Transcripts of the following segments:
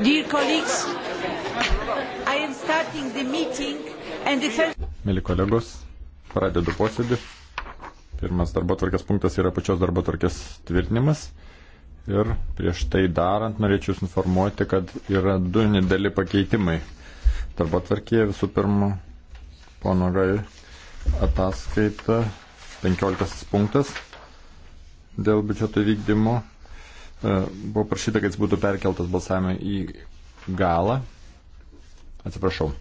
Dear colleagues, I am starting the meeting and the first... Mėly kolegos, pradedu posėdį. Pirmas darbo tvarkės punktas yra pačios darbo tvarkės tvirtinimas. Ir prieš tai darant norėčiau Jūs informuoti, kad yra du nedėli pakeitimai. Darbo tvarkėje visų pirma, pono Gai ataskaita, 15 punktas dėl biudžeto vykdymo E, buvo prašyta, kad jis būtų perkeltas balsavimą į galą. Atsiprašau.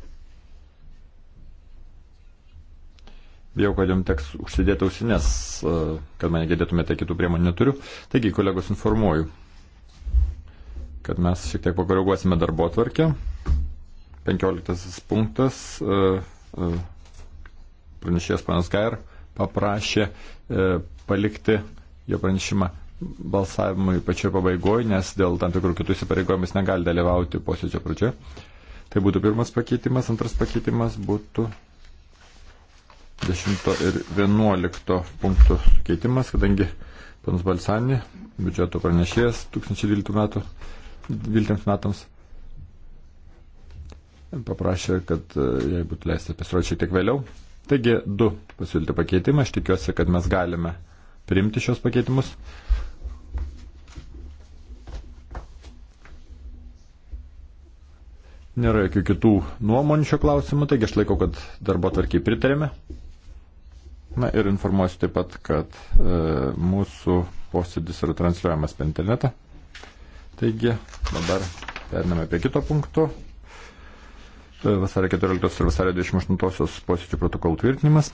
Bijau, kad jums teks užsidėti ausinės, e, kad mane girdėtumėte, kitų priemonių neturiu. Taigi, kolegos, informuoju, kad mes šiek tiek pakoreguosime darbo atvarkę. 15 punktas. E, pranešėjas panas Gair paprašė palikti jo pranešimą balsavimui pačioje pabaigoje, nes dėl tam tikrų kitų įsipareigojimų jis negali dalyvauti posėdžio pradžioje. Tai būtų pirmas pakeitimas, antras pakeitimas būtų 10 ir 11 punktų keitimas, kadangi panas Balsani, biudžeto pranešėjas 2012 metų, 12 metams, paprašė, kad e, jai būtų leista pasirodyti šiek tiek vėliau. Taigi, du pasiūlyti pakeitimai, aš tikiuosi, kad mes galime priimti šios pakeitimus. Nėra jokių kitų nuomonių šio klausimu, taigi aš laikau, kad darbo tvarkiai pritarėme. Na ir informuosiu taip pat, kad e, mūsų posėdis yra transliuojamas per internetą. Taigi dabar periname prie kito punkto. E, vasario 14 ir vasario 28 posėdžių protokolų tvirtinimas.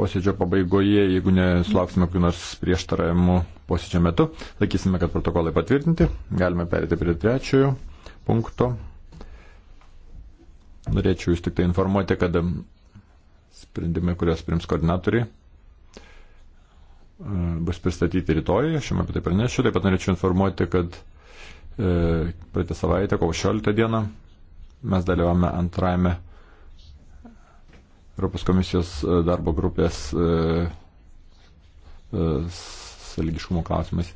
posėdžio pabaigoje, jeigu nesulauksime kokių nors prieštaravimų posėdžio metu, laikysime, kad protokolai patvirtinti. Galime perėti prie trečiojo punkto. Norėčiau jūs tik tai informuoti, kad sprendimai, kuriuos prims koordinatoriai, e, bus pristatyti rytoj, aš jums apie tai pranešiu. Taip pat norėčiau informuoti, kad e, praeitą savaitę, kovo 16 dieną, mes dalyvavome antrajame Europos komisijos e, darbo grupės e, e, sąlygiškumo klausimais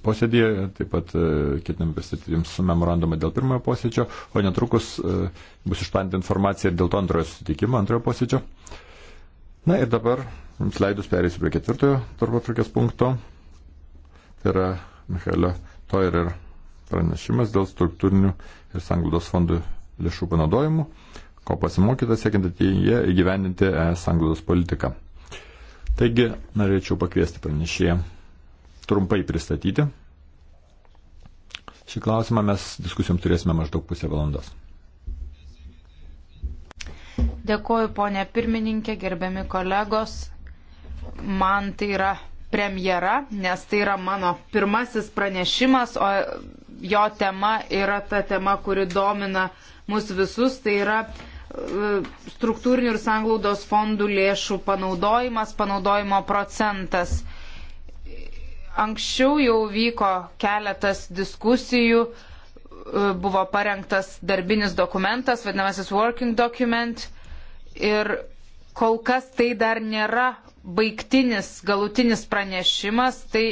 posėdėje, taip pat ketiname pristatyti jums memorandumą dėl pirmojo posėdžio, o netrukus bus išplantinta informacija ir dėl to antrojo susitikimo, antrojo posėdžio. Na ir dabar, jums leidus, perėsiu prie ketvirtojo darbo trukės punkto. Tai yra Michaelio Toirer pranešimas dėl struktūrinių ir sanglaudos fondų lėšų panaudojimų ko pasimokyta siekiant ateityje įgyvendinti ES anglos politiką. Taigi, norėčiau pakviesti pranešėją trumpai pristatyti. Šį klausimą mes diskusijoms turėsime maždaug pusę valandos. Dėkoju, ponė pirmininkė, gerbiami kolegos. Man tai yra premjera, nes tai yra mano pirmasis pranešimas, o jo tema yra ta tema, kuri domina mus visus, tai yra struktūrinių ir sanglaudos fondų lėšų panaudojimas, panaudojimo procentas. Anksčiau jau vyko keletas diskusijų, e, buvo parengtas darbinis dokumentas, vadinamasis working document. Ir kol kas tai dar nėra baigtinis, galutinis pranešimas, tai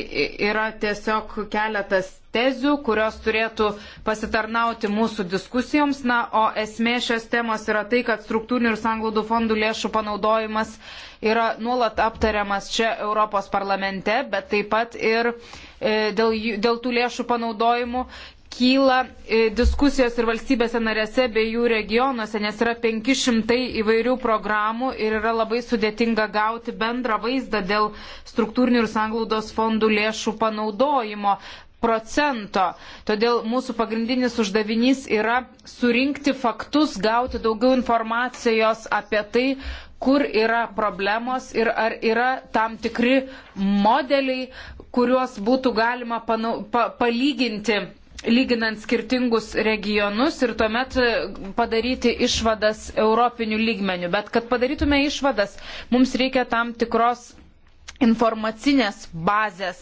yra tiesiog keletas tezių, kurios turėtų pasitarnauti mūsų diskusijoms. Na, o esmė šios temos yra tai, kad struktūrinių ir sanglaudų fondų lėšų panaudojimas yra nuolat aptariamas čia Europos parlamente, bet taip pat ir e, dėl, dėl tų lėšų panaudojimų kyla e, diskusijos ir valstybėse narėse bei jų regionuose, nes yra 500 įvairių programų ir yra labai sudėtinga gauti bendrą vaizdą dėl struktūrinių ir sanglaudos fondų lėšų panaudojimo procento. Todėl mūsų pagrindinis uždavinys yra surinkti faktus, gauti daugiau informacijos apie tai, kur yra problemos ir ar yra tam tikri modeliai, kuriuos būtų galima panau, pa, palyginti lyginant skirtingus regionus ir tuomet e, padaryti išvadas europinių lygmenių. Bet kad padarytume išvadas, mums reikia tam tikros informacinės bazės.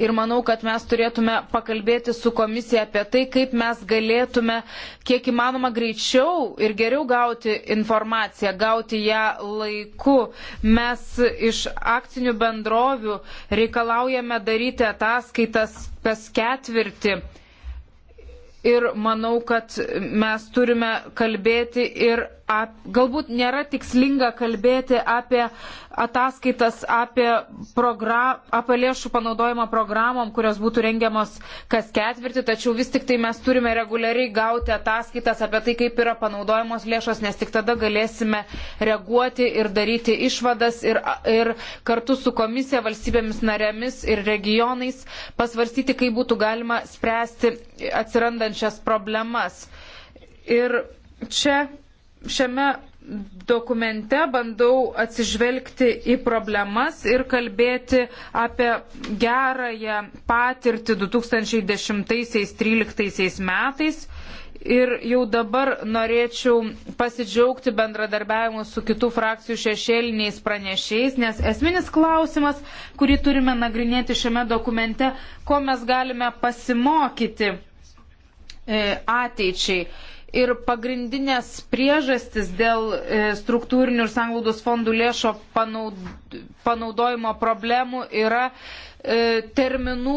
Ir manau, kad mes turėtume pakalbėti su komisija apie tai, kaip mes galėtume kiek įmanoma greičiau ir geriau gauti informaciją, gauti ją laiku. Mes iš akcinių bendrovių reikalaujame daryti ataskaitas kas ketvirtį. Ir manau, kad mes turime kalbėti ir ap, galbūt nėra tikslinga kalbėti apie ataskaitas, apie, program, apie lėšų panaudojimą programom, kurios būtų rengiamos kas ketvirtį, tačiau vis tik tai mes turime reguliariai gauti ataskaitas apie tai, kaip yra panaudojamos lėšos, nes tik tada galėsime reaguoti ir daryti išvadas ir, ir kartu su komisija, valstybėmis narėmis ir regionais pasvarstyti, kaip būtų galima spręsti atsirandančias problemas. Ir čia šiame dokumente bandau atsižvelgti į problemas ir kalbėti apie gerąją patirtį 2010-2013 metais. Ir jau dabar norėčiau pasidžiaugti bendradarbiavimu su kitų frakcijų šešėliniais pranešiais, nes esminis klausimas, kurį turime nagrinėti šiame dokumente, ko mes galime pasimokyti e, ateičiai ir pagrindinės priežastis dėl e, struktūrinių ir sanglaudos fondų lėšo panaudojimo problemų yra e, terminų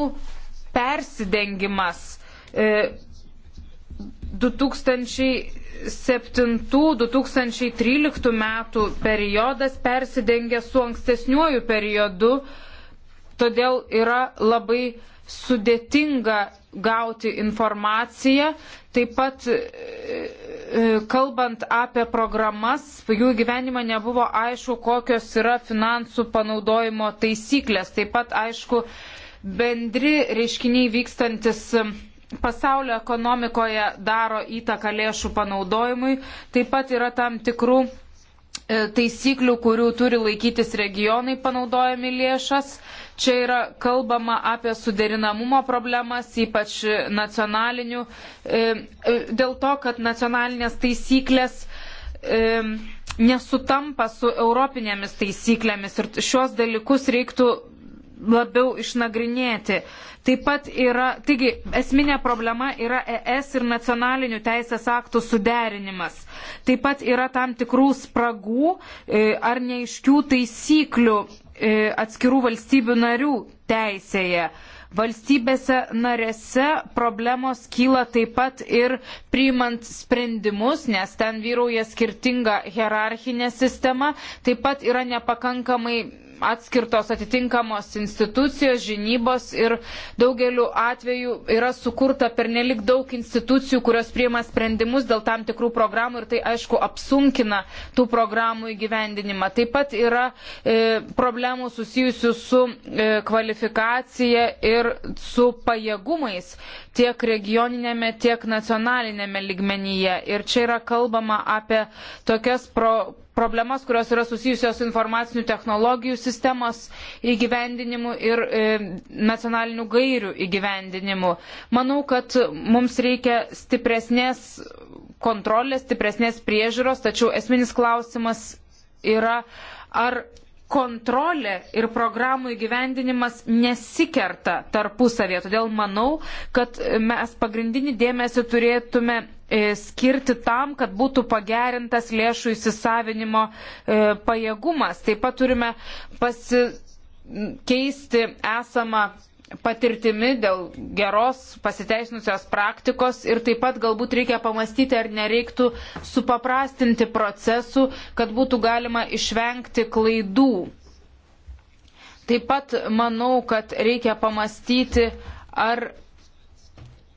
persidengimas. 2007-2013 e, metų periodas persidengia su ankstesniuoju periodu, todėl yra labai sudėtinga gauti informaciją. Taip pat e, e, kalbant apie programas, jų gyvenimą nebuvo aišku, kokios yra finansų panaudojimo taisyklės. Taip pat aišku, bendri reiškiniai vykstantis pasaulio ekonomikoje daro įtaką lėšų panaudojimui. Taip pat yra tam tikrų E, taisyklių, kurių turi laikytis regionai panaudojami lėšas. Čia yra kalbama apie suderinamumo problemas, ypač nacionalinių, e, e, dėl to, kad nacionalinės taisyklės nesutampa su europinėmis taisyklėmis ir šios dalykus reiktų labiau išnagrinėti. Taip pat yra, taigi esminė problema yra ES ir nacionalinių teisės aktų suderinimas. Taip pat yra tam tikrų spragų e, ar neiškių taisyklių e, atskirų valstybių narių teisėje. Valstybėse narėse problemos kyla taip pat ir priimant sprendimus, nes ten vyrauja skirtinga hierarchinė sistema, taip pat yra nepakankamai atskirtos atitinkamos institucijos, žinybos ir daugeliu atveju yra sukurta pernelik daug institucijų, kurios priima sprendimus dėl tam tikrų programų ir tai aišku apsunkina tų programų įgyvendinimą. Taip pat yra e, problemų susijusių su e, kvalifikacija ir su pajėgumais tiek regioninėme, tiek nacionalinėme ligmenyje. Ir čia yra kalbama apie tokias pro problemas, kurios yra susijusios su informacinių technologijų sistemos įgyvendinimu ir e, nacionalinių gairių įgyvendinimu. Manau, kad mums reikia stipresnės kontrolės, stipresnės priežiūros, tačiau esminis klausimas yra, ar kontrolė ir programų įgyvendinimas nesikerta tarpusavėje. Todėl manau, kad mes pagrindinį dėmesį turėtume e, skirti tam, kad būtų pagerintas lėšų įsisavinimo e, pajėgumas. Taip pat turime pasikeisti esamą patirtimi, dėl geros pasiteisinusios praktikos ir taip pat galbūt reikia pamastyti, ar nereiktų supaprastinti procesų, kad būtų galima išvengti klaidų. Taip pat manau, kad reikia pamastyti, ar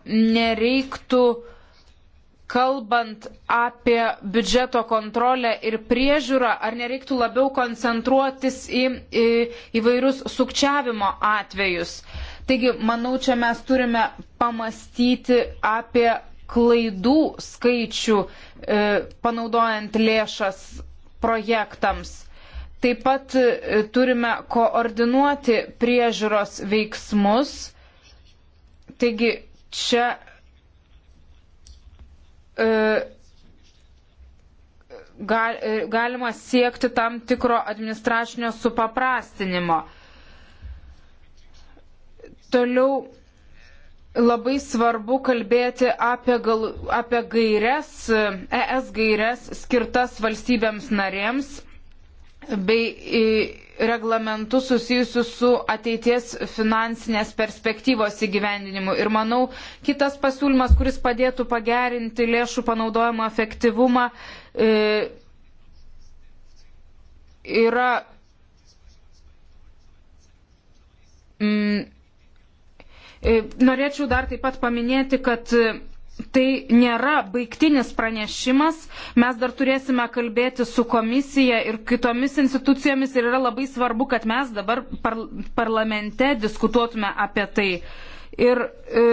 nereiktų uh, kalbant apie biudžeto kontrolę ir priežiūrą, ar nereiktų labiau koncentruotis į, į įvairius sukčiavimo atvejus. Taigi, manau, čia mes turime pamastyti apie klaidų skaičių e, panaudojant lėšas projektams. Taip pat e, turime koordinuoti priežiūros veiksmus. Taigi, čia E, gal, e, galima siekti tam tikro administracinio supaprastinimo. Toliau labai svarbu kalbėti apie, gal, apie gairias, ES gairias skirtas valstybėms narėms bei reglamentus susijusius su ateities finansinės perspektyvos įgyvendinimu. Ir manau, kitas pasiūlymas, kuris padėtų pagerinti lėšų panaudojimo efektyvumą, e, yra. Mm, e, norėčiau dar taip pat paminėti, kad tai nėra baigtinis pranešimas, mes dar turėsime kalbėti su komisija ir kitomis institucijomis ir yra labai svarbu, kad mes dabar par parlamente diskutuotume apie tai. Ir e,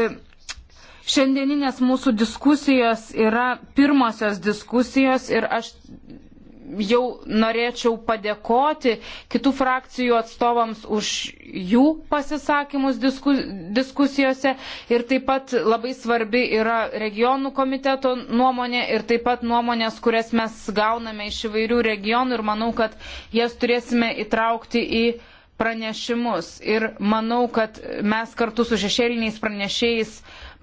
šiandieninės mūsų diskusijos yra pirmosios diskusijos ir aš jau norėčiau padėkoti kitų frakcijų atstovams už jų pasisakymus diskusijose ir taip pat labai svarbi yra regionų komiteto nuomonė ir taip pat nuomonės, kurias mes gauname iš įvairių regionų ir manau, kad jas turėsime įtraukti į pranešimus. Ir manau, kad mes kartu su šešėliniais pranešėjais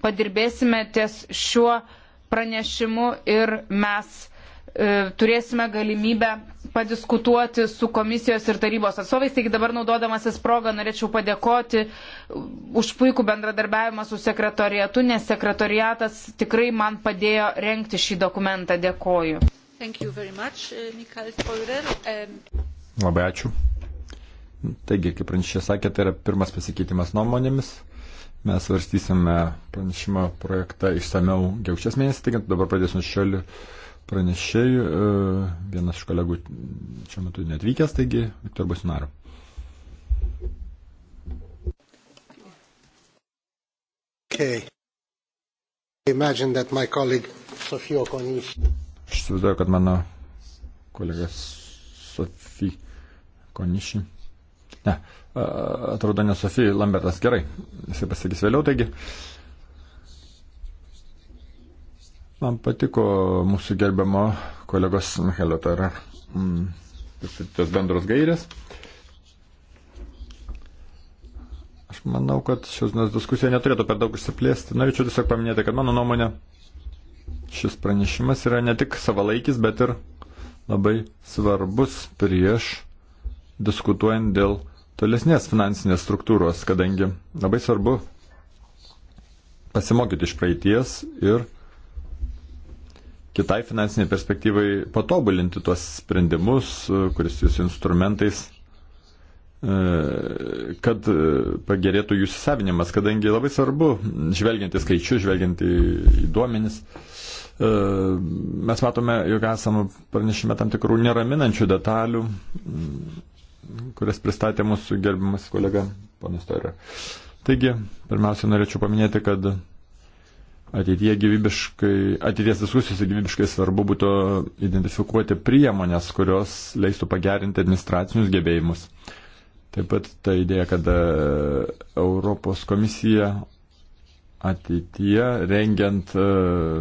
padirbėsime ties šiuo pranešimu ir mes E, turėsime galimybę padiskutuoti su komisijos ir tarybos atstovais. Taigi dabar naudodamasis progą norėčiau padėkoti už puikų bendradarbiavimą su sekretoriatu, nes sekretoriatas tikrai man padėjo renkti šį dokumentą. Dėkoju. Much, e, Labai ačiū. Taigi, kaip pranešė sakė, tai yra pirmas pasikeitimas nuomonėmis. Mes svarstysime pranešimo projektą išsameu gegužės mėnesį, taigi dabar pradėsime šiolį. 16 pranešėjų, e, vienas iš kolegų šiuo metu netvykęs, taigi Viktor Basinaro. Okay. Imagine that my colleague Sofija Okoni. Aš įsivaizduoju, kad mano kolegas Sofija Koniši. Ne, atrodo ne Sofija Lambertas gerai. Jisai pasakys vėliau, taigi. Uh, Man patiko mūsų gerbiamo kolegos Michelio Tara mm, tos bendros gairės. Aš manau, kad šios diskusija neturėtų per daug išsiplėsti. Norėčiau tiesiog paminėti, kad mano nuomonė šis pranešimas yra ne tik savalaikis, bet ir labai svarbus prieš diskutuojant dėl tolesnės finansinės struktūros, kadangi labai svarbu pasimokyti iš praeities ir kitai finansiniai perspektyvai patobulinti tuos sprendimus, e, kuris jūs instrumentais e, kad e, pagerėtų jų įsisavinimas, kadangi labai svarbu, žvelgiant į skaičius, žvelgiant į, į duomenis, mes matome, jog esame pranešime tam tikrų neraminančių detalių, kurias pristatė mūsų gerbimas kolega panas Toirė. Taigi, pirmiausia, norėčiau paminėti, kad ateityje gyvybiškai, ateities diskusijose gyvybiškai svarbu būtų identifikuoti priemonės, kurios leistų pagerinti administracinius gebėjimus. Taip pat ta idėja, kad e, Europos komisija ateityje, rengiant uh,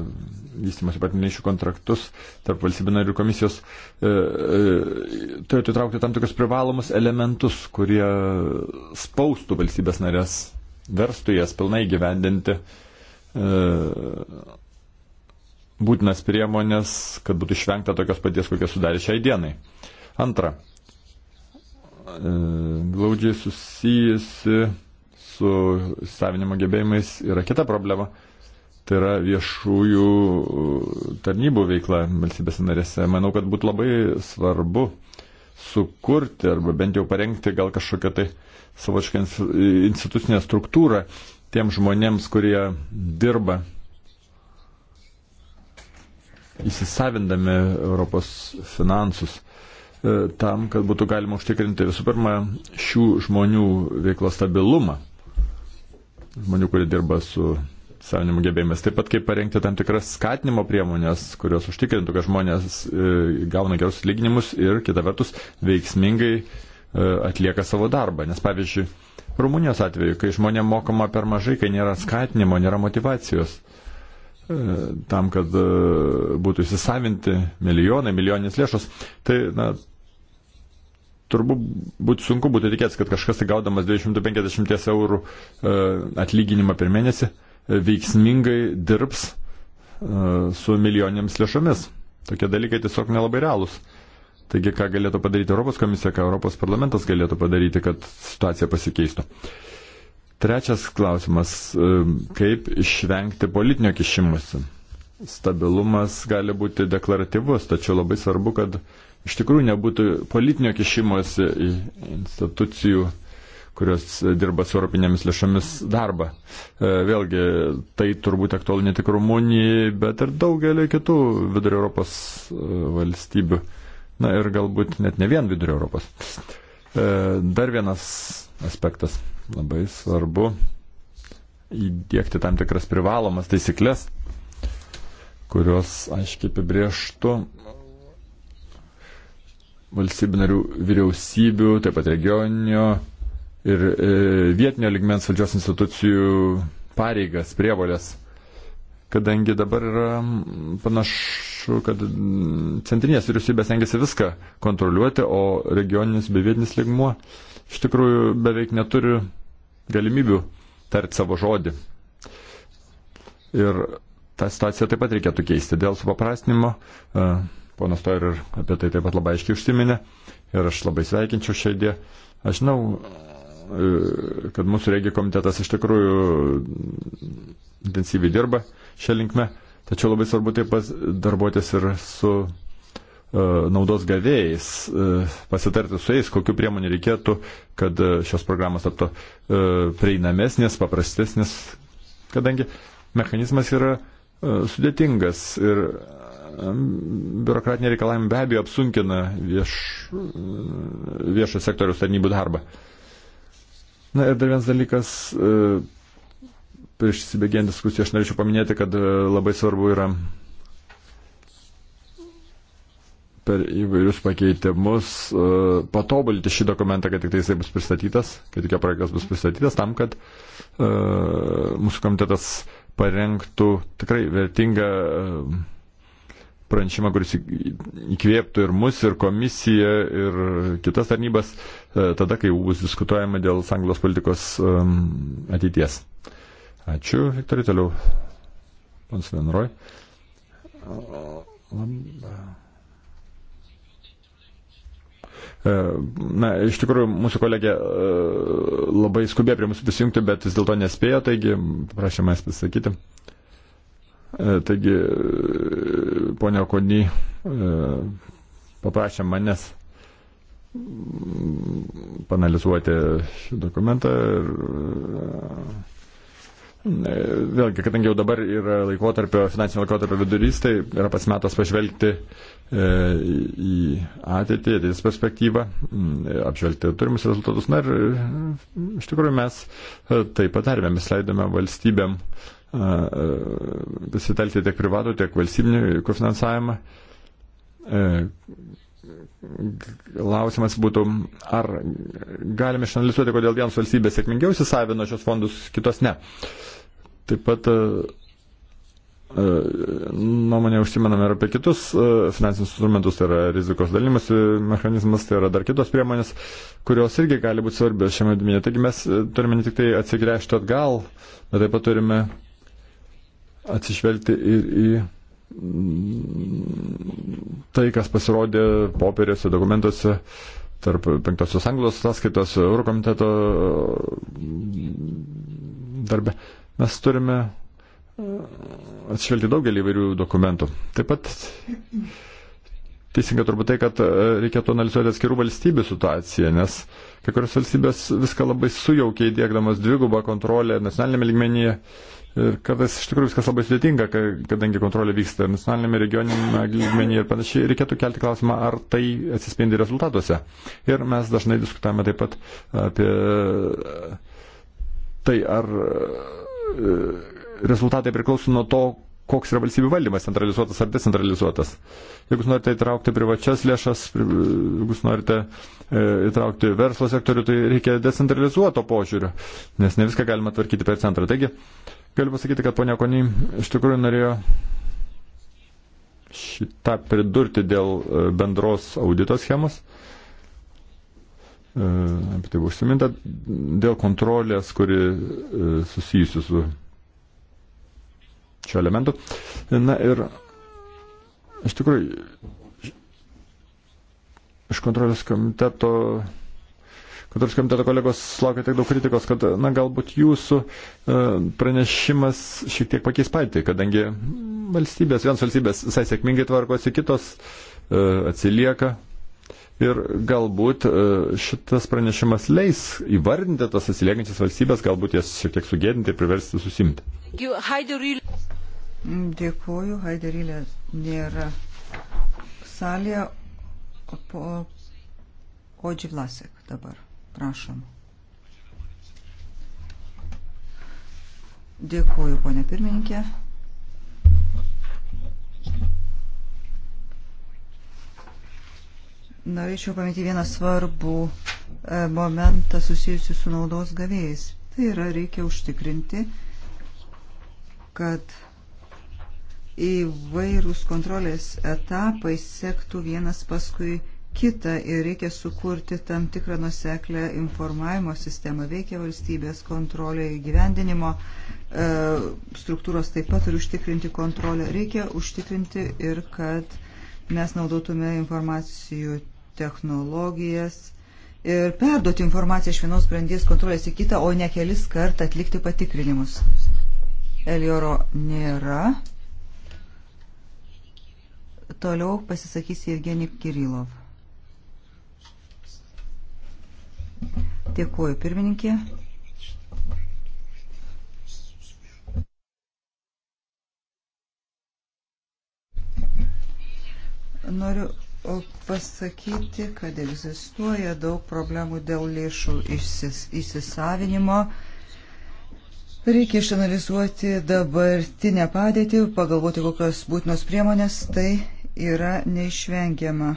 vystimosi partnerysčių kontraktus tarp valstybių narių komisijos, uh, uh, turėtų įtraukti tam tikrus privalomus elementus, kurie spaustų valstybės narės, verstų jas pilnai gyvendinti uh, E, būtinas priemonės, kad būtų išvengta tokios paties, kokią sudarė šiai dienai. Antra, e, glaudžiai susijusi su savinimo gebėjimais yra kita problema. Tai yra viešųjų tarnybų veikla valstybės narėse. Manau, kad būtų labai svarbu sukurti arba bent jau parengti gal kažkokią tai savočką institucinę struktūrą, tiem žmonėms, kurie dirba įsisavindami Europos finansus e, tam, kad būtų galima užtikrinti visų pirma šių žmonių veiklos stabilumą. Žmonių, kurie dirba su savinimo gebėjimais. Taip pat kaip parengti tam tikras skatinimo priemonės, kurios užtikrintų, kad žmonės e, gauna gerus lyginimus ir, kita vertus, veiksmingai e, atlieka savo darbą. Nes, pavyzdžiui, Rumunijos atveju, kai žmonėm mokama per mažai, kai nėra skatinimo, nėra motivacijos e, tam, kad e, būtų įsisavinti milijonai, milijoninės lėšos, tai na, turbūt būtų sunku būtų tikėtis, kad kažkas tai gaudamas 250 eurų e, atlyginimą per mėnesį veiksmingai dirbs su milijoninėms lėšomis. Tokie dalykai tiesiog nelabai realūs. Taigi, ką galėtų padaryti Europos komisija, ką Europos parlamentas galėtų padaryti, kad situacija pasikeistų. Trečias klausimas e, - kaip išvengti politinio kišimusi. Stabilumas gali būti deklaratyvus, tačiau labai svarbu, kad iš tikrųjų nebūtų politinio kišimuose į institucijų kurios dirba su europinėmis lėšomis darbą. E, vėlgi, tai turbūt aktualu ne tik Rumunijai, bet ir daugelį kitų vidurio Europos e, valstybių. Na ir galbūt net ne vien vidurio Europos. E, dar vienas aspektas labai svarbu įdėkti tam tikras privalomas taisyklės, kurios aiškiai apibrieštų valstybinarių vyriausybių, taip pat regioninio ir e, vietinio ligmens valdžios institucijų pareigas, prievolės kadangi dabar yra panašu, kad centrinės vyriausybės engiasi viską kontroliuoti, o regioninis bei vietinis ligmuo iš tikrųjų beveik neturi galimybių tarti savo žodį. Ir tą situaciją taip pat reikėtų keisti. Dėl supaprastinimo, e, ponas Toir ir apie tai taip pat labai aiškiai užsiminė, ir aš labai sveikinčiau šią idėją. Aš žinau, E, kad mūsų regio komitetas iš tikrųjų intensyviai dirba šią linkmę, tačiau labai svarbu taip pat darbuotis ir su e, naudos gavėjais, e, pasitarti su jais, kokiu priemonių reikėtų, kad šios programos taptų prieinamesnės, paprastesnės, kadangi mechanizmas yra sudėtingas ir biurokratiniai reikalavimai be abejo apsunkina vieš, viešo sektoriaus tarnybų darbą. Na ir dar vienas dalykas, e, prieš įsibėgiant diskusiją aš norėčiau paminėti, kad e, labai svarbu yra per įvairius pakeitimus e, patobulinti šį dokumentą, kad tik tai jisai bus pristatytas, kad tik jo projektas bus pristatytas, tam, kad mūsų komitetas parengtų tikrai vertingą pranešimą, kuris įkvėptų ir mus, ir komisiją, ir kitas tarnybas, e, tada, kai bus diskutuojama dėl sanglos politikos ateities. Ačiū, Viktorai, toliau. Pons Venroj. E. E, na, iš tikrųjų, mūsų kolegė labai skubėjo prie mūsų prisijungti, bet vis dėlto nespėjo, taigi prašymą jas pasakyti. E, taigi, ponia Kony e, paprašė manęs mm, panalizuoti šį dokumentą ir e, vėlgi, kadangi jau dabar yra laikotarpio, finansinio laikotarpio vidurys, tai yra pats metas pažvelgti į ateitį, ateitis perspektyvą, mm, apžvelgti turimus rezultatus. Na ir iš tikrųjų mes tai padarėme, mes leidome valstybėm uh, pasitelkti tiek privatų, tiek valstybinį kofinansavimą. E, klausimas būtų, ar galime išanalizuoti, kodėl vienos valstybės sėkmingiau įsisavino šios fondus, kitos ne. Taip pat e, e, nuomonė užsimename ir apie kitus finansinius instrumentus, tai yra rizikos dalymas mechanizmas, tai yra dar kitos priemonės, kurios irgi gali būti svarbios šiame dėmenyje. Taigi mes turime ne tik tai atsigręžti atgal, bet taip pat turime atsižvelgti ir į tai, kas pasirodė popieriuose, dokumentuose tarp penktosios Anglijos sąskaitos Eurokomiteto mm, darbe. Mes turime e, atsižvelgti daugelį įvairių dokumentų. Taip pat teisinga turbūt tai, kad e, reikėtų analizuoti atskirų valstybių situaciją, nes kai kurios valstybės viską labai sujaukia įdėkdamas dvigubą kontrolę nacionalinėme lygmenyje. Uh, Ir kartais iš tikrųjų viskas labai sudėtinga, kadangi kontrolė vyksta nacionalinėme regioninėme lygmenyje ir panašiai. Reikėtų kelti klausimą, ar tai atsispindi rezultatuose. Ir mes dažnai diskutavome taip pat apie tai, ar e, rezultatai priklauso nuo to, koks yra valstybių valdymas, centralizuotas ar decentralizuotas. Jeigu jūs norite įtraukti privačias lėšas, jeigu jūs norite e, įtraukti verslo sektorių, tai reikia decentralizuoto požiūrio, nes ne viską galima tvarkyti per centrą. Taigi, uh, Galiu pasakyti, kad ponia Kony iš tikrųjų norėjo šitą pridurti dėl e, bendros audito schemos. E, apie tai buvo užsiminta dėl kontrolės, kuri e, susijusi su šio elementu. Na ir iš tikrųjų iš kontrolės komiteto kultūros komiteto kolegos laukia tiek daug kritikos, kad, na, galbūt jūsų e, pranešimas šiek tiek pakeis patį, kadangi valstybės, vienas valstybės visai sėkmingai tvarkosi, kitos e, atsilieka. Ir galbūt e, šitas pranešimas leis įvardinti tas atsiliekančias valstybės, galbūt jas šiek tiek sugėdinti ir priversti susimti. Dėkuoju, Haiderylė nėra salėje, o Odživlasek dabar. Prašom. Dėkuoju, ponė pirmininkė. Norėčiau paminti vieną svarbų e, momentą susijusiu su naudos gavėjais. Tai yra, reikia užtikrinti, kad įvairūs kontrolės etapai sektų vienas paskui kitą kitą ir reikia sukurti tam tikrą nuseklę informavimo sistemą. Veikia valstybės kontrolė įgyvendinimo e, struktūros taip pat turi užtikrinti kontrolę. Reikia užtikrinti ir kad mes naudotume informacijų technologijas ir perduoti informaciją iš vienos grandies kontrolės į kitą, o ne kelis kart atlikti patikrinimus. Elioro nėra. Toliau pasisakys Evgenij Kirilov. Dėkuoju, pirmininkė. Noriu pasakyti, kad egzistuoja daug problemų dėl lėšų išsis, įsisavinimo. Reikia išanalizuoti dabartinę padėtį, pagalvoti, kokios būtinos priemonės, tai yra neišvengiama.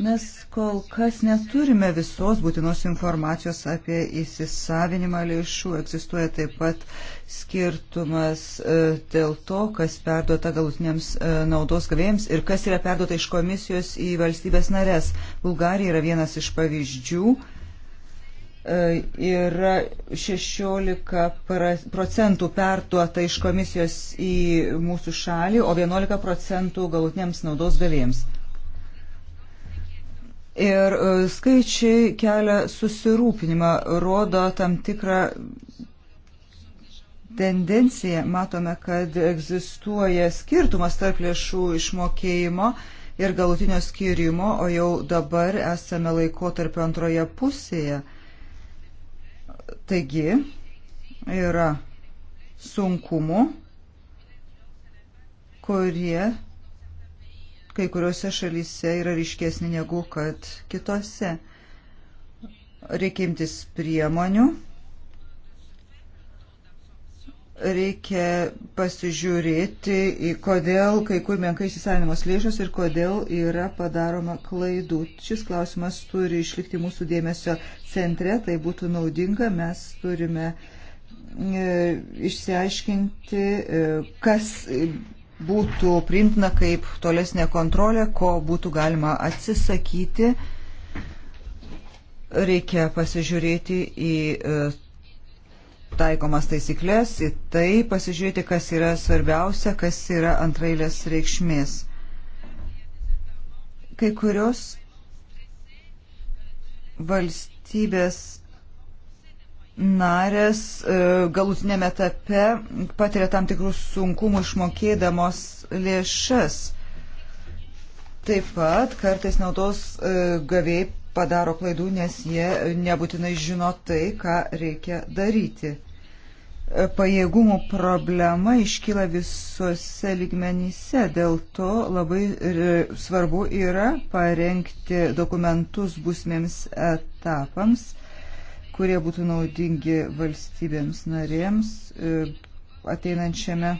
Mes kol kas neturime visos būtinos informacijos apie įsisavinimą lėšų. Egzistuoja taip pat skirtumas e, dėl to, kas perduota galutiniams e, naudos gavėjams ir kas yra perduota iš komisijos į valstybės narės. Bulgarija yra vienas iš pavyzdžių. E, yra 16 procentų perduota iš komisijos į mūsų šalį, o 11 procentų galutiniams naudos gavėjams. Ir e, skaičiai kelia susirūpinimą, rodo tam tikrą tendenciją. Matome, kad egzistuoja skirtumas tarp lėšų išmokėjimo ir galutinio skirimo, o jau dabar esame laiko tarp antroje pusėje. Taigi yra sunkumų, kurie kai kuriuose šalyse yra ryškesnė negu kad kitose. Reikia imtis priemonių, reikia pasižiūrėti, kodėl kai kur menkai įsisavinamos lėšos ir kodėl yra padaroma klaidų. Šis klausimas turi išlikti mūsų dėmesio centre, tai būtų naudinga, mes turime e, išsiaiškinti, e, kas. E, būtų primtina kaip tolesnė kontrolė, ko būtų galima atsisakyti. Reikia pasižiūrėti į e, taikomas taisyklės, į tai pasižiūrėti, kas yra svarbiausia, kas yra antrailės reikšmės. Kai kurios valstybės narės e, galutinėme etape patiria tam tikrus sunkumų išmokėdamos lėšas. Taip pat kartais naudos e, gavėjai padaro klaidų, nes jie nebūtinai žino tai, ką reikia daryti. E, pajėgumų problema iškyla visuose ligmenyse, dėl to labai svarbu yra parengti dokumentus būsimiems etapams kurie būtų naudingi valstybėms narėms e, ateinančiame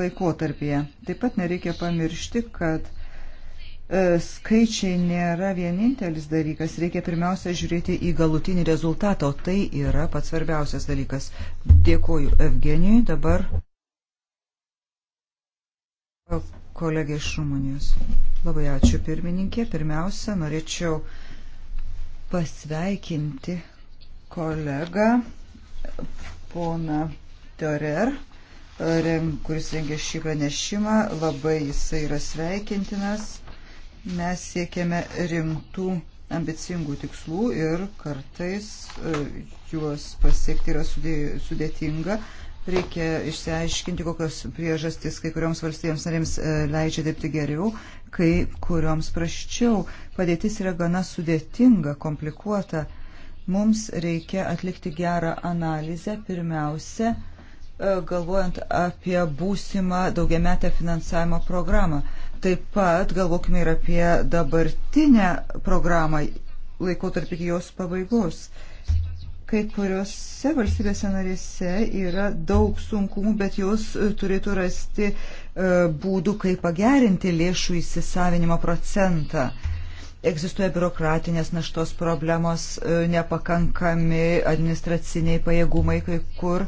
laikotarpyje. Taip pat nereikia pamiršti, kad e, skaičiai nėra vienintelis dalykas, reikia pirmiausia žiūrėti į galutinį rezultatą, o tai yra pats svarbiausias dalykas. Dėkoju Evgenijui, dabar kolegė iš Rumunijos. Labai ačiū pirmininkė. Pirmiausia, norėčiau pasveikinti kolegą, poną Teorer, kuris rengė šį pranešimą. Labai jisai yra sveikintinas. Mes siekėme rimtų ambicingų tikslų ir kartais e, juos pasiekti yra sudėtinga. Reikia išsiaiškinti, kokios priežastys kai kurioms valstybėms narėms e, leidžia dirbti geriau, kai kurioms praščiau. Padėtis yra gana sudėtinga, komplikuota. Mums reikia atlikti gerą analizę pirmiausia, e, galvojant apie būsimą daugiametę finansavimo programą. Taip pat galvokime ir apie dabartinę programą laikotarpį iki jos pabaigos. Kai kuriuose valstybėse narėse yra daug sunkumų, bet jos e, turėtų rasti e, būdų, kaip pagerinti lėšų įsisavinimo procentą. Egzistuoja biurokratinės naštos problemos, e, nepakankami administraciniai pajėgumai kai kur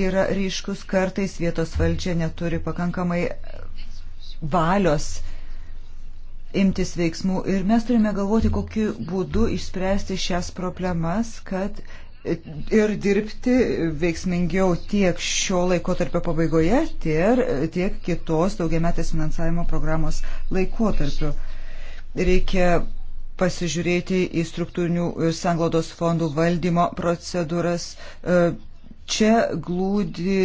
yra ryškus, kartais vietos valdžia neturi pakankamai valios imtis veiksmų ir mes turime galvoti, kokiu būdu išspręsti šias problemas, kad ir dirbti veiksmingiau tiek šio laiko tarpio pabaigoje, tiek, tiek kitos daugiametės finansavimo programos laikotarpiu. Reikia pasižiūrėti į struktūrinių sanglaudos fondų valdymo procedūras. E, čia glūdi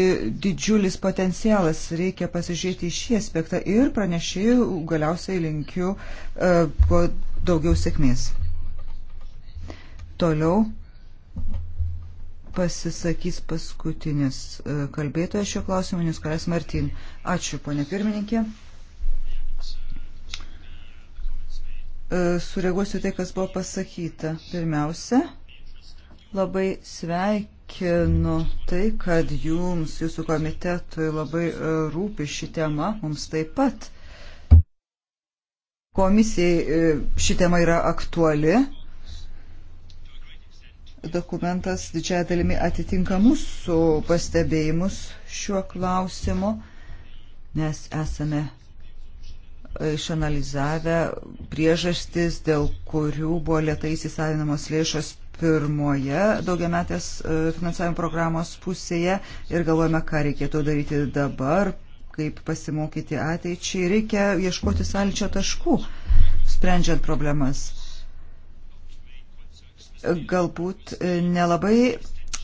didžiulis potencialas, reikia pasižiūrėti į šį aspektą ir pranešėjų galiausiai linkiu e, kuo daugiau sėkmės. Toliau pasisakys paskutinis e, kalbėtojas šio klausimo, Niskalės Martin. Ačiū, ponė pirmininkė. E, sureaguosiu tai, kas buvo pasakyta. Pirmiausia, labai sveikinu tai, kad jums, jūsų komitetui labai e, rūpi ši tema, mums taip pat. Komisijai e, ši tema yra aktuali. Dokumentas didžiąją dalimi atitinka mūsų pastebėjimus šiuo klausimu, nes esame išanalizavę priežastis, dėl kurių buvo lietai įsisavinamos lėšos pirmoje daugiametės e, finansavimo programos pusėje ir galvojame, ką reikėtų daryti dabar, kaip pasimokyti ateičiai. Reikia ieškoti sąlyčio taškų, sprendžiant problemas. Galbūt e, nelabai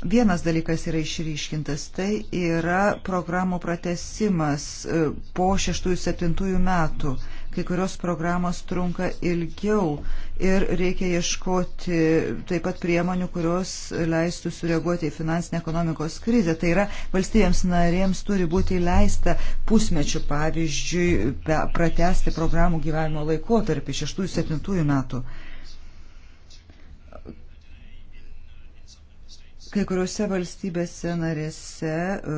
Vienas dalykas yra išryškintas, tai yra programų pratesimas e, po 6-7 metų. Kai kurios programos trunka ilgiau ir reikia ieškoti taip pat priemonių, kurios leistų sureaguoti į finansinę ekonomikos krizę. Tai yra, valstybėms narėms turi būti leista pusmečių, pavyzdžiui, pratesti programų gyvavimo laikotarpį 6-7 metų. Kai kuriuose valstybėse narėse e,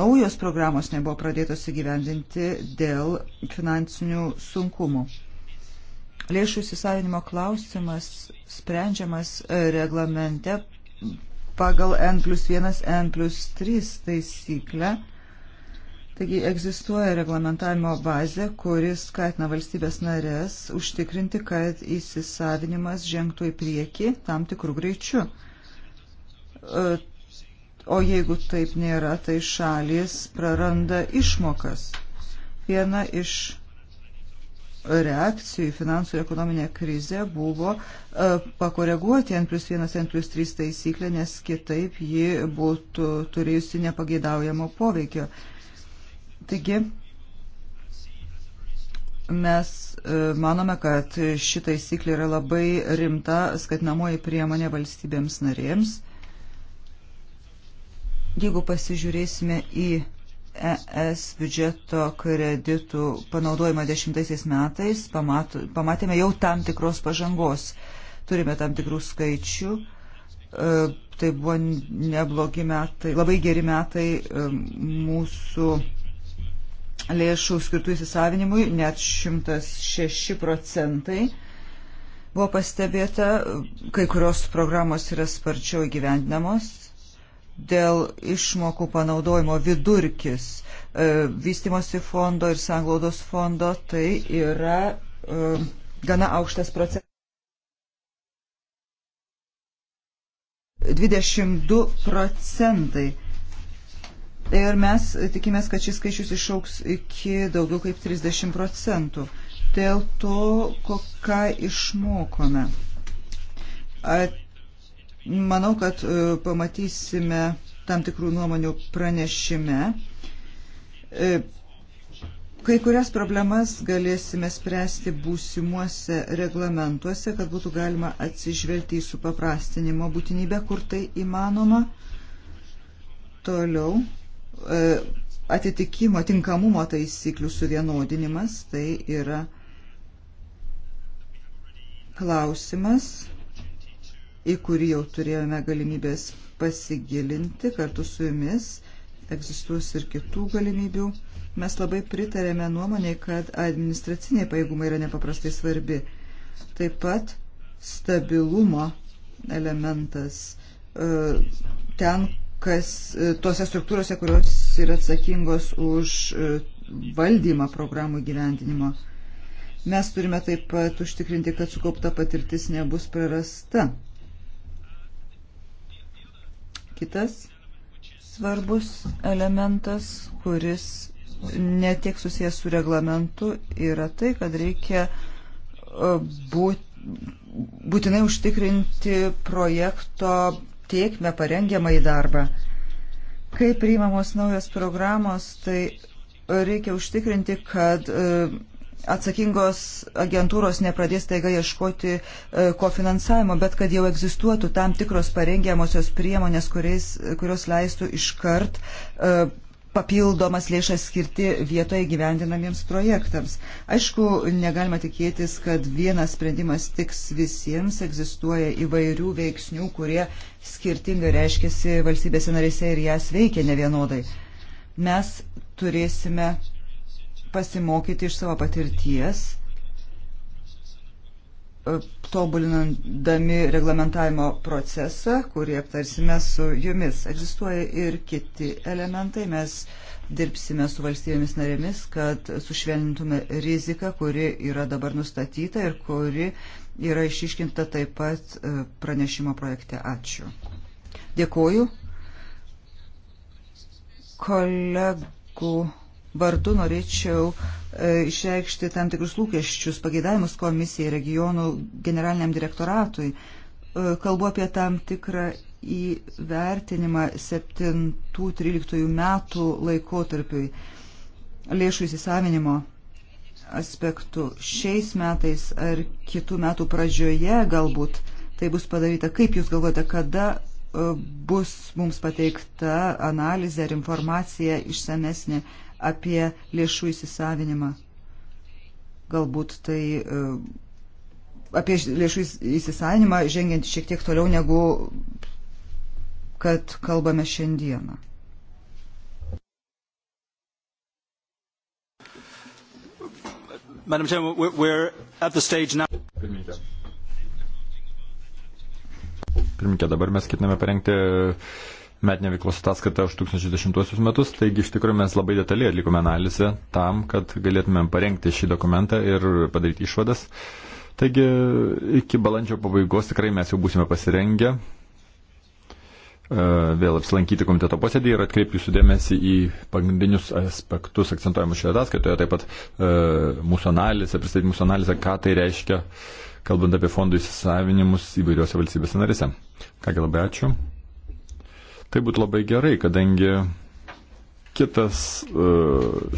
naujos programos nebuvo pradėtos įgyvendinti dėl finansinių sunkumų. Lėšų įsisavinimo klausimas sprendžiamas e, reglamente pagal N plus 1, N plus 3 taisyklę. Taigi egzistuoja reglamentavimo bazė, kuris skatina valstybės narės užtikrinti, kad įsisavinimas žengtų į priekį tam tikrų greičių. E, o jeigu taip nėra, tai šalis praranda išmokas. Viena iš reakcijų į finansų ir ekonominę krizę buvo e, pakoreguoti N plus 1, N plus 3 taisyklę, nes kitaip ji būtų turėjusi nepageidaujamo poveikio. Taigi, mes e, manome, kad ši taisyklė yra labai rimta skatinamoji priemonė valstybėms narėms Jeigu pasižiūrėsime į ES biudžeto kreditų panaudojimą dešimtaisiais metais, pamatėme jau tam tikros pažangos. Turime tam tikrų skaičių. E, tai buvo neblogi metai, labai geri metai e, mūsų lėšų skirtų įsisavinimui, net 106 procentai buvo pastebėta, kai kurios programos yra sparčiau įgyvendinamos dėl išmokų panaudojimo vidurkis e, vystimosi fondo ir sanglaudos fondo, tai yra e, gana aukštas procentas. 22 procentai. Ir mes tikimės, kad šis skaičius išauks iki daugiau kaip 30 procentų. Dėl to, ką išmokome. At Manau, kad e, pamatysime tam tikrų nuomonių pranešime. E, kai kurias problemas galėsime spręsti būsimuose reglamentuose, kad būtų galima atsižvelgti į supaprastinimo būtinybę, kur tai įmanoma. Toliau e, atitikimo, tinkamumo taisyklių suvienodinimas, tai yra klausimas į kurį jau turėjome galimybės pasigilinti kartu su jumis. Egzistuos ir kitų galimybių. Mes labai pritarėme nuomonėje, kad administraciniai pajėgumai yra nepaprastai svarbi. Taip pat stabilumo elementas e, ten, kas e, tose struktūrose, kurios yra atsakingos už e, valdymą programų gyvendinimo. Mes turime taip pat užtikrinti, kad sukaupta patirtis nebus prarasta. Kitas svarbus elementas, kuris netiek susijęs su reglamentu, yra tai, kad reikia e, būt, būtinai užtikrinti projekto tiekmę parengiamą į darbą. Kai priimamos naujos programos, tai reikia užtikrinti, kad e, atsakingos agentūros nepradės taiga ieškoti e, kofinansavimo, bet kad jau egzistuotų tam tikros parengiamosios priemonės, kuriais, kurios leistų iškart e, papildomas lėšas skirti vietoje gyvendinamiems projektams. Aišku, negalima tikėtis, kad vienas sprendimas tiks visiems, egzistuoja įvairių veiksnių, kurie skirtingai reiškiasi valstybėse narėse ir jas veikia nevienodai. Mes turėsime pasimokyti iš savo patirties, e, tobulinandami reglamentavimo procesą, kurį aptarsime su jumis. Egzistuoja ir kiti elementai. Mes dirbsime su valstybėmis narėmis, kad sušvelnintume riziką, kuri yra dabar nustatyta ir kuri yra išiškinta taip pat e, pranešimo projekte. Ačiū. Dėkuoju. Kolegų vardu norėčiau e, išreikšti tam tikrus lūkesčius, pageidavimus komisijai, regionų generaliniam direktoratui. E, kalbu apie tam tikrą įvertinimą 7-13 metų laikotarpiui lėšų įsisavinimo aspektu. Šiais metais ar kitų metų pradžioje galbūt tai bus padaryta. Kaip Jūs galvojate, kada e, bus mums pateikta analizė ar informacija išsamesnė? apie lėšų įsisavinimą. Galbūt tai e, apie lėšų įsisavinimą žengiant šiek tiek toliau negu kad kalbame šiandieną. Madam Chairman, we're at the stage now. Pirmininkė. Pirmininkė, dabar mes ketiname parengti metinė veiklos ataskaita už 2010 metus, taigi iš tikrųjų mes labai detaliai atlikome analizę tam, kad galėtumėm parengti šį dokumentą ir padaryti išvadas. Taigi iki balandžio pabaigos tikrai mes jau būsime pasirengę e, vėl apsilankyti komiteto posėdį ir atkreipti jūsų dėmesį į pagrindinius aspektus akcentuojamus šioje ataskaitoje, taip pat e, mūsų analizę, pristatyti mūsų analizę, ką tai reiškia, kalbant apie fondų įsisavinimus įvairiuose valstybėse narėse. Kągi labai ačiū. Tai būtų labai gerai, kadangi kitas e,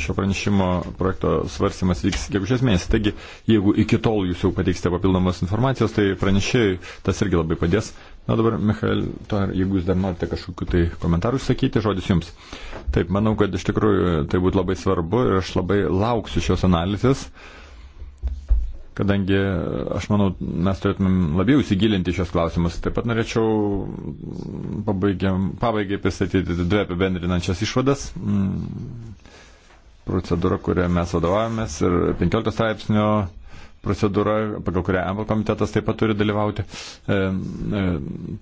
šio pranešimo projekto svarstymas vyks gegužės mėnesį. Taigi, jeigu iki tol jūs jau pateiksite papildomos informacijos, tai pranešėjai tas irgi labai padės. Na dabar, Michael, tar, jeigu jūs dar norite kažkokiu tai komentarų sakyti, žodis jums. Taip, manau, kad iš tikrųjų tai būtų labai svarbu ir aš labai lauksiu šios analizės. Uh, kadangi aš manau, mes turėtumėm labiau įsigilinti šios klausimus. Taip pat norėčiau pabaigiam, pabaigai pristatyti dvi apibendrinančias išvadas. Mm, procedūra, kurią mes vadovavomės ir 15 straipsnio procedūra, pagal kurią EMBO komitetas taip pat turi dalyvauti, e, e,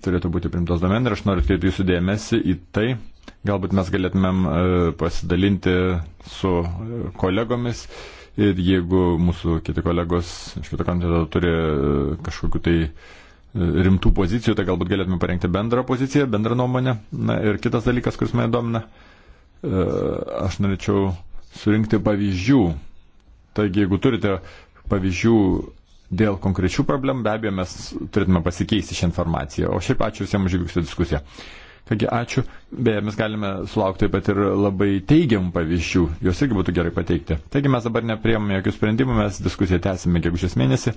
turėtų būti primtos domen ir aš noriu atkreipti jūsų dėmesį į tai, galbūt mes galėtumėm e, pasidalinti su kolegomis. E, Ir jeigu mūsų kiti kolegos iš kito kandidato turi e, kažkokiu tai e, rimtų pozicijų, tai galbūt galėtume parengti bendrą poziciją, bendrą nuomonę. Na ir kitas dalykas, kuris mane domina, e, aš norėčiau surinkti pavyzdžių. Taigi, jeigu turite pavyzdžių dėl konkrečių problemų, be abejo, mes turėtume pasikeisti šią informaciją. O šiaip ačiū visiems už vykusią diskusiją. Taigi ačiū. Beje, mes galime sulaukti taip pat ir labai teigiamų pavyzdžių, juos irgi būtų gerai pateikti. Taigi mes dabar nepriemame jokių sprendimų, mes diskusiją tęsime gegužės mėnesį.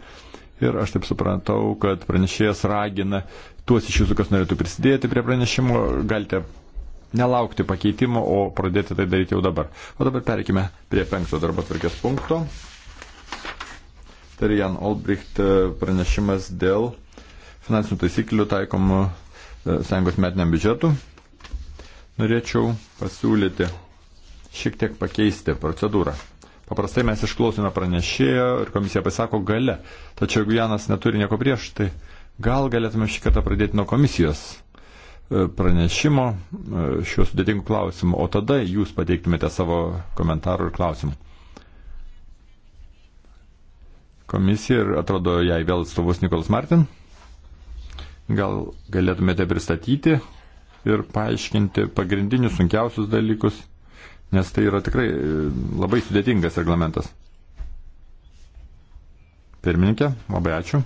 Ir aš taip suprantau, kad pranešėjas ragina tuos iš jūsų, kas norėtų prisidėti prie pranešimo, galite nelaukti pakeitimų, o pradėti tai daryti jau dabar. O dabar pereikime prie penkto darbo tvarkės punkto. Tai Jan Olbricht e, pranešimas dėl finansinių taisyklių taikomų E, sąjungos metiniam biudžetu, norėčiau pasiūlyti šiek tiek pakeisti procedūrą. Paprastai mes išklausome pranešėjo ir komisija pasako gale. Tačiau jeigu Janas neturi nieko prieš, tai gal galėtume šį kartą pradėti nuo komisijos e, pranešimo e, šiuo sudėtingu klausimu, o tada jūs pateiktumėte savo komentarų ir klausimų. Komisija ir atrodo jai vėl stovus Nikolas Martin. Gal galėtumėte pristatyti ir paaiškinti pagrindinius sunkiausius dalykus, nes tai yra tikrai e, labai sudėtingas reglamentas. Pirmininkė, labai ačiū.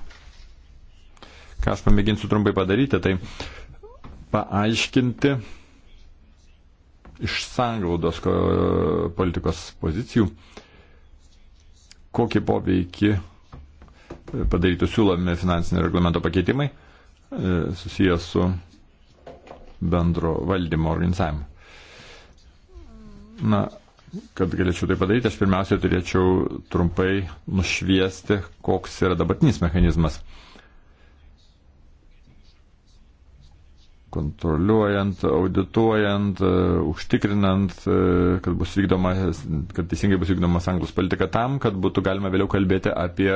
Ką aš pamėginsiu trumpai padaryti, tai paaiškinti iš sanglaudos politikos pozicijų, kokį poveikį padarytų siūlomi finansinio reglamento pakeitimai E, susijęs su bendro valdymo organizavimu. Na, kad galėčiau tai padaryti, aš pirmiausia turėčiau trumpai nušviesti, koks yra dabartinis mechanizmas. kontroliuojant, audituojant, e, užtikrinant, e, kad, bus vykdoma, kad teisingai bus vykdoma sanglos politika tam, kad būtų galima vėliau kalbėti apie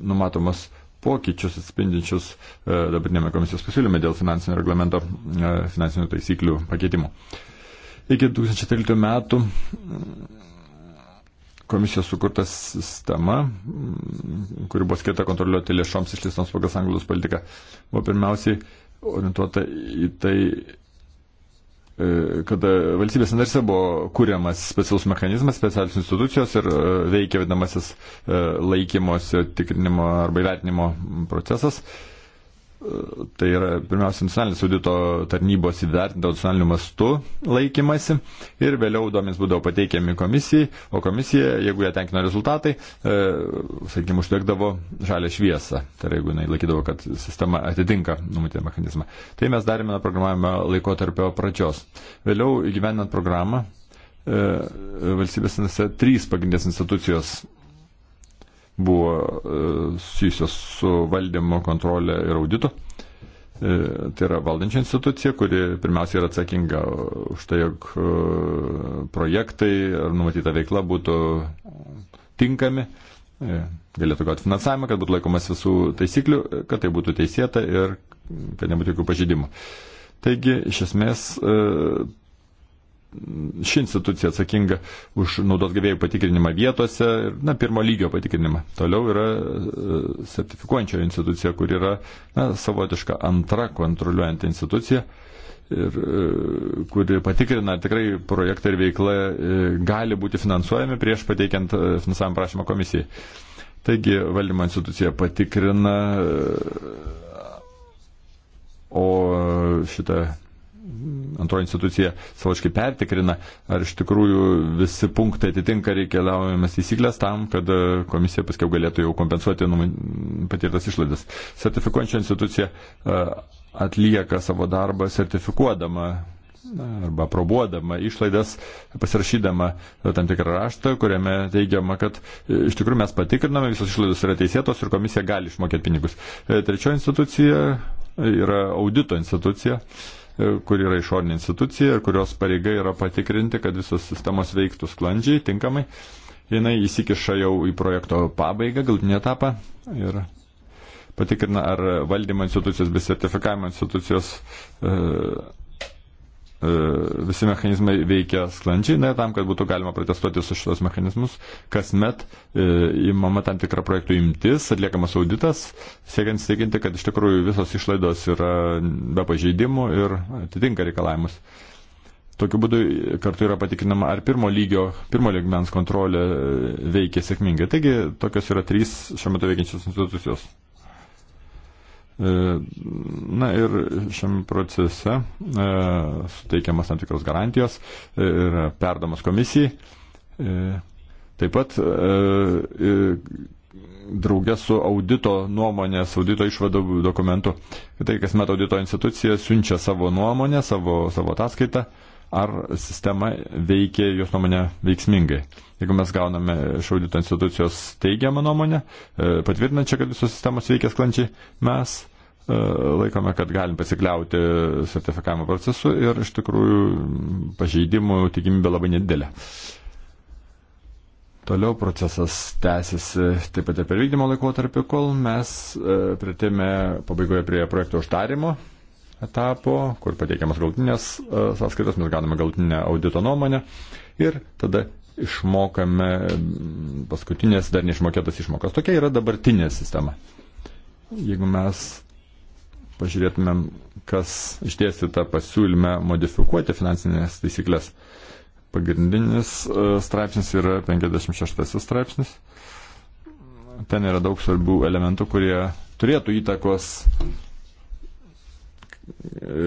numatomas pokyčius atspindinčius e, dabartinėme komisijos pasiūlyme dėl finansinio reglamento, e, finansinių taisyklių pakeitimų. Iki 2013 metų mm, komisijos sukurta sistema, mm, kuri buvo skirta kontroliuoti lėšoms išleistoms pagal anglos politiką, buvo pirmiausiai orientuota į tai, E, kada valstybės narse buvo kuriamas specialus mechanizmas, specialios institucijos ir e, veikia vadinamasis e, laikymosi tikrinimo arba įvertinimo procesas tai yra pirmiausia nacionalinis audito tarnybos įvertinta nacionaliniu mastu laikymasi ir vėliau duomenys būdavo pateikiami komisijai, o komisija, jeigu jie tenkino rezultatai, e, sakykime, užtekdavo žalę šviesą, tai yra jeigu jinai laikydavo, kad sistema atitinka numatytą mechanizmą. Tai mes darėme programavimo laikotarpio pradžios. Vėliau įgyvenant programą, e, valstybės trys pagrindinės institucijos buvo e, susijusios su valdymo kontrolė ir auditu. E, tai yra valdančia institucija, kuri pirmiausia yra atsakinga už tai, jog e, projektai ar numatyta veikla būtų tinkami, galėtų gauti finansavimą, kad būtų laikomas visų taisyklių, kad tai būtų teisėta ir kad nebūtų jokių pažydimų. Taigi, iš esmės, ši institucija atsakinga už naudos gavėjų patikrinimą vietose, na, pirmo lygio patikrinimą. Toliau yra e, sertifikuojančio institucija, kur yra na, savotiška antra kontroliuojanti institucija, ir, e, kuri patikrina tikrai projektą ir veiklą e, gali būti finansuojami prieš pateikiant finansavimo prašymą komisijai. Taigi valdymo institucija patikrina, o šitą antroji institucija savočkai pertikrina, ar iš tikrųjų visi punktai atitinka reikialaujamas įsiklės tam, kad e, komisija paskiau galėtų jau kompensuoti patirtas išlaidas. Sertifikuojančia institucija e, atlieka savo darbą sertifikuodama arba probuodama išlaidas, pasirašydama e, tam tikrą raštą, kuriame teigiama, kad iš tikrųjų mes patikriname, visos išlaidos yra teisėtos ir komisija gali išmokėti pinigus. Trečioji institucija yra audito institucija. Uh, E, kur yra išorinė institucija ir kurios pareiga yra patikrinti, kad visos sistemos veiktų sklandžiai, tinkamai. Jinai įsikiša jau į projekto pabaigą, galutinį etapą ir patikrina, ar valdymo institucijos bei sertifikavimo institucijos e, E, visi mechanizmai veikia sklandžiai, na, tam, kad būtų galima protestuoti su šitos mechanizmus, kasmet įmama e, tam tikrą projektų imtis, atliekamas auditas, siekiant įsitikinti, kad iš tikrųjų visos išlaidos yra be pažeidimų ir atitinka reikalavimus. Tokiu būdu kartu yra patikrinama, ar pirmo lygio, pirmo lygmens kontrolė e, veikia sėkmingai. Taigi tokios yra trys šiuo metu veikiančios institucijos. E, na ir šiame procese e, suteikiamas tam tikros garantijos ir e, perdamas komisijai. E, taip pat e, e draugė su audito nuomonės, audito išvadų dokumentu. Tai kasmet audito institucija siunčia savo nuomonę, savo, savo ataskaitą, ar sistema veikia jos nuomonė veiksmingai. Jeigu mes gauname iš audito institucijos teigiamą nuomonę, e, patvirtinančią, kad visos sistemos veikia sklančiai, mes e, laikome, kad galim pasikliauti sertifikavimo procesu ir iš tikrųjų pažeidimų tikimybė labai nedidelė. Toliau procesas tęsiasi taip pat ir per vykdymo laikotarpį, kol mes e, pritėmė pabaigoje prie projekto uždarimo etapo, kur pateikiamas galtinės sąskaitas, mes gauname galtinę audito nuomonę ir tada išmokame paskutinės dar neišmokėtas išmokas. Tokia yra dabartinė sistema. Jeigu mes pažiūrėtumėm, kas išdėstyta pasiūlyme modifikuoti finansinės taisyklės, pagrindinis e, straipsnis yra 56 straipsnis. Ten yra daug svarbių elementų, kurie turėtų įtakos E,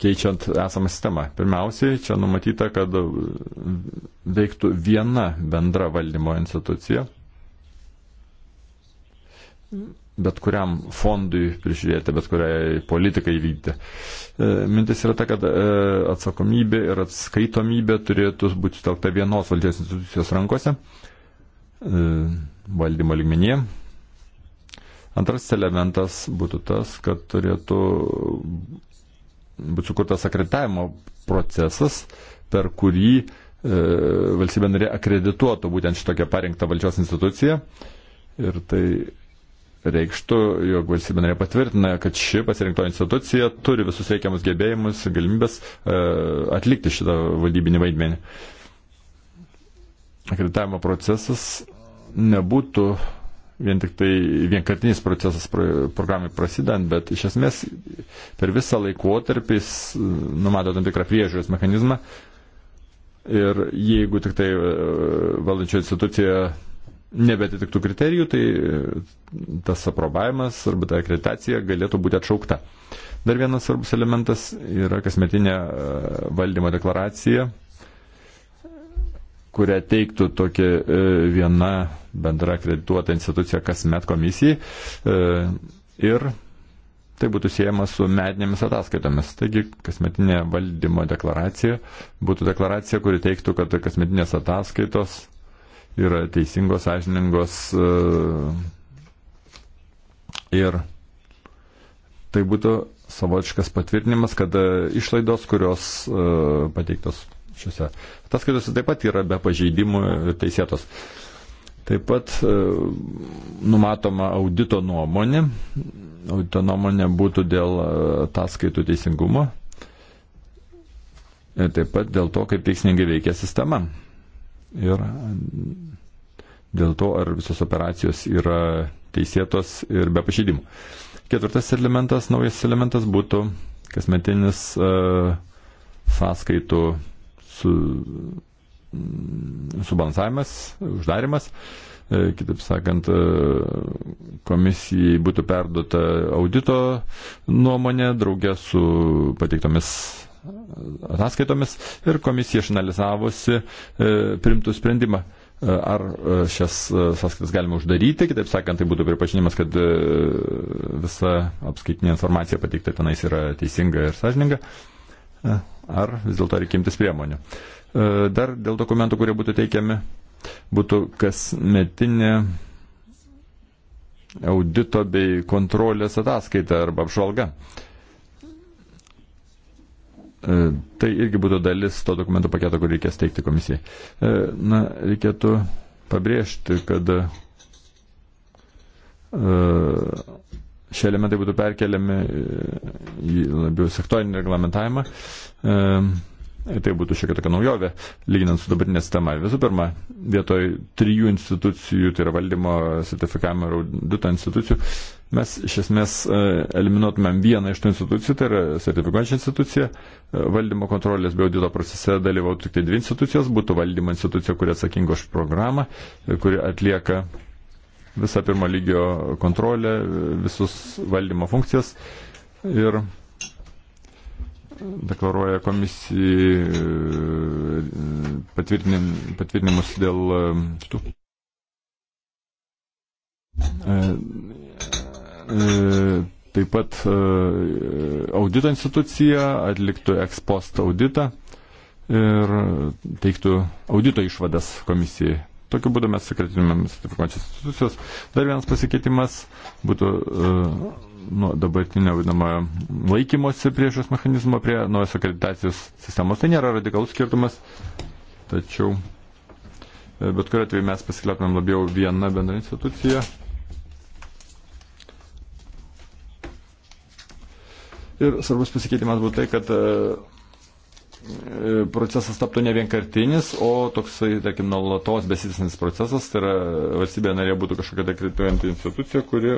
keičiant esamą sistemą. Pirmiausiai, čia numatyta, kad veiktų viena bendra valdymo institucija, bet kuriam fondui prižiūrėti, bet kuriai politikai vykdyti. E, mintis yra ta, kad e, atsakomybė ir atskaitomybė turėtų būti telkta vienos valdžios institucijos rankose valdymo lygmenyje Antras elementas būtų tas, kad turėtų būti sukurtas akreditavimo procesas, per kurį e, valstybė narė akredituotų būtent šitokią parinktą valdžios instituciją. Ir tai reikštų, jog valstybė narė patvirtina, kad ši pasirinkto institucija turi visus reikiamus gebėjimus, galimybės e, atlikti šitą valdybinį vaidmenį. Akreditavimo procesas nebūtų vien tik tai vienkartinis procesas programai prasidant, bet iš esmės per visą laikotarpį jis numato tam tikrą priežiūros mechanizmą ir jeigu tik tai e, valdančio institucija nebetitiktų kriterijų, tai e, tas aprobavimas arba ta akreditacija galėtų būti atšaukta. Dar vienas svarbus elementas yra kasmetinė e, valdymo deklaracija, kurią teiktų tokia viena bendra kredituota institucija kasmet komisijai e, ir tai būtų siejama su metinėmis ataskaitomis. Taigi kasmetinė valdymo deklaracija būtų deklaracija, kuri teiktų, kad kasmetinės ataskaitos yra teisingos, sąžiningos e, ir tai būtų savotiškas patvirtinimas, kad e, išlaidos, kurios pateiktos šiuose ataskaitose taip pat yra be pažeidimų teisėtos. Taip pat e, numatoma audito nuomonė. Audito nuomonė būtų dėl e, ataskaitų teisingumo. Ir e, taip pat dėl to, kaip veiksmingai veikia sistema. Ir dėl to, ar visos operacijos yra teisėtos ir be pažydimų. Ketvirtas elementas, naujas elementas būtų kasmetinis uh, sąskaitų su Mm, subalansavimas, uždarimas. E, kitaip sakant, e, komisijai būtų perduota audito nuomonė draugė su pateiktomis ataskaitomis ir komisija išanalizavosi e, primtų sprendimą ar šias sąskaitas galima uždaryti, kitaip sakant, tai būtų pripažinimas, kad visa apskaitinė informacija pateikta tenais yra teisinga ir sąžininga ar vis dėlto reikia imtis priemonių. E, dar dėl dokumentų, kurie būtų teikiami, būtų kasmetinė audito bei kontrolės ataskaita arba apžvalga. E, tai irgi būtų dalis to dokumento paketo, kurį reikės teikti komisijai. E, na, reikėtų pabrėžti, kad šie elementai būtų perkeliami į labiau sektorinį reglamentavimą. Ehm, ir tai būtų šiek tiek tokia naujovė, lyginant su dabartinė sistema. Visų pirma, vietoj trijų institucijų, tai yra valdymo, sertifikavimo ir audito institucijų, mes iš esmės e, eliminuotumėm vieną iš tų institucijų, tai yra sertifikuojančią instituciją, e, valdymo kontrolės bei audito procese dalyvautų tik tai dvi institucijos, būtų valdymo institucija, kuri atsakinga už programą, e, kuri atlieka visą pirmo lygio kontrolę, visus valdymo funkcijas ir deklaruoja komisijai e, patvirtinim, patvirtinimus dėl šitų. E, e, taip pat audito institucija atliktų ekspost auditą ir teiktų audito išvadas komisijai. Tokiu būdu mes sukratytumėm stipriuojančias institucijos. Dar vienas pasikeitimas būtų uh, nuo dabartinio vadinamojo laikymosi priežos mechanizmo prie naujos akreditacijos sistemos. Tai nėra radikalus skirtumas, tačiau e, bet kuriuo atveju mes pasikliautumėm labiau vieną bendrą instituciją. Ir svarbus pasikeitimas būtų tai, kad uh, E, procesas taptų ne vienkartinis, o toksai, tarkim, nuolatos besitinis procesas, tai yra valstybė narė būtų kažkokia tai akredituojanti institucija, kuri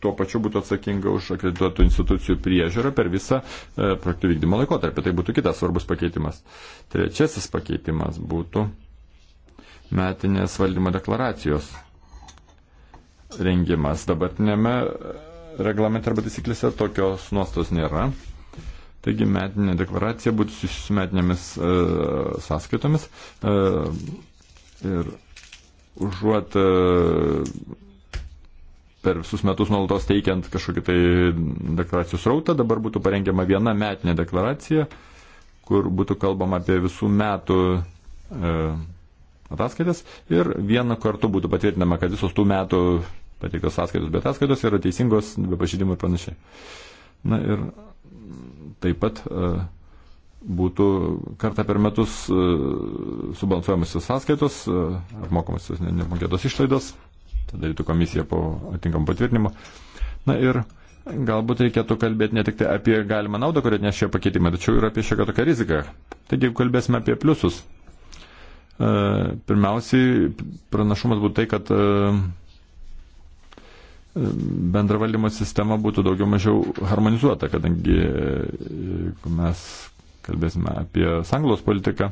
tuo pačiu būtų atsakinga už akredituotų institucijų priežiūrą per visą e, projektų vykdymo laikotarpį. Tai būtų kitas svarbus pakeitimas. Trečiasis pakeitimas būtų metinės valdymo deklaracijos rengimas. Dabartinėme reglamente arba taisyklėse tokios nuostos nėra. Taigi metinė deklaracija būtų su metinėmis e, sąskaitomis e, ir užuot e, per visus metus nuolatos teikiant kažkokį tai deklaracijų srautą, dabar būtų parengiama viena metinė deklaracija, kur būtų kalbama apie visų metų e, ataskaitas ir vienu kartu būtų patvirtinama, kad visos tų metų pateiktos sąskaitos, bet ataskaitos yra teisingos, be pažydimų ir panašiai. Na ir taip pat e, būtų kartą per metus e, subalansuojamas sąskaitos, e, apmokamas nemokėtos išlaidos, tada darytų komisija po atinkamų patvirtinimo. Na ir galbūt reikėtų kalbėti ne tik tai apie galimą naudą, kurią nešė pakeitimą, tačiau ir apie šiokią tokią riziką. Taigi, jeigu kalbėsime apie pliusus, pirmiausiai pranašumas būtų tai, kad bendra valdymo sistema būtų daugiau mažiau harmonizuota, kadangi e, jeigu mes kalbėsime apie sanglos politiką,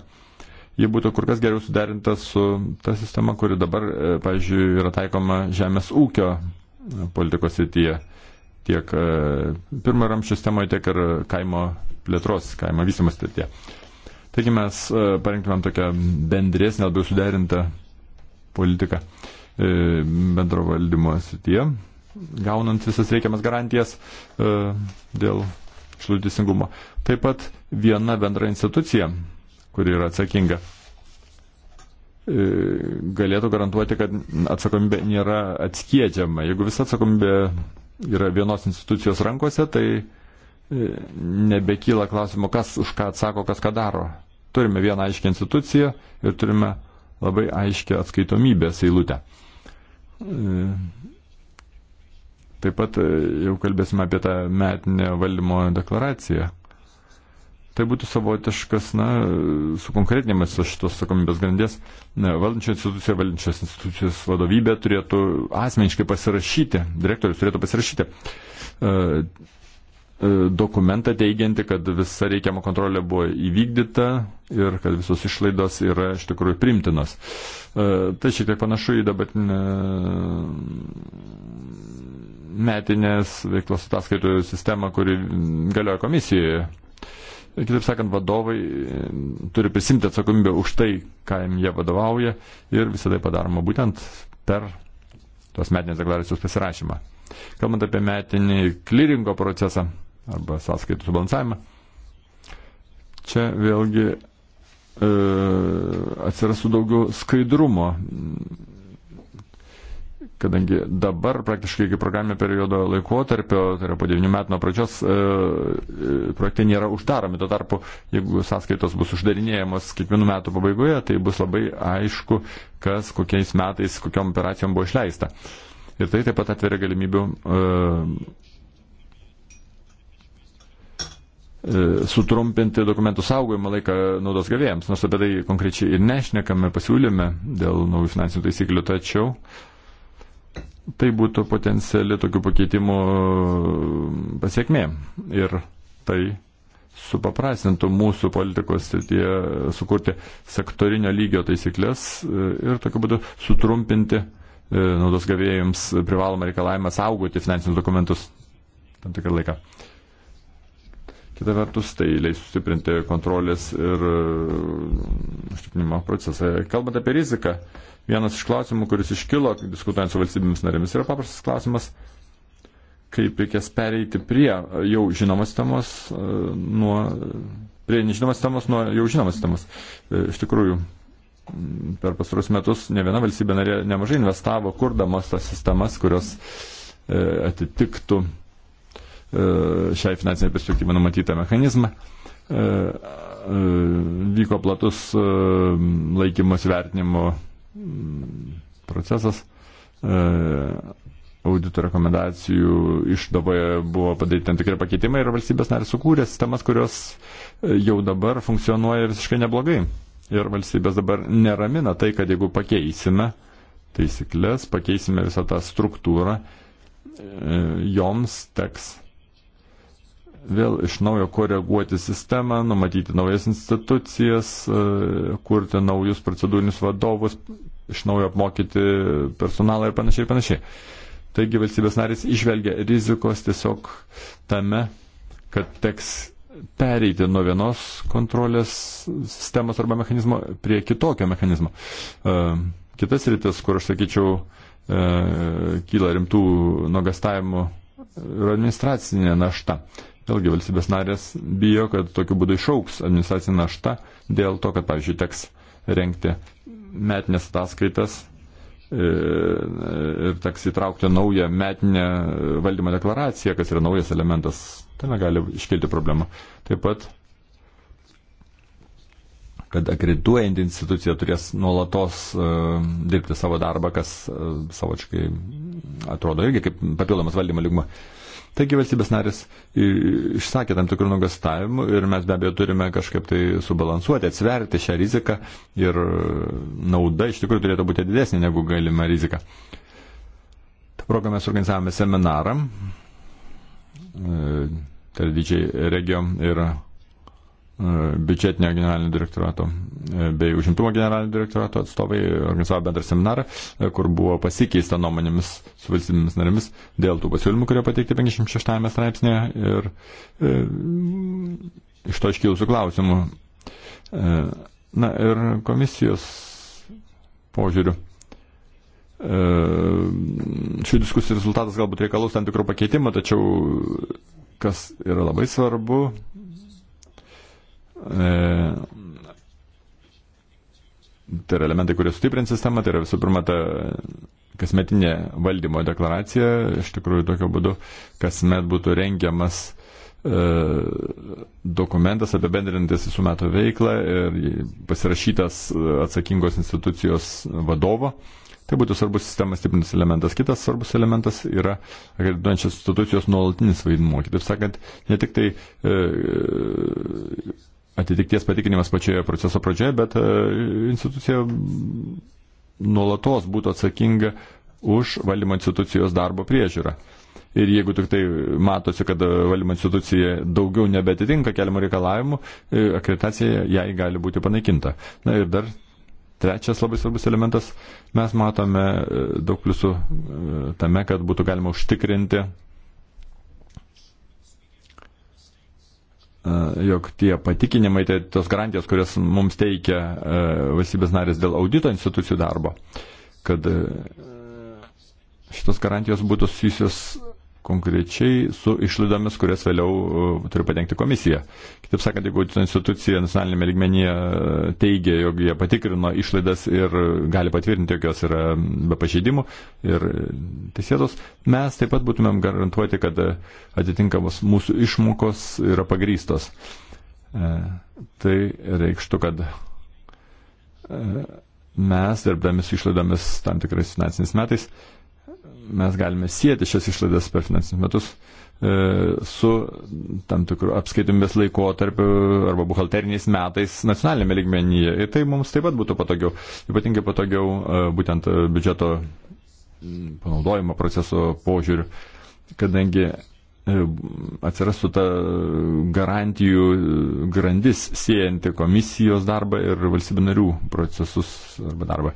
ji būtų kur kas geriau suderinta su ta sistema, kuri dabar, e, pavyzdžiui, yra taikoma žemės ūkio e, politikos srityje tiek pirmo ramščio sistemoje, tiek ir kaimo plėtros, kaimo vystimas srityje. Taigi mes parinktumėm tokią bendresnę, labiau suderintą politiką. Uh, E, bendro valdymo sitie, gaunant visas reikiamas garantijas e, dėl išlaidų teisingumo. Taip pat viena bendra institucija, kuri yra atsakinga, e, galėtų garantuoti, kad atsakomybė nėra atskiedžiama. Jeigu visa atsakomybė yra vienos institucijos rankose, tai nebekyla klausimo, kas už ką atsako, kas ką daro. Turime vieną aiškę instituciją ir turime labai aiškę atskaitomybės eilutę. E, taip pat e, jau kalbėsime apie tą metinę valdymo deklaraciją. Tai būtų savotiškas, na, sukonkretinimas šitos atsakomybės grandies. Valdančia institucija, valdančios institucijos vadovybė turėtų asmeniškai pasirašyti, direktorius turėtų pasirašyti e, E, dokumentą teigianti, kad visa reikiama kontrolė buvo įvykdyta ir kad visos išlaidos yra iš tikrųjų primtinos. E, tai šiek tiek panašu į dabartinę metinės veiklos ataskaitų sistemą, kuri galioja komisijoje. Kitaip sakant, vadovai e, turi prisimti atsakomybę už tai, ką jie vadovauja ir visą tai padaroma būtent per tos metinės deklaracijos pasirašymą. Kalbant apie metinį kliringo procesą, arba sąskaitų subalansavimą. Čia vėlgi e, atsirastų daugiau skaidrumo, kadangi dabar praktiškai iki programinio periodo laikotarpio, tai yra po 9 metų nuo pradžios, e, e, projektai nėra uždaromi. Tuo tarpu, jeigu sąskaitos bus uždarinėjamos kiekvienų metų pabaigoje, tai bus labai aišku, kas kokiais metais, kokiam operacijom buvo išleista. Ir tai taip pat atveria galimybių e, E, sutrumpinti dokumentų saugojimo laiką naudos gavėjams, nors apie tai konkrečiai ir nešnekame pasiūlyme dėl naujų finansinių taisyklių, tačiau tai būtų potenciali tokių pakeitimų e, pasiekmė ir tai supaprastintų mūsų politikos srityje sukurti sektorinio lygio taisyklės e, ir tokiu būdu sutrumpinti naudos gavėjams privalomą reikalavimą saugoti finansinius dokumentus tam tikrą laiką. Kita vertus, tai leis sustiprinti kontrolės ir e, užtikrinimo procesą. Kalbant apie riziką, vienas iš klausimų, kuris iškilo diskutuojant su valstybėmis narėmis, yra paprastas klausimas, kaip reikės pereiti prie jau žinomas temos, e, nuo, prie nežinomas temos, nuo jau žinomas temos. E, iš tikrųjų, per pastarus metus ne viena valstybė narė nemažai investavo, kurdamas tas sistemas, kurios atitiktų E, šiai finansiniai perspektyvai numatytą mechanizmą. E, e, vyko platus laikymus vertinimo mm, procesas. Audito rekomendacijų išdavoje buvo padaryti tam tikri pakeitimai ir valstybės narės sukūrė sistemas, kurios jau dabar funkcionuoja visiškai neblogai. Ir valstybės dabar neramina tai, kad jeigu pakeisime taisyklės, pakeisime visą tą struktūrą, joms teks vėl iš naujo koreguoti sistemą, numatyti naujas institucijas, e, kurti naujus procedūrinius vadovus, iš naujo apmokyti personalą ir panašiai ir panašiai. Taigi valstybės narys išvelgia rizikos tiesiog tame, kad teks pereiti nuo vienos kontrolės sistemos arba mechanizmo prie kitokio mechanizmo. E, kitas rytis, kur aš sakyčiau, e, kyla rimtų nuogastavimų, yra administracinė našta. Vėlgi valstybės narės bijo, kad tokiu būdu išauks administracinė našta dėl to, kad, pavyzdžiui, teks renkti metinės ataskaitas e, ir teks įtraukti naują metinę valdymo deklaraciją, kas yra naujas elementas. Tame gali iškilti problemą. Taip pat, kad akredituojant institucija turės nuolatos uh, dirbti savo darbą, kas uh, e, savočiai atrodo irgi kaip papildomas valdymo lygmo. Uh, Taigi valstybės narės išsakė tam tikrų nugastavimų ir mes be abejo turime kažkaip tai subalansuoti, atsverti šią riziką ir e, nauda iš tikrųjų turėtų būti didesnė negu galima rizika. Ta proga mes organizavome seminarą, e, tai didžiai regio ir E, biudžetinio generalinio direktorato e, bei užimtumo generalinio direktorato atstovai organizavo bendrą seminarą, e, kur buvo pasikeista nuomonėmis su valstybėmis narėmis dėl tų pasiūlymų, kurie pateikti 56 straipsnėje ir e, iš to iškilusių klausimų. E, na ir komisijos požiūriu. E, šių diskusijų rezultatas galbūt reikalus tam tikrų pakeitimų, tačiau kas yra labai svarbu, E, tai yra elementai, kurie sustiprins sistemą, tai yra visų pirma ta kasmetinė valdymo deklaracija, iš tikrųjų tokiu būdu kasmet būtų rengiamas e, dokumentas apibendrinantis visų metų veiklą ir pasirašytas atsakingos institucijos vadovo. Tai būtų svarbus sistemas stiprintis elementas. Kitas svarbus elementas yra akredituojančios institucijos nuolatinis vaidmuo. Kitaip sakant, ne tik tai e, atitikties patikinimas pačioje proceso pradžioje, bet e, institucija nuolatos būtų atsakinga už valdymo institucijos darbo priežiūrą. Ir jeigu tik tai matosi, kad e, valdymo institucija daugiau nebetitinka keliamų reikalavimų, e, akreditacija jai gali būti panaikinta. Na ir dar trečias labai svarbus elementas, mes matome daug pliusų tame, kad būtų galima užtikrinti E, jog tie patikinimai, tai tos garantijos, kurias mums teikia e, valstybės narės dėl audito institucijų darbo, kad e, šitos garantijos būtų susijusios konkrečiai su išlaidomis, kurias vėliau uh, turi padengti komisija. Kitaip sakant, jeigu institucija nacionalinėme lygmenyje uh, teigia, jog jie patikrino išlaidas ir gali patvirtinti, jog jos yra um, be pažeidimų ir uh, teisėtos, mes taip pat būtumėm garantuoti, kad uh, atitinkamos mūsų išmokos yra pagrystos. Uh, tai reikštų, kad uh, mes, dirbdami su išlaidomis tam tikrais finansiniais metais, uh, mes galime sieti šias išlaidas per finansinius metus e, su tam tikru apskaitomės laikotarpiu arba buhalteriniais metais nacionalinėme ligmenyje. Ir tai mums taip pat būtų patogiau, ypatingai patogiau e, būtent e, biudžeto panaudojimo proceso požiūriu, kadangi E, atsirastų ta garantijų grandis siejanti komisijos darbą ir valstybių narių procesus arba darbą.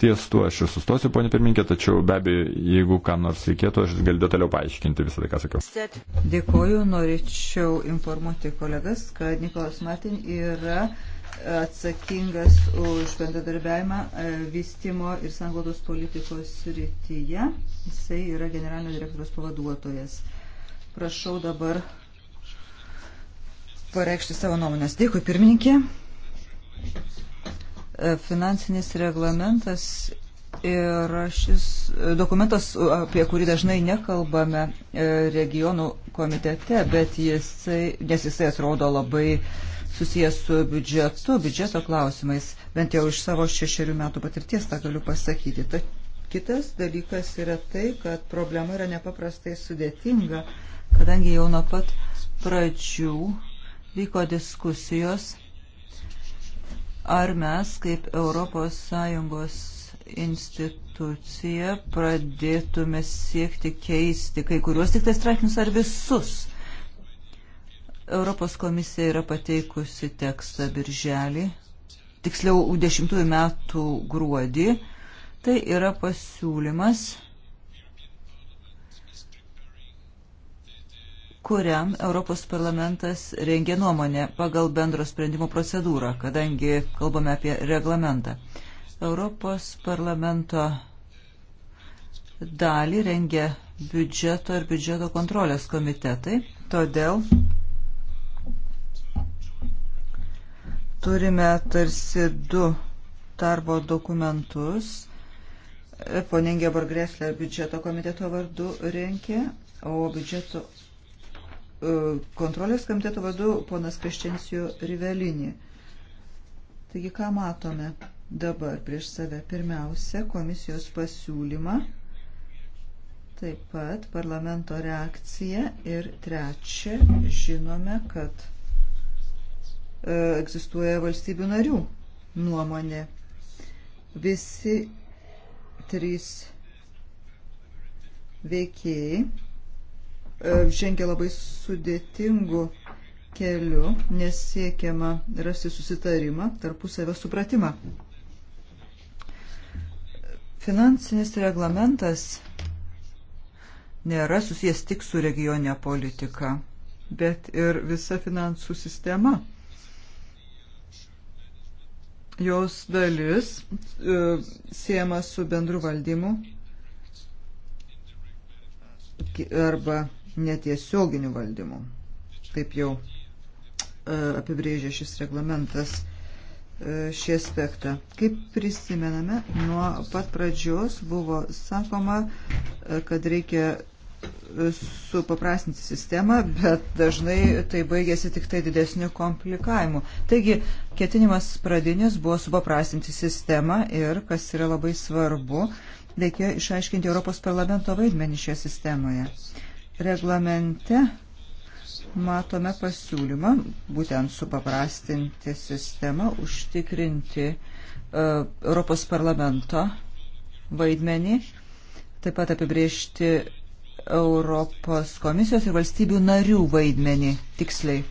Ties tuo aš ir sustosiu, ponė pirminkė, tačiau be abejo, jeigu kam nors reikėtų, aš galiu detaliau paaiškinti visą tai, ką sakiau. Dėkoju, norėčiau informuoti kolegas, kad Nikolas Martin yra atsakingas už bendradarbiavimą e, vystimo ir sanglaudos politikos srityje. Jisai yra generalinio direktoriaus pavaduotojas. Prašau dabar pareikšti savo nuomonės. Dėkui, pirmininkė. E, finansinis reglamentas yra šis e, dokumentas, apie kurį dažnai nekalbame e, regionų komitete, bet jisai, nes jisai atrodo labai susijęs su biudžetu, biudžeto klausimais, bent jau iš savo šešerių metų patirties tą galiu pasakyti. Ta, kitas dalykas yra tai, kad problema yra nepaprastai sudėtinga kadangi jau nuo pat pradžių vyko diskusijos, ar mes kaip ES institucija pradėtume siekti keisti kai kuriuos tik tai straipsnius ar visus. Europos komisija yra pateikusi tekstą birželį, tiksliau 10 metų gruodį. Tai yra pasiūlymas kuriam Europos parlamentas rengia nuomonę pagal bendro sprendimo procedūrą, kadangi kalbame apie reglamentą. Europos parlamento dalį rengia biudžeto ir biudžeto kontrolės komitetai. Todėl turime tarsi du darbo dokumentus. Poningė Borgreslė biudžeto komiteto vardu renkė, o biudžeto E, kontrolės komiteto vadu ponas Kreščensijų Rivelinį. Taigi, ką matome dabar prieš save? Pirmiausia, komisijos pasiūlymą, taip pat parlamento reakciją ir trečia, žinome, kad e, egzistuoja valstybių narių nuomonė. Visi trys veikėjai E, žengia labai sudėtingu keliu, nes siekiama rasti susitarimą, tarpusavio supratimą. Finansinis reglamentas nėra susijęs tik su regioninė politika, bet ir visa finansų sistema. Jos dalis e, siejama su bendru valdymu arba netiesioginiu valdymu. Taip jau e, apibrėžia šis reglamentas e, šį aspektą. Kaip prisimename, nuo pat pradžios buvo sakoma, e, kad reikia supaprastinti sistemą, bet dažnai tai baigėsi tik tai didesniu komplikavimu. Taigi, ketinimas pradinis buvo supaprastinti sistemą ir, kas yra labai svarbu, reikėjo išaiškinti Europos parlamento vaidmenį šioje sistemoje. Reglamente matome pasiūlymą būtent supaprastinti sistemą, užtikrinti uh, Europos parlamento vaidmenį, taip pat apibriežti Europos komisijos ir valstybių narių vaidmenį tiksliai.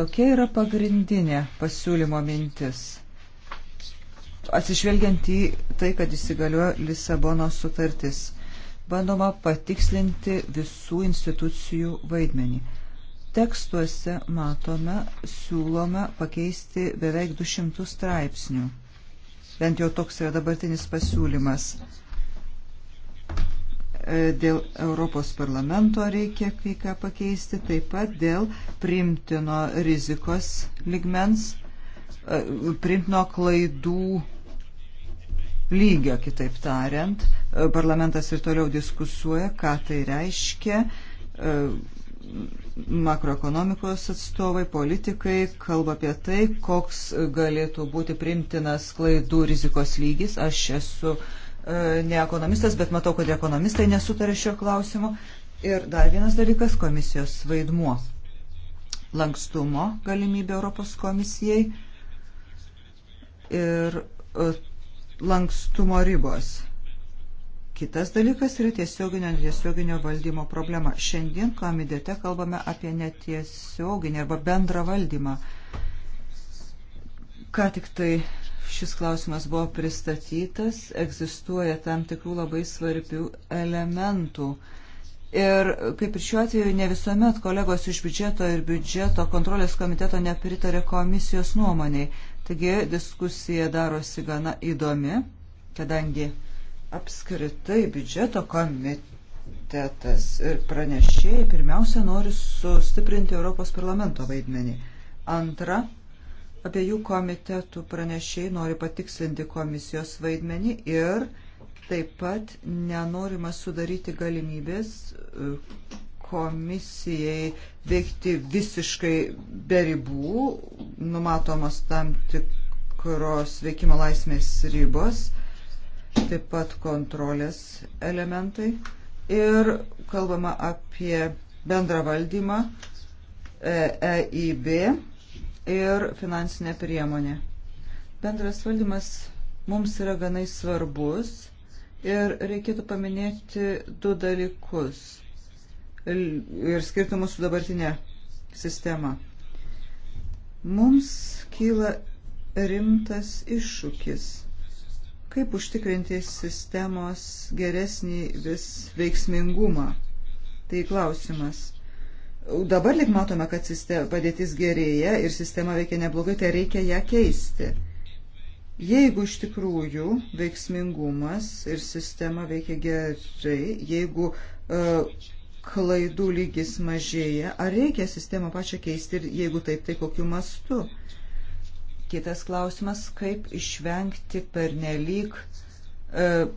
Tokia yra pagrindinė pasiūlymo mintis. Atsižvelgiant į tai, kad įsigaliojo Lisabono sutartis bandoma patikslinti visų institucijų vaidmenį. Tekstuose matome, siūlome pakeisti beveik 200 straipsnių. Bent jau toks yra dabartinis pasiūlymas e, dėl Europos parlamento reikia kai ką pakeisti, taip pat dėl primtino rizikos ligmens, e, primtino klaidų lygio, kitaip tariant. E, parlamentas ir toliau diskusuoja, ką tai reiškia. E, makroekonomikos atstovai, politikai kalba apie tai, koks galėtų būti primtinas klaidų rizikos lygis. Aš esu e, ne ekonomistas, bet matau, kad ekonomistai nesutarė šio klausimu. Ir dar vienas dalykas - komisijos vaidmuo. Lankstumo galimybė Europos komisijai ir lankstumo ribos. Kitas dalykas yra tiesioginio ir tiesioginio valdymo problema. Šiandien komitete kalbame apie netiesioginį arba bendrą valdymą. Ką tik tai šis klausimas buvo pristatytas, egzistuoja tam tikrų labai svarbių elementų. Uh, Ir kaip ir šiuo atveju, ne visuomet kolegos iš biudžeto ir biudžeto kontrolės komiteto nepritarė komisijos nuomoniai. Taigi diskusija darosi gana įdomi, kadangi apskritai biudžeto komitetas ir pranešėjai pirmiausia nori sustiprinti Europos parlamento vaidmenį. Antra, abiejų komitetų pranešėjai nori patikslinti komisijos vaidmenį ir uh, Taip pat nenorima sudaryti galimybės e, komisijai veikti visiškai be ribų, numatomos tam tikros veikimo laisvės ribos, taip pat kontrolės elementai ir kalbama apie bendrą valdymą EIB e ir finansinę priemonę. Bendras valdymas mums yra ganai svarbus Ir reikėtų paminėti du dalykus ir skirtumus su dabartinė sistema. Mums kyla rimtas iššūkis. Kaip užtikrinti sistemos geresnį vis veiksmingumą? Tai klausimas. Dabar lik matome, kad sistema, padėtis gerėja ir sistema veikia neblogai, tai reikia ją keisti. Jeigu iš tikrųjų veiksmingumas ir sistema veikia gerai, jeigu uh, klaidų lygis mažėja, ar reikia sistemą pačią keisti ir jeigu taip, tai kokiu mastu? Kitas klausimas, kaip išvengti pernelyg uh,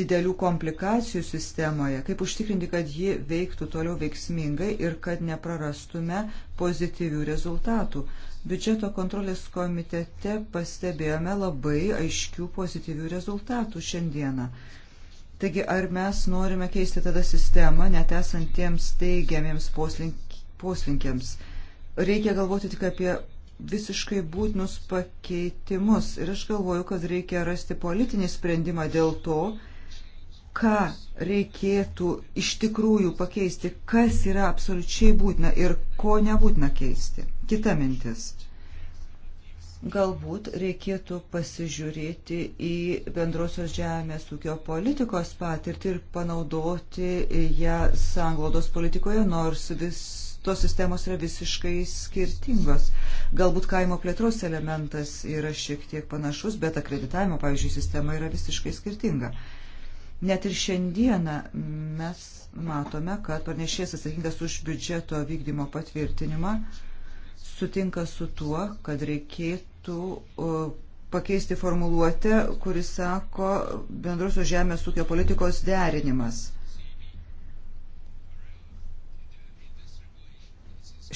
didelių komplikacijų sistemoje, kaip užtikrinti, kad ji veiktų toliau veiksmingai ir kad neprarastume pozityvių rezultatų. Biudžeto kontrolės komitete pastebėjome labai aiškių pozityvių rezultatų šiandieną. Taigi, ar mes norime keisti tada sistemą, net esantiems teigiamiems poslink, poslinkiams? Reikia galvoti tik apie visiškai būtinus pakeitimus. Ir aš galvoju, kad reikia rasti politinį sprendimą dėl to, ką reikėtų iš tikrųjų pakeisti, kas yra absoliučiai būtina ir ko nebūtina keisti. Kita mintis. Galbūt reikėtų pasižiūrėti į bendrosios žemės ūkio politikos patirtį ir panaudoti ją sanglaudos politikoje, nors vis tos sistemos yra visiškai skirtingos. Galbūt kaimo plėtros elementas yra šiek tiek panašus, bet akreditavimo, pavyzdžiui, sistema yra visiškai skirtinga. Net ir šiandieną mes matome, kad pranešėjas atsakingas už biudžeto vykdymo patvirtinimą sutinka su tuo, kad reikėtų pakeisti formuluotę, kuris sako bendrosios žemės ūkio politikos derinimas.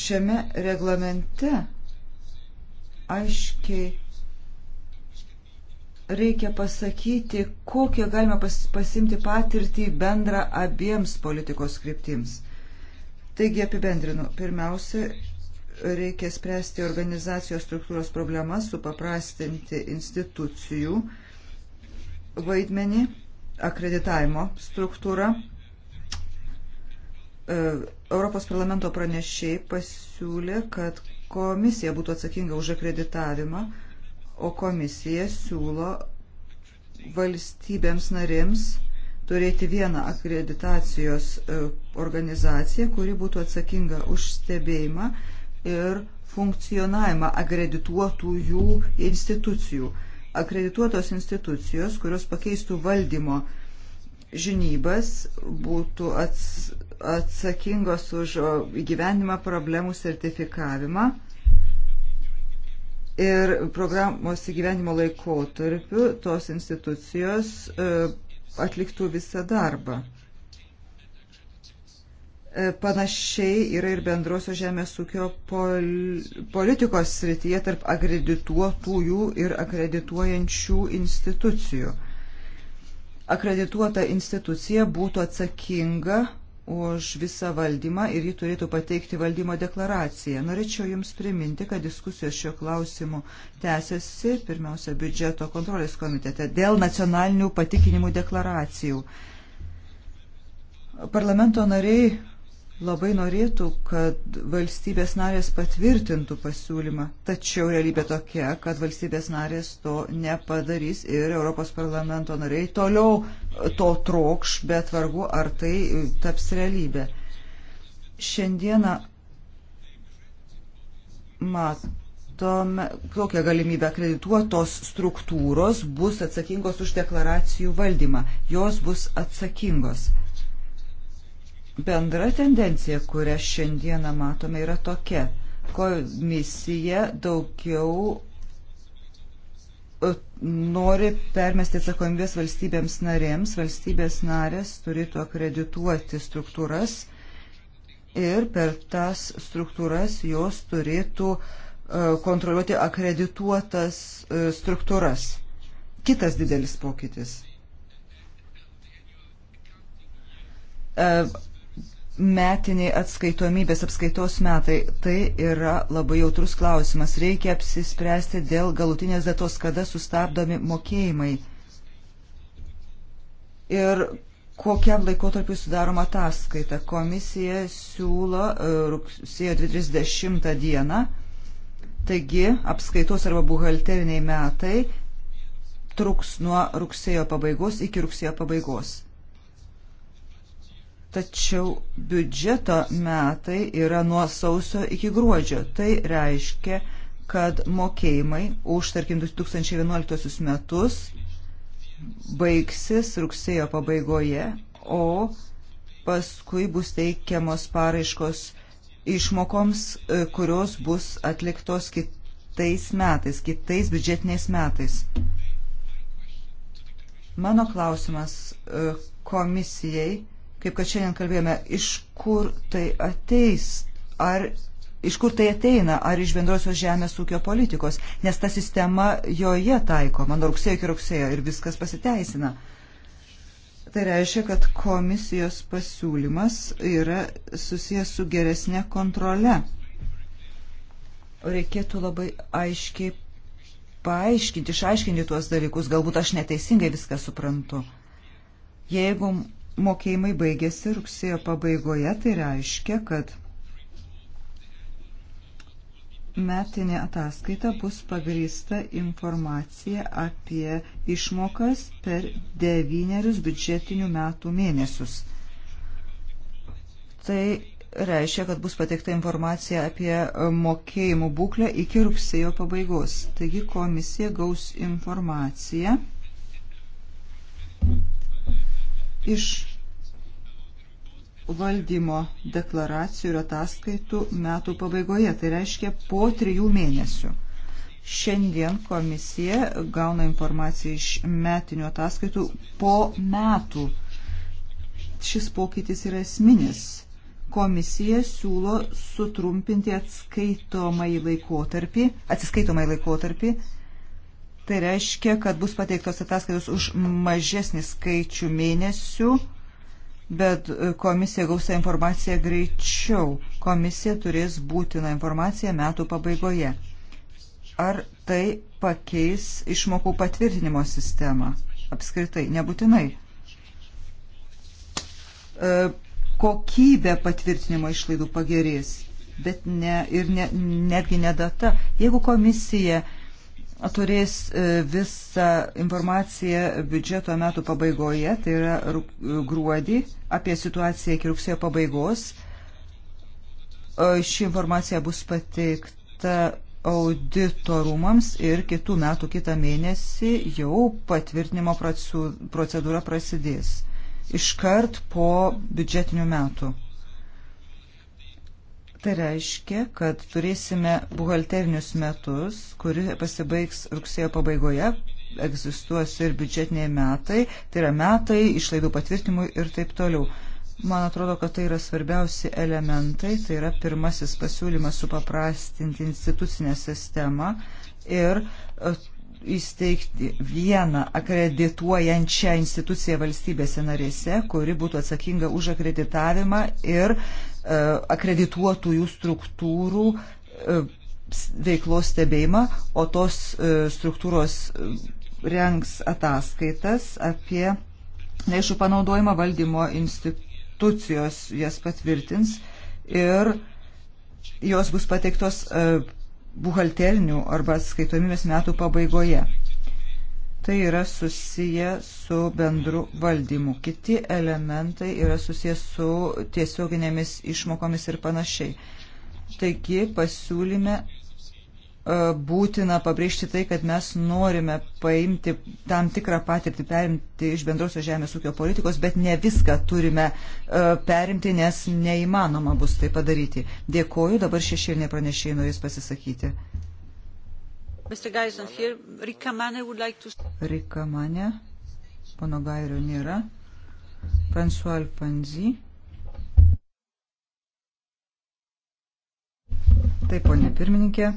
Šiame reglamente aiškiai reikia pasakyti, kokią galima pas, pasimti patirtį bendrą abiems politikos kryptims. Taigi apibendrinu. Pirmiausia, reikia spręsti organizacijos struktūros problemas, supaprastinti institucijų vaidmenį, akreditavimo struktūrą. E, Europos parlamento pranešiai pasiūlė, kad komisija būtų atsakinga už akreditavimą o komisija siūlo valstybėms narėms turėti vieną akreditacijos e, organizaciją, kuri būtų atsakinga už stebėjimą ir funkcionavimą akredituotųjų institucijų. Akredituotos institucijos, kurios pakeistų valdymo žinybas, būtų ats, atsakingos už gyvenimą problemų sertifikavimą Ir programos įgyvenimo laikotarpiu tos institucijos e, atliktų visą darbą. E, panašiai yra ir bendrosios žemės ūkio pol politikos srityje tarp akredituotųjų ir akredituojančių institucijų. Akredituota institucija būtų atsakinga už visą valdymą ir ji turėtų pateikti valdymo deklaraciją. Norėčiau Jums priminti, kad diskusijos šiuo klausimu tęsiasi pirmiausia biudžeto kontrolės komitete dėl nacionalinių patikinimų deklaracijų. Parlamento nariai labai norėtų, kad valstybės narės patvirtintų pasiūlymą. Tačiau realybė tokia, kad valstybės narės to nepadarys ir Europos parlamento nariai toliau to trokš, bet vargu ar tai taps realybė. Šiandieną matome, kokią galimybę akredituotos struktūros bus atsakingos už deklaracijų valdymą. Jos bus atsakingos Bendra tendencija, kurią šiandieną matome, yra tokia. Komisija daugiau e, nori permesti atsakomybės valstybėms narėms. Valstybės narės turėtų akredituoti struktūras ir per tas struktūras jos turėtų e, kontroliuoti akredituotas e, struktūras. Kitas didelis pokytis metiniai atskaitomybės apskaitos metai. Tai yra labai jautrus klausimas. Reikia apsispręsti dėl galutinės datos, kada sustabdomi mokėjimai. Ir kokiam laikotarpiu sudaroma ataskaita. Komisija siūlo e, rugsėjo 30 dieną. Taigi apskaitos arba buhalteriniai metai truks nuo rugsėjo pabaigos iki rugsėjo pabaigos. Tačiau biudžeto metai yra nuo sausio iki gruodžio. Tai reiškia, kad mokėjimai už, tarkim, 2011 metus baigsis rugsėjo pabaigoje, o paskui bus teikiamos paraiškos išmokoms, e, kurios bus atliktos kitais metais, kitais biudžetiniais metais. Mano klausimas e, komisijai kaip kad šiandien kalbėjome, iš kur tai ateis, ar iš kur tai ateina, ar iš bendrosios žemės ūkio politikos, nes ta sistema joje taikoma nuo rugsėjo iki rugsėjo ir viskas pasiteisina. Tai reiškia, kad komisijos pasiūlymas yra susijęs su geresnė kontrole. Reikėtų labai aiškiai paaiškinti, išaiškinti tuos dalykus, galbūt aš neteisingai viską suprantu. Jeigu mokėjimai baigėsi rugsėjo pabaigoje, tai reiškia, kad metinė ataskaita bus pagrįsta informacija apie išmokas per devynerius biudžetinių metų mėnesius. Tai reiškia, kad bus pateikta informacija apie mokėjimų būklę iki rugsėjo pabaigos. Taigi komisija gaus informaciją Iš valdymo deklaracijų ir ataskaitų metų pabaigoje, tai reiškia po trijų mėnesių. Šiandien komisija gauna informaciją iš metinių ataskaitų po metų. Šis pokytis yra esminis. Komisija siūlo sutrumpinti atskaitomai laikotarpį, atsiskaitomai laikotarpį Tai reiškia, kad bus pateiktos ataskaitos už mažesnį skaičių mėnesių, bet komisija gausa informaciją greičiau. Komisija turės būtiną informaciją metų pabaigoje. Ar tai pakeis išmokų patvirtinimo sistemą? Apskritai, nebūtinai. E, kokybė patvirtinimo išlaidų pagerės, bet ne, ir ne, netgi ne data. Jeigu komisija uh, turės e, visą informaciją biudžeto metų pabaigoje, tai yra e, gruodį, apie situaciją iki rugsėjo pabaigos. Ši informacija bus pateikta auditorumams ir kitų metų kitą mėnesį jau patvirtinimo procedūra prasidės iškart po biudžetinių metų. Tai reiškia, kad turėsime buhalterinius metus, kuri pasibaigs rugsėjo pabaigoje, egzistuos ir biudžetiniai metai, tai yra metai išlaidų patvirtimui ir taip toliau. Man atrodo, kad tai yra svarbiausi elementai, tai yra pirmasis pasiūlymas supaprastinti institucinę sistemą ir e, įsteigti vieną akredituojančią instituciją valstybėse narėse, kuri būtų atsakinga už akreditavimą ir uh, E, akredituotųjų struktūrų e, veiklos stebėjimą, o tos e, struktūros rengs ataskaitas apie lėšų panaudojimą valdymo institucijos, jas patvirtins ir jos bus pateiktos buhalterinių arba skaitomybės metų pabaigoje. Tai yra susiję su bendru valdymu. Kiti elementai yra susiję su tiesioginėmis išmokomis ir panašiai. Taigi pasiūlyme e, būtina pabrėžti tai, kad mes norime paimti tam tikrą patirtį, perimti iš bendrosios žemės ūkio politikos, bet ne viską turime e, perimti, nes neįmanoma bus tai padaryti. Dėkoju, dabar šešėlinė pranešėjai norės pasisakyti. Rika Mane, pono Gairio nėra. François Alpanzi. Taip, ponė pirmininkė,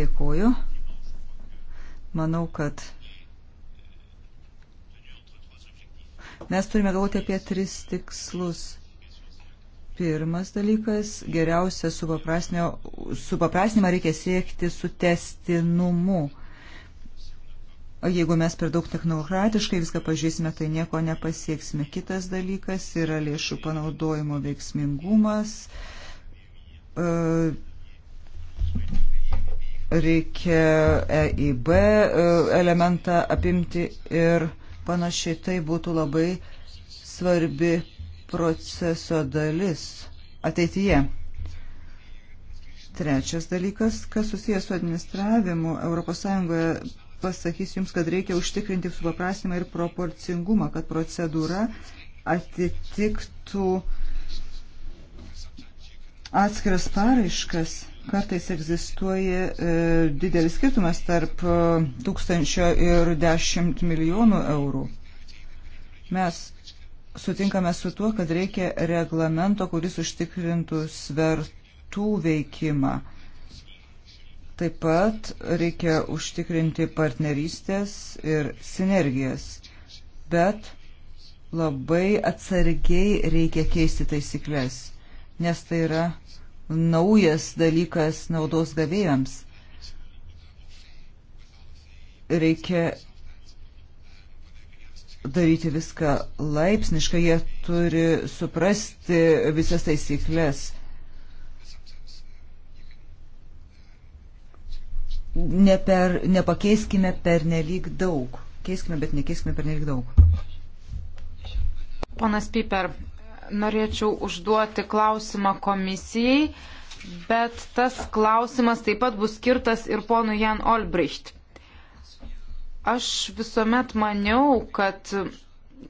dėkoju. Manau, kad mes turime galvoti apie tris tikslus. Pirmas dalykas - geriausia supaprastinimą reikia siekti su testinumu. Jeigu mes per daug technokratiškai viską pažiūrėsime, tai nieko nepasieksime. Kitas dalykas yra lėšų panaudojimo veiksmingumas. E, reikia EIB e, elementą apimti ir panašiai. Tai būtų labai svarbi proceso dalis ateityje. Trečias dalykas, kas susijęs su administravimu ES, pasakysiu Jums, kad reikia užtikrinti supaprastimą ir proporcingumą, kad procedūra atitiktų atskiras paraiškas. Kartais egzistuoja e, didelis skirtumas tarp e, tūkstančio ir dešimt milijonų eurų. Mes sutinkame su tuo, kad reikia reglamento, kuris užtikrintų svertų veikimą. Taip pat reikia užtikrinti partnerystės ir sinergijas, bet labai atsargiai reikia keisti taisyklės, nes tai yra naujas dalykas naudos gavėjams. Reikia daryti viską laipsniškai, jie turi suprasti visas taisyklės. Ne per, nepakeiskime per nelik daug. Keiskime, bet nekeiskime per nelik daug. Ponas Piper, norėčiau užduoti klausimą komisijai, bet tas klausimas taip pat bus skirtas ir ponui Jan Olbricht. Aš visuomet maniau, kad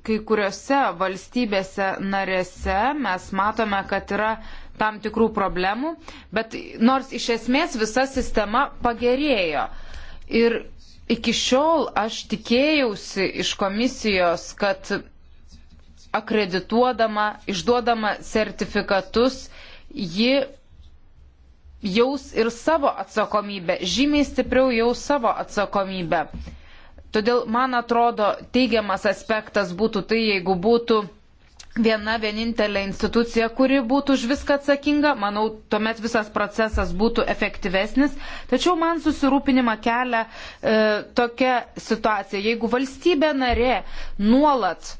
kai kuriuose valstybėse narėse mes matome, kad yra tam tikrų problemų, bet nors iš esmės visa sistema pagerėjo. Ir iki šiol aš tikėjausi iš komisijos, kad akredituodama, išduodama sertifikatus, ji jaus ir savo atsakomybę, žymiai stipriau jaus savo atsakomybę. Todėl, man atrodo, teigiamas aspektas būtų tai, jeigu būtų viena vienintelė institucija, kuri būtų už viską atsakinga, manau, tuomet visas procesas būtų efektyvesnis. Tačiau man susirūpinimą kelia e, tokia situacija, jeigu valstybė narė nuolat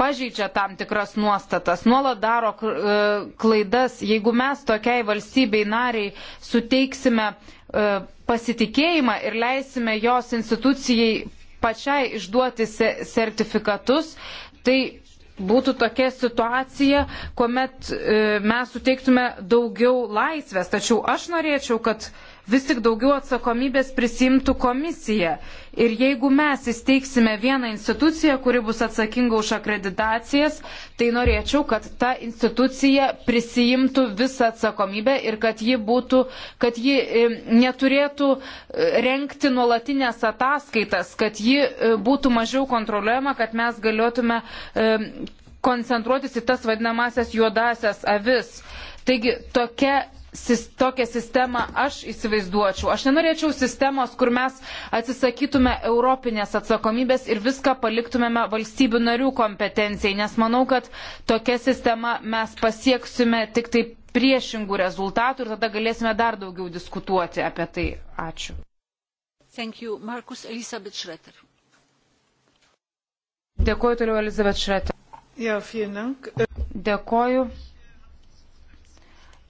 pažeidžia tam tikras nuostatas, nuolat daro e, klaidas, jeigu mes tokiai valstybei nariai suteiksime E, pasitikėjimą ir leisime jos institucijai pačiai išduoti sertifikatus, tai būtų tokia situacija, kuomet e, mes suteiktume daugiau laisvės. Tačiau aš norėčiau, kad uh, vis tik daugiau atsakomybės prisimtų komisija. Ir jeigu mes įsteigsime vieną instituciją, kuri bus atsakinga už akreditacijas, tai norėčiau, kad ta institucija prisijimtų visą atsakomybę ir kad ji, būtų, kad ji e, neturėtų e, renkti nuolatinės ataskaitas, kad ji e, būtų mažiau kontroliuojama, kad mes galėtume koncentruotis į tas vadinamasias juodasias avis. Taigi tokia sis, tokią sistemą aš įsivaizduočiau. Aš nenorėčiau sistemos, kur mes atsisakytume europinės atsakomybės ir viską paliktumėme valstybių narių kompetencijai, nes manau, kad tokia sistema mes pasieksime tik tai priešingų rezultatų ir tada galėsime dar daugiau diskutuoti apie tai. Ačiū. Dėkuoju toliau Elizabeth Šretė. Ja, Dėkuoju.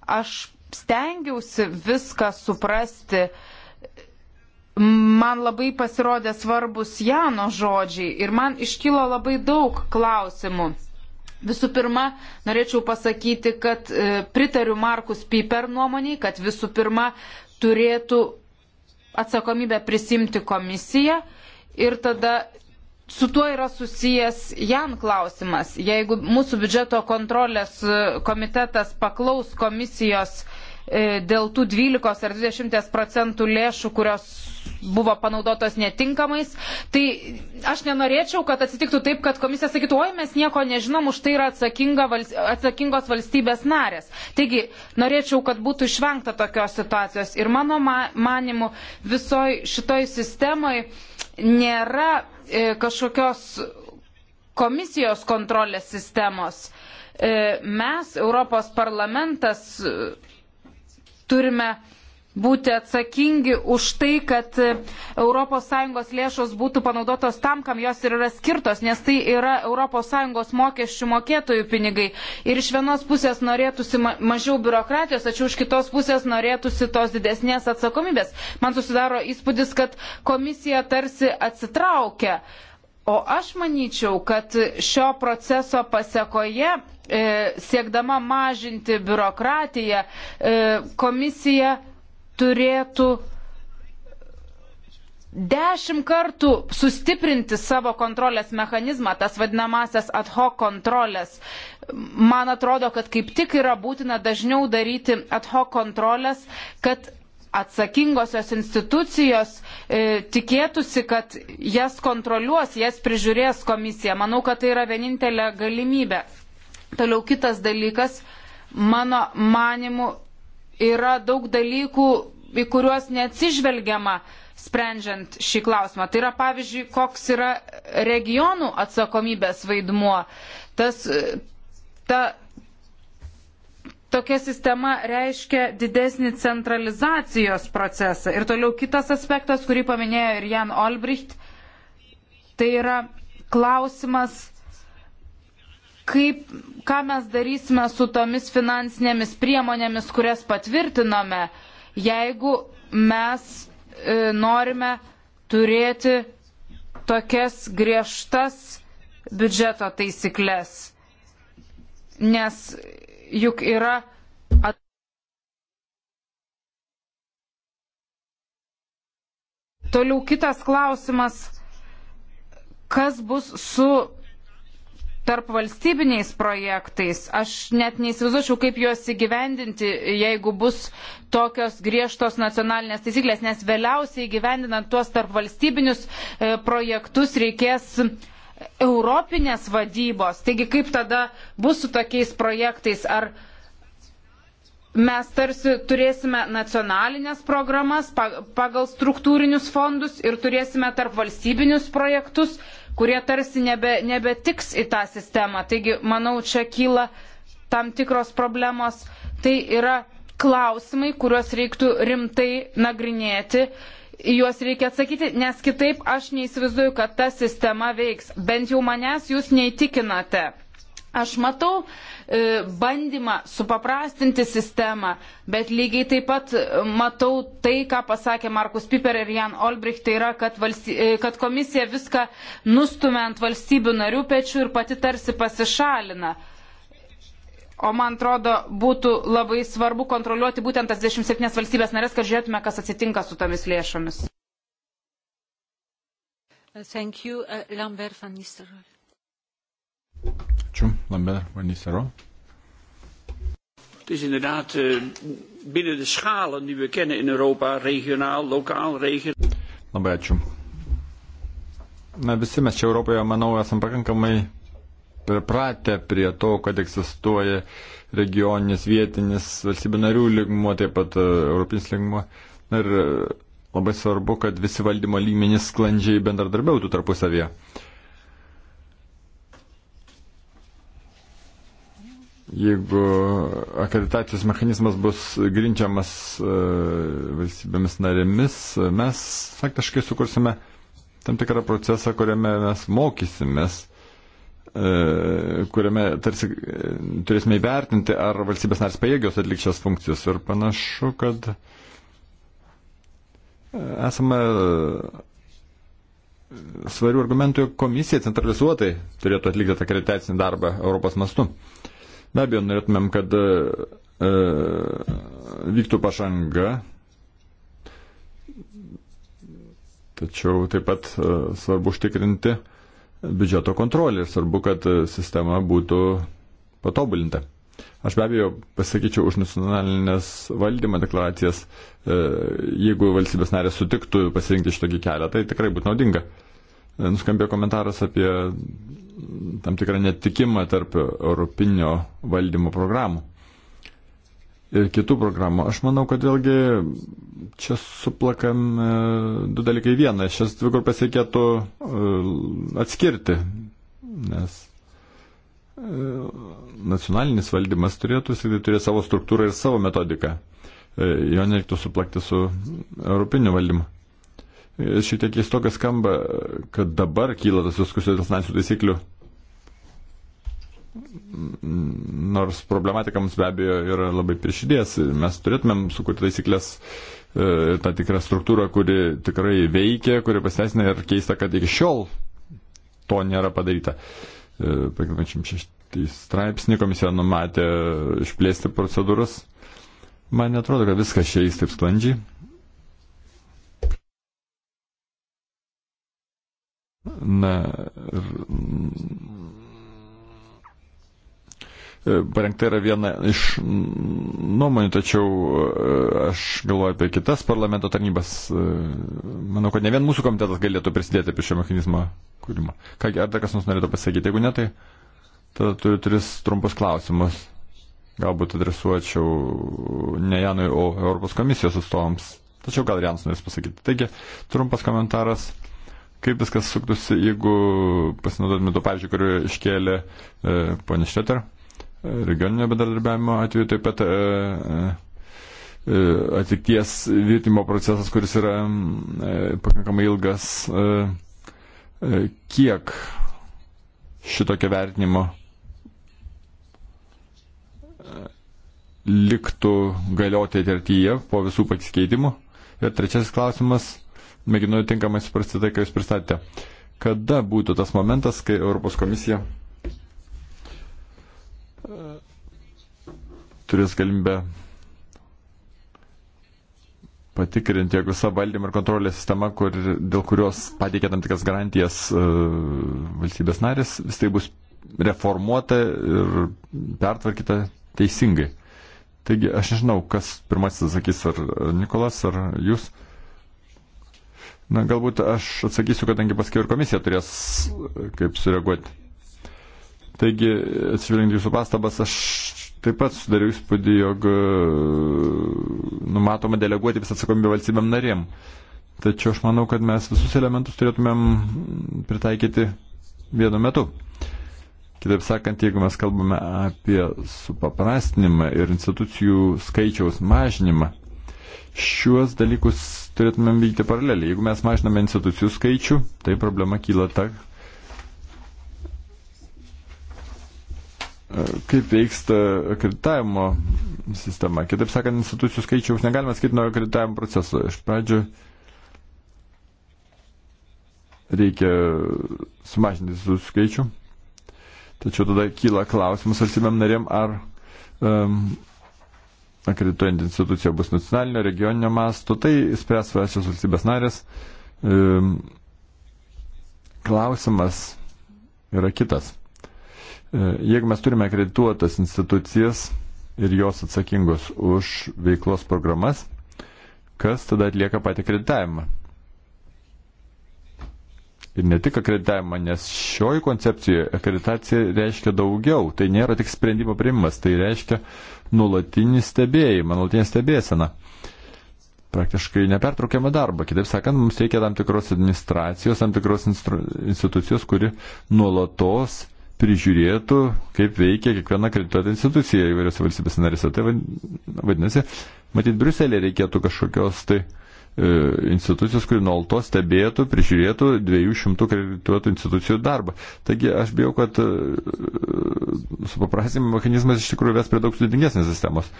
Aš stengiausi viską suprasti. Man labai pasirodė svarbus Jano žodžiai ir man iškilo labai daug klausimų. Visų pirma, norėčiau pasakyti, kad e, pritariu Markus Piper nuomoniai, kad visų pirma turėtų atsakomybę prisimti komisiją ir tada su tuo yra susijęs Jan klausimas. Jeigu mūsų biudžeto kontrolės e, komitetas paklaus komisijos E, dėl tų 12 ar 20 procentų lėšų, kurios buvo panaudotos netinkamais. Tai aš nenorėčiau, kad atsitiktų taip, kad komisija sakytų, oi mes nieko nežinom, už tai yra atsakinga, atsakingos valstybės narės. Taigi, norėčiau, kad būtų išvengta tokios situacijos. Ir mano manimu, visoj šitoj sistemai nėra e, kažkokios komisijos kontrolės sistemos. E, mes, Europos parlamentas, e, turime būti atsakingi už tai, kad ES lėšos būtų panaudotos tam, kam jos ir yra skirtos, nes tai yra ES mokesčių mokėtojų pinigai. Ir iš vienos pusės norėtųsi mažiau biurokratijos, tačiau iš kitos pusės norėtųsi tos didesnės atsakomybės. Man susidaro įspūdis, kad komisija tarsi atsitraukia. O aš manyčiau, kad šio proceso pasiekoje E, siekdama mažinti biurokratiją, e, komisija turėtų dešimt kartų sustiprinti savo kontrolės mechanizmą, tas vadinamasias ad hoc kontrolės. Man atrodo, kad kaip tik yra būtina dažniau daryti ad hoc kontrolės, kad atsakingosios institucijos e, tikėtųsi, kad jas kontroliuos, jas prižiūrės komisija. Manau, kad tai yra vienintelė galimybė. Toliau kitas dalykas, mano manimu, yra daug dalykų, į kuriuos neatsižvelgiama sprendžiant šį klausimą. Tai yra, pavyzdžiui, koks yra regionų atsakomybės vaidmuo. Tas, ta, tokia sistema reiškia didesnį centralizacijos procesą. Ir toliau kitas aspektas, kurį paminėjo ir Jan Olbricht, tai yra klausimas, kaip, ką mes darysime su tomis finansinėmis priemonėmis, kurias patvirtinome, jeigu mes e, norime turėti tokias griežtas biudžeto taisyklės. Nes juk yra. At... Toliau kitas klausimas, kas bus su tarp valstybiniais projektais. Aš net neįsivaizduočiau, kaip juos įgyvendinti, jeigu bus tokios griežtos nacionalinės taisyklės, nes vėliausiai įgyvendinant tuos tarp valstybinius e, projektus reikės europinės vadybos. Taigi kaip tada bus su tokiais projektais? Ar mes tarsi turėsime nacionalinės programas pagal struktūrinius fondus ir turėsime tarp valstybinius projektus? kurie tarsi nebe, nebetiks į tą sistemą. Taigi, manau, čia kyla tam tikros problemos. Tai yra klausimai, kuriuos reiktų rimtai nagrinėti. Į juos reikia atsakyti, nes kitaip aš neįsivaizduoju, kad ta sistema veiks. Bent jau manęs jūs neįtikinate. Aš matau, E, bandymą supaprastinti sistemą, bet lygiai taip pat e, matau tai, ką pasakė Markus Piper ir Jan Olbricht, tai yra, kad, valsty, e, kad komisija viską nustumia ant valstybių narių pečių ir pati tarsi pasišalina. O man atrodo, būtų labai svarbu kontroliuoti būtent tas 27 valstybės narės, kad žiūrėtume, kas atsitinka su tomis lėšomis. Thank you, uh, Lambert van Nistelrooy. Ačiū, Lambert Vanisero. Het is inderdaad uh, binnen de schalen die we kennen in Europa, regionaal, lokaal, regionaal. Labai ačiū. Na visi mes čia Europoje, manau, esam pakankamai pripratę prie to, kad egzistuoja regioninis, vietinis, valstybių narių lygmuo, taip pat uh, europinis lygmuo. Ir e, labai svarbu, kad visi valdymo lygmenys sklandžiai bendradarbiautų tarpusavėje. Uh, jeigu akreditacijos mechanizmas bus grindžiamas e, valstybėmis narėmis, e, mes faktiškai sukursime tam tikrą procesą, kuriame mes mokysimės, e, kuriame tarsi turėsime įvertinti, ar valstybės narės pajėgios atlikščias funkcijas. Ir panašu, kad esame svarių argumentų, jog komisija centralizuotai turėtų atlikti tą akreditacinį darbą Europos mastu. Uh, Be abejo, norėtumėm, kad e, e, vyktų pažanga, tačiau taip pat e, svarbu užtikrinti biudžeto kontrolę ir svarbu, kad sistema būtų patobulinta. Aš be abejo pasakyčiau už nacionalinės valdymo deklaracijas, jeigu valstybės narės sutiktų pasirinkti šitokį kelią, tai tikrai būtų naudinga. E, nuskambėjo komentaras apie tam tikrą netikimą tarp europinio valdymo programų ir kitų programų. Aš manau, kad vėlgi čia suplakam du dalykai vieną. Šias dvi grupės reikėtų e, atskirti, nes e, nacionalinis valdymas turėtų tai turėti savo struktūrą ir savo metodiką. Jo nereiktų suplakti su europiniu valdymu. Šiek tiek keistokai skamba, kad dabar kyla tas diskusijos dėl finansinių taisyklių. Nors problematika mums be abejo yra labai priešidės. Mes turėtumėm sukurti taisyklės e, tą tikrą struktūrą, kuri tikrai veikia, kuri pasiteisina ir keista, kad iki šiol to nėra padaryta. 56 e, straipsnį komisija numatė išplėsti procedūras. Man netrodo, kad viskas šiais taip sklandžiai. na, e, parengta yra viena iš nuomonių, tačiau e, aš galvoju apie kitas parlamento tarnybas. E, manau, kad ne vien mūsų komitetas galėtų prisidėti apie šio mechanizmo kūrimą. Kągi, ar dar kas nors norėtų pasakyti? Jeigu ne, tai tada turiu tris trumpus klausimus. Galbūt adresuočiau ne Janui, o Europos komisijos atstovams. Tačiau gal Jans norės pasakyti. Taigi, trumpas komentaras kaip viskas suktusi, jeigu pasinaudotume to pavyzdžio, kurį iškėlė e, ponė Šteter, e, regioninio bendradarbiavimo atveju taip pat e, e, e atlikties virtimo procesas, kuris yra e, pakankamai ilgas, e, e, kiek šitokio vertinimo e, liktų galioti ateityje po visų pasikeitimų. Ir trečiasis klausimas mėginu tinkamai suprasti tai, ką jūs pristatėte. Kada būtų tas momentas, kai Europos komisija e, turės galimybę patikrinti, jeigu visa valdymo ir kontrolės sistema, kur, dėl kurios pateikė tam tikras garantijas e, valstybės narės, vis tai bus reformuota ir pertvarkyta teisingai. Taigi aš nežinau, kas pirmasis sakys, ar Nikolas, ar jūs. E, Na, galbūt aš atsakysiu, kadangi paskui ir komisija turės e, kaip sureaguoti. Taigi, atsižvelgiant jūsų pastabas, aš taip pat sudariau įspūdį, jog e, numatoma deleguoti visą atsakomybę valstybėm narėm. Tačiau aš manau, kad mes visus elementus turėtumėm pritaikyti vienu metu. Kitaip sakant, jeigu mes kalbame apie supaprastinimą ir institucijų skaičiaus mažinimą, šiuos dalykus turėtumėm vykti paraleliai. Jeigu mes mažiname institucijų skaičių, tai problema kyla ta, e, kaip veiksta akreditavimo sistema. Kitaip sakant, institucijų skaičiaus negalima skaityti nuo akreditavimo proceso. Iš pradžių reikia sumažinti institucijų skaičių, tačiau tada kyla klausimas valstybėm narėm, ar um, akredituojant institucija bus nacionalinio, regioninio masto, tai spręs vašios valstybės narės. Klausimas yra kitas. E, jeigu mes turime akredituotas institucijas ir jos atsakingos už veiklos programas, kas tada atlieka patį akreditavimą? ir ne tik akreditavimą, nes šioj koncepcijoje akreditacija reiškia daugiau. Tai nėra tik sprendimo priimimas, tai reiškia nulatinį stebėjimą, nulatinį stebėseną. Praktiškai nepertraukiamą darbą. Kitaip sakant, mums reikia tam tikros administracijos, tam tikros institucijos, kuri nuolatos prižiūrėtų, kaip veikia kiekviena kredituota institucija įvairiose valstybės narėse. Tai vadinasi, matyt, Bruselė reikėtų kažkokios tai uh, E, institucijos, kuri nuolatos stebėtų, prižiūrėtų 200 kredituotų institucijų darbą. Taigi aš bijau, kad e, supaprastinimo mechanizmas iš tikrųjų ves prie daug sudėtingesnės sistemos.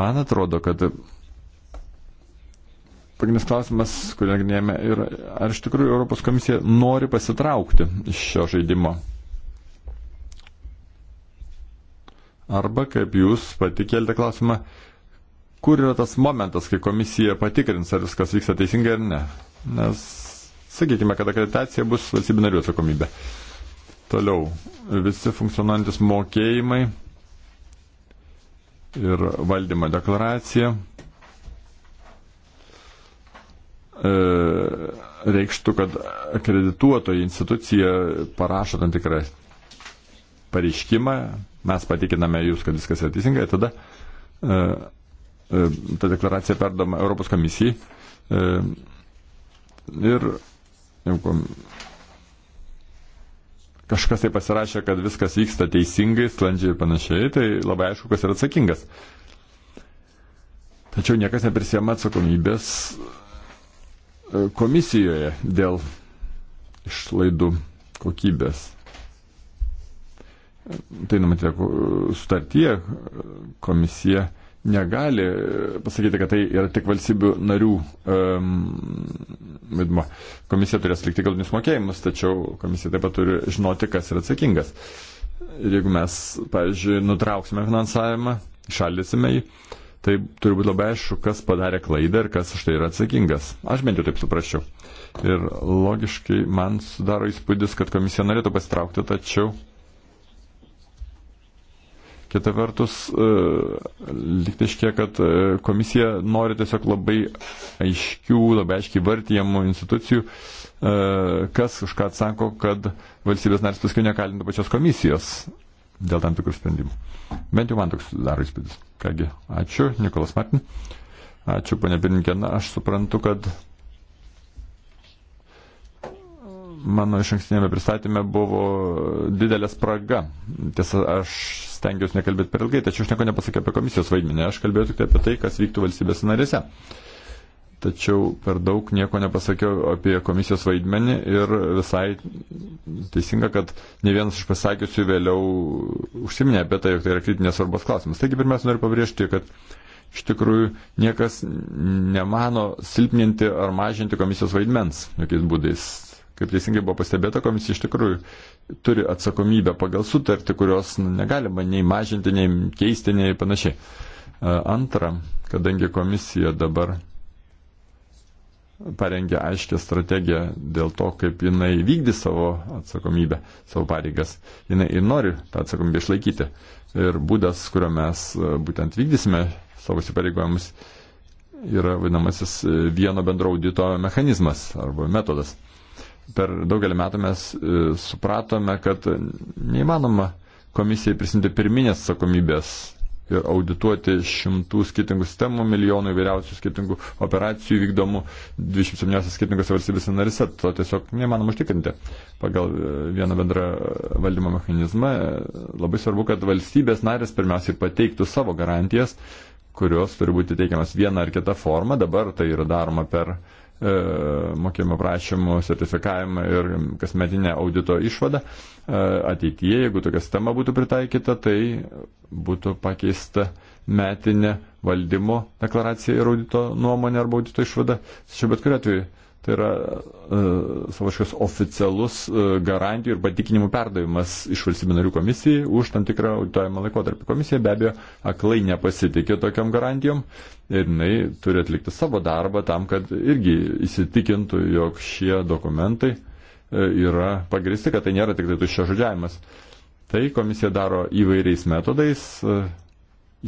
Man atrodo, kad pagrindinis klausimas, kurį nagrinėjame, yra, ar iš tikrųjų Europos komisija nori pasitraukti iš šio žaidimo. Arba, kaip jūs pati keltė klausimą, uh, kur yra tas momentas, kai komisija patikrins, ar viskas vyksta teisingai ar ne. Nes, sakykime, kad akreditacija bus valstybių narių atsakomybė. Toliau, visi funkcionuojantis mokėjimai ir valdymo deklaracija e, reikštų, kad akredituotoji institucija parašo tam tikrą pareiškimą, mes patikiname jūs, kad viskas yra teisingai, tada e, E, ta deklaracija perdama Europos komisijai. E, ir jau, kažkas tai pasirašė, kad viskas vyksta teisingai, sklandžiai ir panašiai, tai labai aišku, kas yra atsakingas. Tačiau niekas neprisėmė atsakomybės e, komisijoje dėl išlaidų kokybės. Tai numatyta sutartyje, komisija negali pasakyti, kad tai yra tik valstybių narių vaidmo. Um, komisija turės likti galutinius mokėjimus, tačiau komisija taip pat turi žinoti, kas yra atsakingas. Ir jeigu mes, pavyzdžiui, nutrauksime finansavimą, šalysime jį, tai turi būti labai aišku, kas padarė klaidą ir kas už tai yra atsakingas. Aš bent jau taip suprasčiau. Ir logiškai man sudaro įspūdis, kad komisija norėtų pasitraukti, tačiau Kita vertus, e, liktiškė, tai kad e, komisija nori tiesiog labai aiškių, labai aiškiai vartijamų institucijų, e, kas už ką atsako, kad valstybės narys paskui nekalintų pačios komisijos dėl tam tikrų sprendimų. Bent jau man toks daro įspūdis. Kągi, ačiū, Nikolas Martin. Ačiū, ponė Pirinkė. Na, aš suprantu, kad mano iš ankstinėme pristatymė buvo didelė spraga. Tiesa, aš stengiuosi nekalbėti per ilgai, tačiau aš nieko nepasakiau apie komisijos vaidmenį. Aš kalbėjau tik tai apie tai, kas vyktų valstybės narėse. Tačiau per daug nieko nepasakiau apie komisijos vaidmenį ir visai teisinga, kad ne vienas iš pasakiusių vėliau užsiminė apie tai, jog tai yra kritinės svarbos klausimas. Taigi pirmiausia, noriu pabrėžti, kad iš tikrųjų niekas nemano silpninti ar mažinti komisijos vaidmens jokiais būdais. Kaip teisingai buvo pastebėta, komisija iš tikrųjų turi atsakomybę pagal sutartį, kurios nu, negalima nei mažinti, nei keisti, nei panašiai. Antra, kadangi komisija dabar parengė aiškę strategiją dėl to, kaip jinai vykdys savo atsakomybę, savo pareigas. Jinai ir nori tą atsakomybę išlaikyti. Ir būdas, kuriuo mes būtent vykdysime savo įsipareigojimus, yra vadinamasis vieno bendro audito mechanizmas arba metodas per daugelį metų mes e, supratome, kad neįmanoma komisijai prisimti pirminės atsakomybės ir audituoti šimtų skirtingų sistemų, milijonų įvairiausių skirtingų operacijų vykdomų 27 skirtingose valstybėse narise. To tiesiog neįmanoma užtikrinti. Pagal e, vieną bendrą valdymo mechanizmą labai svarbu, kad valstybės narės pirmiausiai pateiktų savo garantijas, kurios turi būti teikiamas viena ar kita forma. Dabar tai yra daroma per uh, E, mokėjimo prašymų sertifikavimą ir kasmetinę audito išvadą. E, ateityje, jeigu tokia sistema būtų pritaikyta, tai būtų pakeista metinė valdymo deklaracija ir audito nuomonė arba audito išvada. Šiuo bet kuriu atveju Tai yra e, savaškas oficialus e, garantijų ir patikinimų perdavimas iš valstybių narių komisijai už tam tikrą auditojimą laikotarpį. Komisija be abejo aklai nepasitikė tokiam garantijom ir jinai turi atlikti savo darbą tam, kad irgi įsitikintų, jog šie dokumentai e, yra pagristi, kad tai nėra tik tai tuščia žodžiavimas. Tai komisija daro įvairiais metodais, e,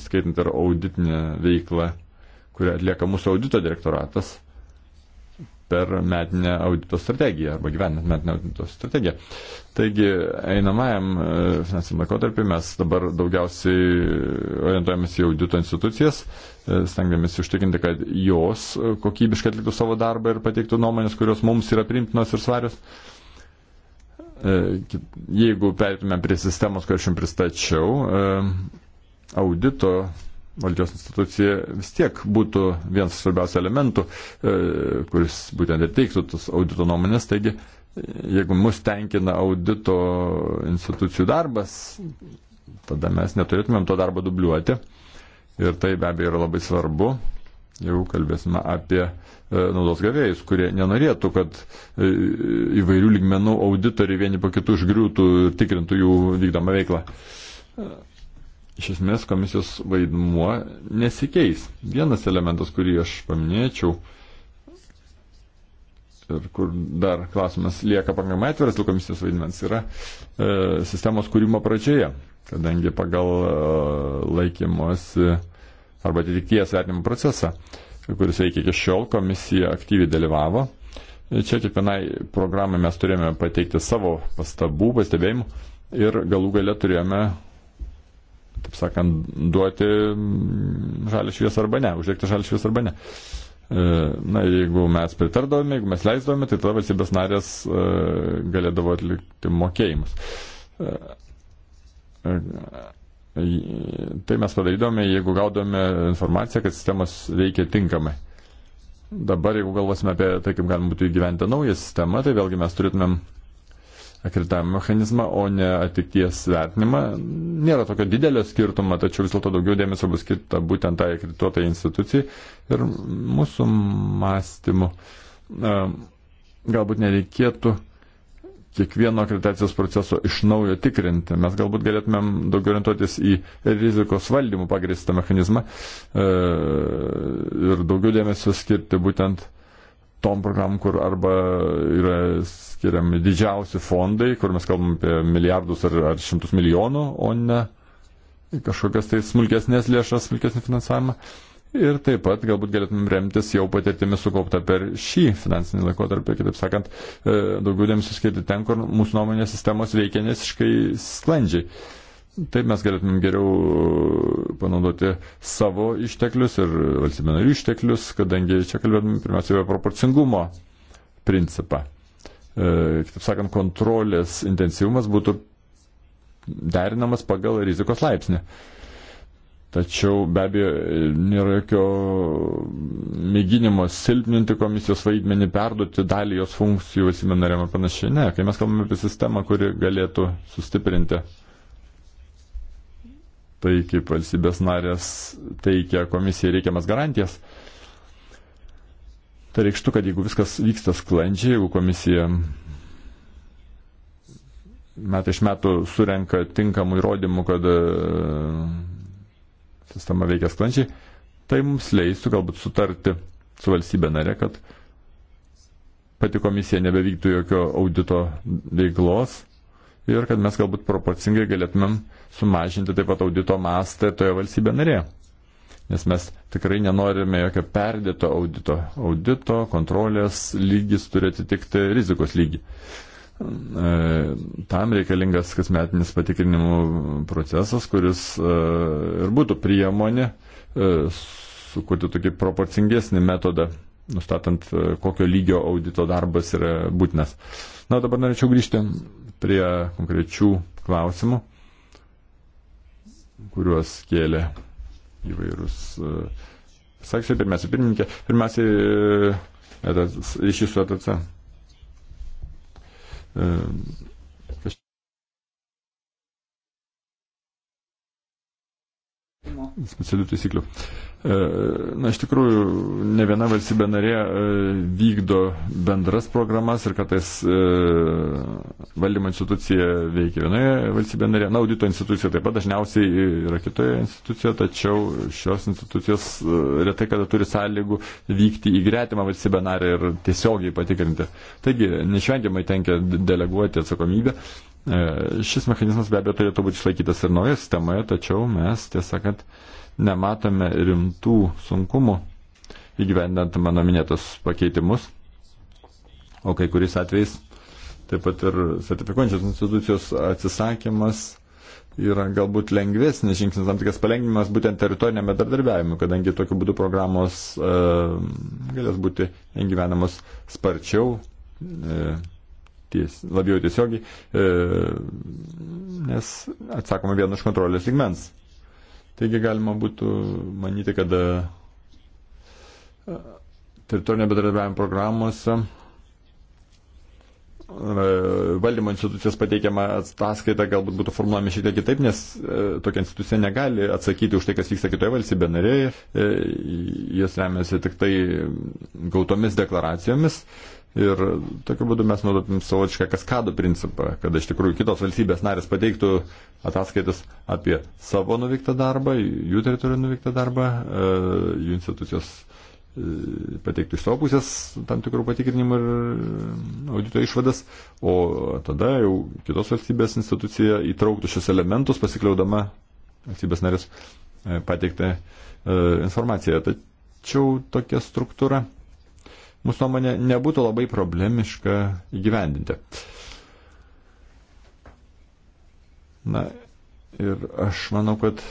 įskaitant ir auditinę veiklą, kurią atlieka mūsų audito direktoratas per metinę audito strategiją arba gyvenant metinę audito strategiją. Taigi einamajam e, finansiniam laikotarpiu mes dabar daugiausiai orientuojamės į audito institucijas, e, stengiamės užtikrinti, kad jos kokybiškai atliktų savo darbą ir pateiktų nuomonės, kurios mums yra primtinos ir svarios e, jeigu perėtume prie sistemos, kurią aš jums pristačiau, audito valdžios institucija vis tiek būtų vienas svarbiausių elementų, e, kuris būtent ir teiktų tas audito nuomonės. Taigi, jeigu mus tenkina audito institucijų darbas, tada mes neturėtumėm to darbo dubliuoti. Ir tai be abejo yra labai svarbu, jeigu kalbėsime apie e, naudos gavėjus, kurie nenorėtų, kad e, įvairių lygmenų auditoriai vieni po kitų užgriūtų ir tikrintų jų vykdomą veiklą iš esmės komisijos vaidmuo nesikeis. Vienas elementas, kurį aš paminėčiau ir kur dar klausimas lieka pakankamai atviras dėl komisijos vaidmens, yra e, sistemos kūrimo pradžioje, kadangi pagal e, laikymosi arba atitikties vertinimo procesą, kuris veikia iki šiol, komisija aktyviai dalyvavo. E, čia kiekvienai programai mes turėjome pateikti savo pastabų, pastebėjimų ir galų gale turėjome taip sakant, duoti žalį šviesą arba ne, uždegti žalį šviesą arba ne. E, na, jeigu mes pritardavome, jeigu mes leisdavome, tai tada valstybės narės e, galėdavo atlikti mokėjimus. E, tai mes padarydavome, jeigu gaudome informaciją, kad sistemos veikia tinkamai. Dabar, jeigu galvosime apie tai, kaip galima būtų įgyventi naują sistemą, tai vėlgi mes turėtumėm akreditavimo mechanizmą, o ne ateities vertinimą. Nėra tokio didelio skirtumo, tačiau vis dėlto daugiau dėmesio bus skirta būtent tai akredituotai institucijai ir mūsų mąstymu e, galbūt nereikėtų kiekvieno akreditacijos proceso iš naujo tikrinti. Mes galbūt galėtumėm daugiau orientuotis į rizikos valdymų pagristą mechanizmą e, ir daugiau dėmesio skirti būtent uh, tom programom, kur arba yra skiriami didžiausi fondai, kur mes kalbam apie milijardus ar, ar šimtus milijonų, o ne kažkokias tai smulkesnės lėšas, smulkesnį finansavimą. Ir taip pat galbūt galėtumėm remtis jau patirtimi sukaupta per šį finansinį laikotarpį, kitaip sakant, e, daugiau dėmesio skirti ten, kur mūsų nuomonės sistemos veikia nesiškai sklandžiai. Taip mes galėtumėm geriau e, panaudoti savo išteklius ir valstybinarių išteklius, kadangi čia kalbėtume pirmiausia apie proporcingumo principą. E, kitaip sakant, kontrolės intensyvumas būtų derinamas pagal rizikos laipsnį. Tačiau be abejo e, nėra jokio mėginimo silpninti komisijos vaidmenį, perduoti dalį jos funkcijų valstybėm narėm ar panašiai. Ne, kai mes kalbame apie sistemą, kuri galėtų sustiprinti tai, kaip valstybės narės teikia komisijai reikiamas garantijas. Tai reikštų, kad jeigu viskas vyksta sklandžiai, jeigu komisija metai iš metų surenka tinkamų įrodymų, kad e, sistema veikia sklandžiai, tai mums leistų galbūt sutarti su valstybė nare, kad pati komisija nebevyktų jokio audito veiklos ir kad mes galbūt proporcingai galėtumėm sumažinti taip pat audito mastą toje valstybėje narėje. Nes mes tikrai nenorime jokio perdėto audito. Audito kontrolės lygis turi atitikti rizikos lygį. E, tam reikalingas kasmetinis patikrinimų procesas, kuris e, ir būtų priemonė e, sukurti tokį proporcingesnį metodą, nustatant, kokio lygio audito darbas yra būtinas. Na, dabar norėčiau grįžti prie konkrečių klausimų, kuriuos kėlė įvairūs. E, Sakyčiau, pirmiausia, pirmininkė, pirmiausia, e, ryšys su ATC. E, specialių taisyklių. E, na, iš tikrųjų, ne viena valstybė narė e, vykdo bendras programas ir kartais e, valdymo institucija veikia vienoje valstybė narė. Na, audito institucija taip pat dažniausiai yra kitoje institucijoje, tačiau šios institucijos retai kada turi sąlygų vykti į gretimą valstybę narę ir tiesiogiai patikrinti. Taigi, neišvengiamai tenkia deleguoti atsakomybę E, šis mechanizmas be abejo turėtų būti išlaikytas ir naujoje sistemoje, tačiau mes, tiesą sakant, nematome rimtų sunkumų įgyvendant mano minėtos pakeitimus, o kai kuriais atvejais taip pat ir sertifikuojančios institucijos atsisakymas yra galbūt lengvesnis žingsnis, tam tikras palengvinimas būtent teritoriniam bendradarbiavimui, kadangi tokiu būdu programos e, galės būti įgyvenamos sparčiau, e, ties, labiau tiesiogiai, e, nes atsakoma vienu iš kontrolės ligmens. Taigi galima būtų manyti, kad e, teritorinio bedarbiavimo programuose e, valdymo institucijos pateikiama ataskaita galbūt būtų formuojama šiek tiek kitaip, nes e, tokia institucija negali atsakyti už tai, kas vyksta kitoje valstybė narėje, jis remiasi tik tai gautomis deklaracijomis Ir tokiu būdu mes naudotumėm savotišką kaskadų principą, kad iš tikrųjų kitos valstybės narės pateiktų ataskaitas apie savo nuveiktą darbą, jų teritorijų nuveiktą darbą, e, jų institucijos e, pateiktų iš savo pusės tam tikrų patikrinimų ir e, audito išvadas, o tada jau kitos valstybės institucija įtrauktų šios elementus, pasikliaudama valstybės narės pateiktą informaciją. Tačiau tokia struktūra mūsų nuomonė, nebūtų labai problemiška įgyvendinti. Na ir aš manau, kad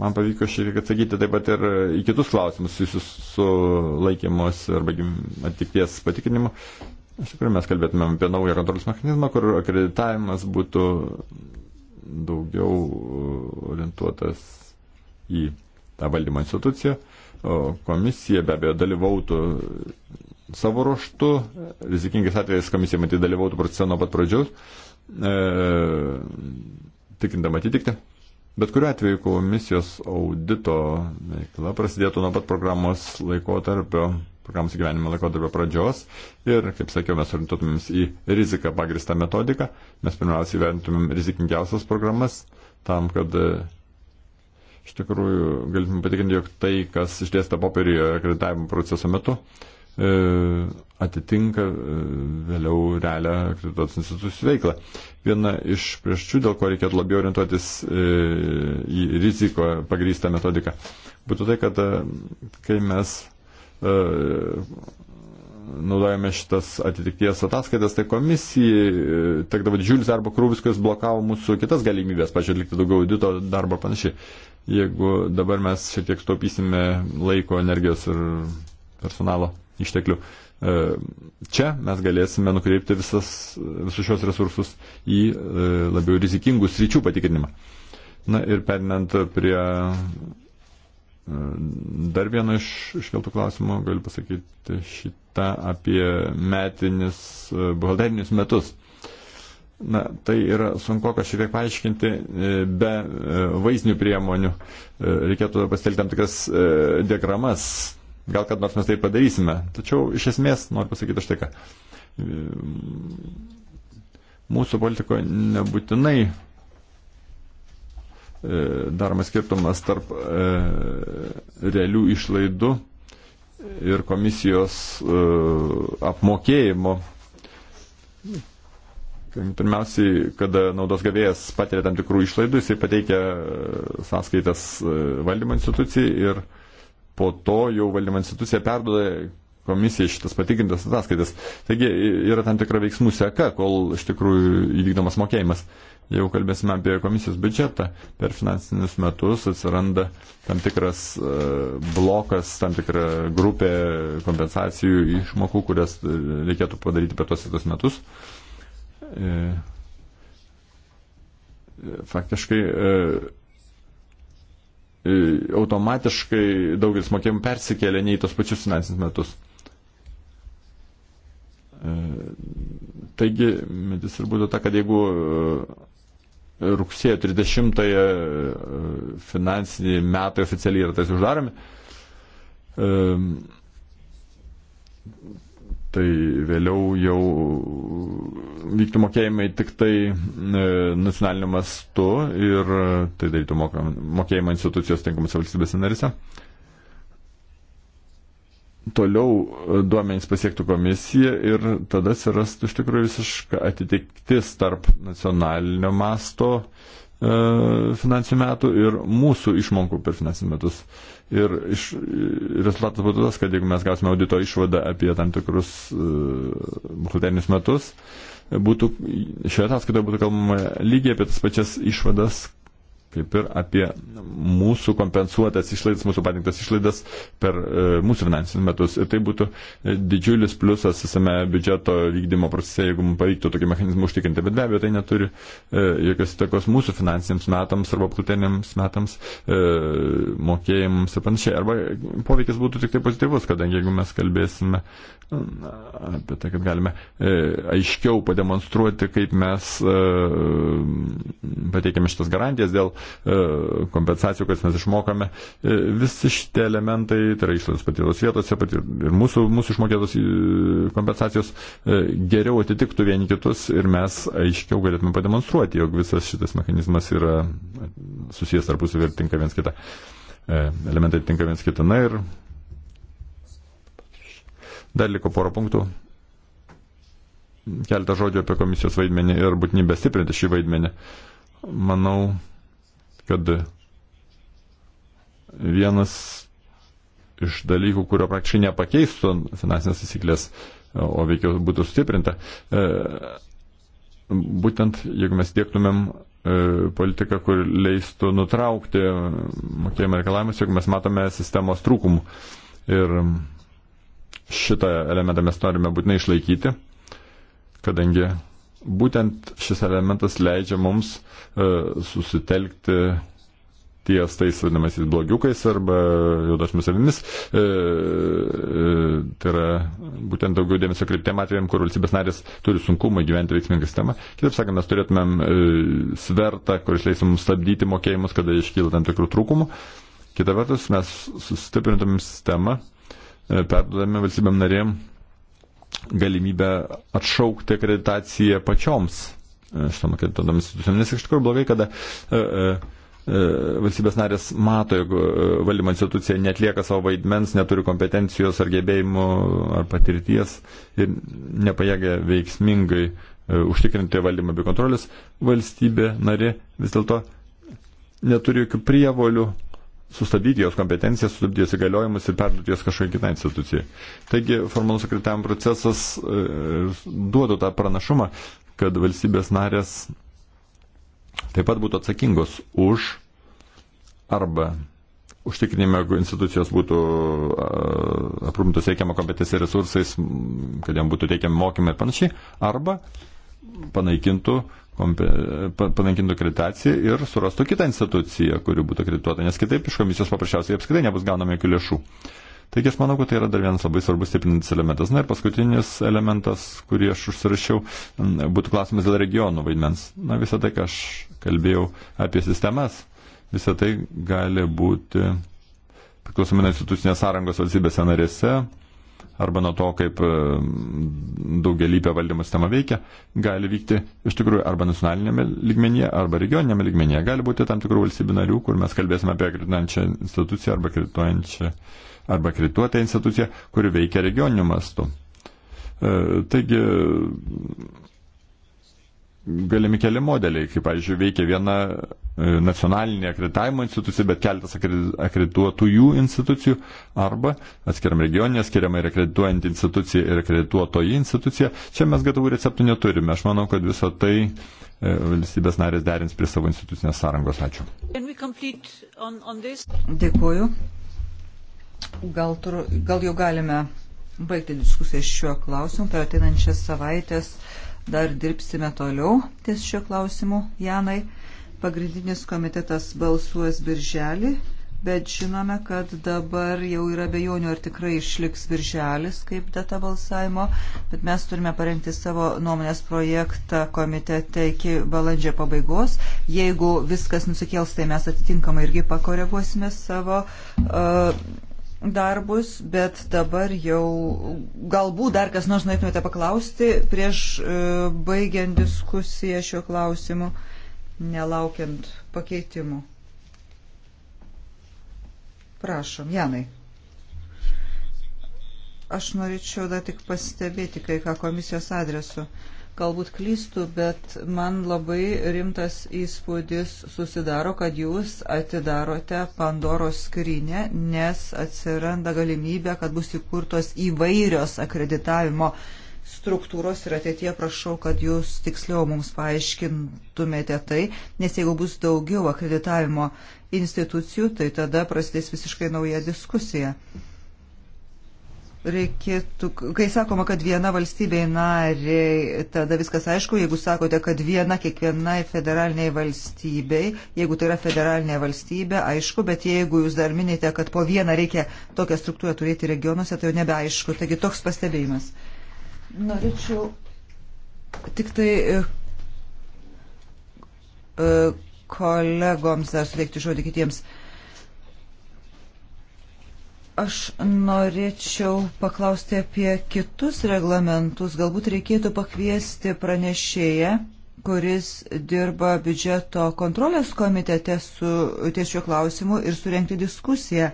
man pavyko šiek tiek atsakyti taip pat ir į kitus klausimus susijusius su laikymos arba atlikties patikinimu. Iš tikrųjų, mes kalbėtumėm apie naują kontrolės mechanizmą, kur akreditavimas būtų daugiau orientuotas į tą valdymo instituciją komisija be abejo dalyvautų savo ruoštų, rizikingais atvejais komisija matyt dalyvautų procese nuo pat pradžios, e, tikindama atitikti. Bet kuriuo atveju komisijos audito veikla prasidėtų nuo pat programos laikotarpio, programos gyvenimo laikotarpio pradžios ir, kaip sakiau, mes orientuotumėm į riziką pagristą metodiką, mes pirmiausiai vertintumėm rizikingiausias programas tam, kad e, Iš tikrųjų, galime patikinti, jog tai, kas išdėsta popieriuje akreditavimo proceso metu, e, atitinka e, vėliau realią akreditacijos institucijų veiklą. Viena iš prieščių, dėl ko reikėtų labiau orientuotis e, į riziko pagrįstą metodiką, būtų tai, kad kai mes naudojame šitas atitikties ataskaitas, tai komisijai e, tekdavo didžiulis darbo krūvis, kuris blokavo mūsų kitas galimybės, pažiūrėjau, atlikti daugiau audito darbo panašiai. Jeigu dabar mes šiek tiek staupysime laiko, energijos ir personalo išteklių, e, čia mes galėsime nukreipti visas, visus šios resursus į e, labiau rizikingų sričių patikrinimą. Na ir perinant prie dar vieno iš iškeltų klausimų, galiu pasakyti šitą ta apie metinis e, buhalterinius metus. Na, tai yra sunku, kad šiek tiek paaiškinti e, be e, vaizdinių priemonių. Reikėtų pasitelkti tam tikras diagramas. Gal kad nors mes tai padarysime. Tačiau iš esmės noriu pasakyti štai ką. Mūsų politikoje nebūtinai daromas skirtumas tarp realių išlaidų ir komisijos e, apmokėjimo. Tai pirmiausiai, kada naudos gavėjas patiria tam tikrų išlaidų, jisai pateikia e, sąskaitas e, valdymo institucijai ir po to jau valdymo institucija perduoda komisijai šitas patikrintas ataskaitas. Taigi yra tam tikra veiksmų seka, kol iš tikrųjų įvykdomas mokėjimas. Jeigu kalbėsime apie komisijos biudžetą, per finansinius metus atsiranda tam tikras e, blokas, tam tikra grupė kompensacijų išmokų, kurias e, reikėtų padaryti per tos ir tos metus. E, faktiškai automatiškai daugelis mokėjimų persikėlė ne į tos pačius finansinius metus. Taigi, mintis ir būtų ta, kad jeigu rugsėjo 30-ąją e, finansiniai metai oficialiai yra tas uždaromi. E, tai vėliau jau vyktų mokėjimai tik tai e, nacionaliniu mastu ir tai darytų mokėjimo institucijos tinkamas valstybės narise toliau e, duomenys pasiektų komisiją ir tada atsirastų iš tikrųjų visiška atitiktis tarp nacionalinio masto e, finansinių metų ir mūsų išmokų per finansinius metus. Ir iš, rezultatas būtų tas, kad jeigu mes gausime audito išvadą apie tam tikrus e, buhalterinius metus, būtų, šioje ataskaitoje būtų kalbama lygiai apie tas pačias išvadas, kaip ir apie mūsų kompensuotas išlaidas, mūsų patinktas išlaidas per e, mūsų finansinius metus. Ir tai būtų e, didžiulis pliusas visame biudžeto vykdymo procese, jeigu mums pavyktų tokį mechanizmą užtikrinti. Bet be abejo, tai neturi e, jokios įtakos mūsų finansiniams metams arba apklutenėms metams, mokėjimams ir panašiai. Arba poveikis būtų tik tai pozityvus, kadangi jeigu mes kalbėsime apie tai, kad galime aiškiau pademonstruoti, kaip mes pateikėme šitas garantijas dėl E, kompensacijų, kas mes išmokame. E, visi šitie elementai, tai yra išlaidos patirtos vietose patir, ir mūsų, mūsų išmokėtos e, kompensacijos geriau atitiktų vieni kitus ir mes aiškiau galėtume pademonstruoti, jog visas šitas mechanizmas yra susijęs tarpusavį ir tinka viens kitą. Elementai tinka viens kitą. Na ir dar liko pora punktų keletą žodžių apie komisijos vaidmenį ir būtinybę stiprinti šį vaidmenį. Manau, kad vienas iš dalykų, kurio praktiškai nepakeistų finansinės įsiklės, o veikiau būtų sustiprinta, e, būtent jeigu mes tiektumėm e, politiką, kur leistų nutraukti mokėjimo reikalavimus, jeigu mes matome sistemos trūkumų. Ir šitą elementą mes norime būtinai išlaikyti, kadangi būtent šis elementas leidžia mums e, susitelkti ties tais vadinamaisiais blogiukais arba juodošmis avimis. E, e, tai yra būtent daugiau dėmesio kryptėm atvejam, kur valstybės narės turi sunkumą gyventi veiksmingą sistemą. Kitaip sakant, mes turėtumėm e, svertą, kuris leis mums stabdyti mokėjimus, kada iškyla tam tikrų trūkumų. Kita vertus, mes sustiprintumėm sistemą, e, perdodami valstybėm narėm galimybę atšaukti akreditaciją pačioms e, šitom akredituotam institucijom. Nes iš tikrųjų blogai, kada e, e, e valstybės narės mato, jog e, valdymo institucija netlieka savo vaidmens, neturi kompetencijos ar gebėjimų ar patirties ir nepajėgia veiksmingai e, užtikrinti valdymą bei kontrolės, valstybė nari vis dėlto neturi jokių prievolių sustabdyti jos kompetencijas, sustabdyti jos įgaliojimus ir perduoti jos kažkokiai kitai institucijai. Taigi formalus akreditavimo procesas e, duoda tą pranašumą, kad valstybės narės taip pat būtų atsakingos už arba užtikrinime, jeigu institucijos būtų e, aprūpintos reikiamą kompetenciją resursais, kad jam būtų teikiami mokymai ir panašiai, arba panaikintų panaikintų akreditaciją ir surastų kitą instituciją, kuri būtų akredituota, nes kitaip iš komisijos paprasčiausiai apskritai nebus gaunama jokių lėšų. Taigi aš manau, kad tai yra dar vienas labai svarbus stiprinantis elementas. Na ir paskutinis elementas, kurį aš užsirašiau, būtų klausimas dėl regionų vaidmens. Na visą tai, ką aš kalbėjau apie sistemas, visą tai gali būti priklausomai nuo institucinės sąrangos valstybėse narėse, arba nuo to, kaip e, daugelįpė valdymo sistema veikia, gali vykti iš tikrųjų arba nacionalinėme lygmenyje, arba regioninėme lygmenyje. Gali būti tam tikrų valstybių narių, kur mes kalbėsime apie kredituojančią instituciją arba kredituojančią arba kredituotą instituciją, kuri veikia regioniniu mastu. E, taigi galimi keli modeliai, kaip, pavyzdžiui, veikia viena e, nacionalinė akreditavimo institucija, bet keletas akredituotų jų institucijų, arba atskiriam regionė skiriama ir akredituojanti institucija, ir akredituotoji institucija. Čia mes gatavų receptų neturime. Aš manau, kad viso tai e, valstybės narės derins prie savo institucinės sąrangos. Ačiū. On, on Dėkuoju. Gal, tur, gal jau galime baigti diskusiją šiuo klausimu per ateinančias savaitės. Dar dirbsime toliau ties šio klausimu, Janai. Pagrindinis komitetas balsuos birželį, bet žinome, kad dabar jau yra bejonių, ar tikrai išliks birželis kaip data balsavimo, bet mes turime parengti savo nuomonės projektą komitete iki balandžio pabaigos. Jeigu viskas nusikels, tai mes atitinkamai irgi pakoreguosime savo. Uh, darbus, bet dabar jau galbūt dar kas nors norėtumėte paklausti prieš e, baigiant diskusiją šiuo klausimu, nelaukiant pakeitimų. Prašom, Janai. Aš norėčiau dar tik pastebėti kai ką komisijos adresu. Uh, galbūt klystu, bet man labai rimtas įspūdis susidaro, kad jūs atidarote Pandoros skrinę, nes atsiranda galimybė, kad bus įkurtos įvairios akreditavimo struktūros ir ateitie prašau, kad jūs tiksliau mums paaiškintumėte tai, nes jeigu bus daugiau akreditavimo institucijų, tai tada prasidės visiškai nauja diskusija reikėtų, kai sakoma, kad viena valstybė nariai, tada viskas aišku, jeigu sakote, kad viena kiekvienai federaliniai valstybei, jeigu tai yra federalinė valstybė, aišku, bet jeigu jūs dar minite, kad po vieną reikia tokią struktūrą turėti regionuose, tai jau nebeaišku. Taigi toks pastebėjimas. Norėčiau tik tai e, e, kolegoms dar suteikti žodį kitiems. Uh, Aš norėčiau paklausti apie kitus reglamentus. Galbūt reikėtų pakviesti pranešėją, kuris dirba biudžeto kontrolės komitete su ties šiuo klausimu ir surenkti diskusiją.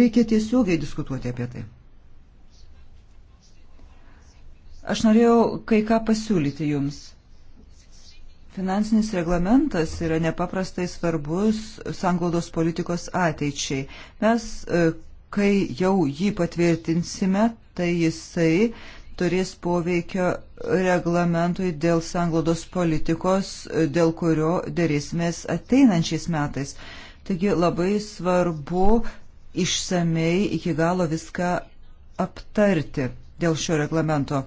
Reikia tiesiogiai diskutuoti apie tai. Aš norėjau kai ką pasiūlyti jums. Finansinis reglamentas yra nepaprastai svarbus sanglaudos politikos ateičiai. Mes e, kai jau jį patvirtinsime, tai jisai turės poveikio reglamentui dėl sanglodos politikos, dėl kurio dėrėsimės ateinančiais metais. Taigi labai svarbu išsamei iki galo viską aptarti dėl šio reglamento.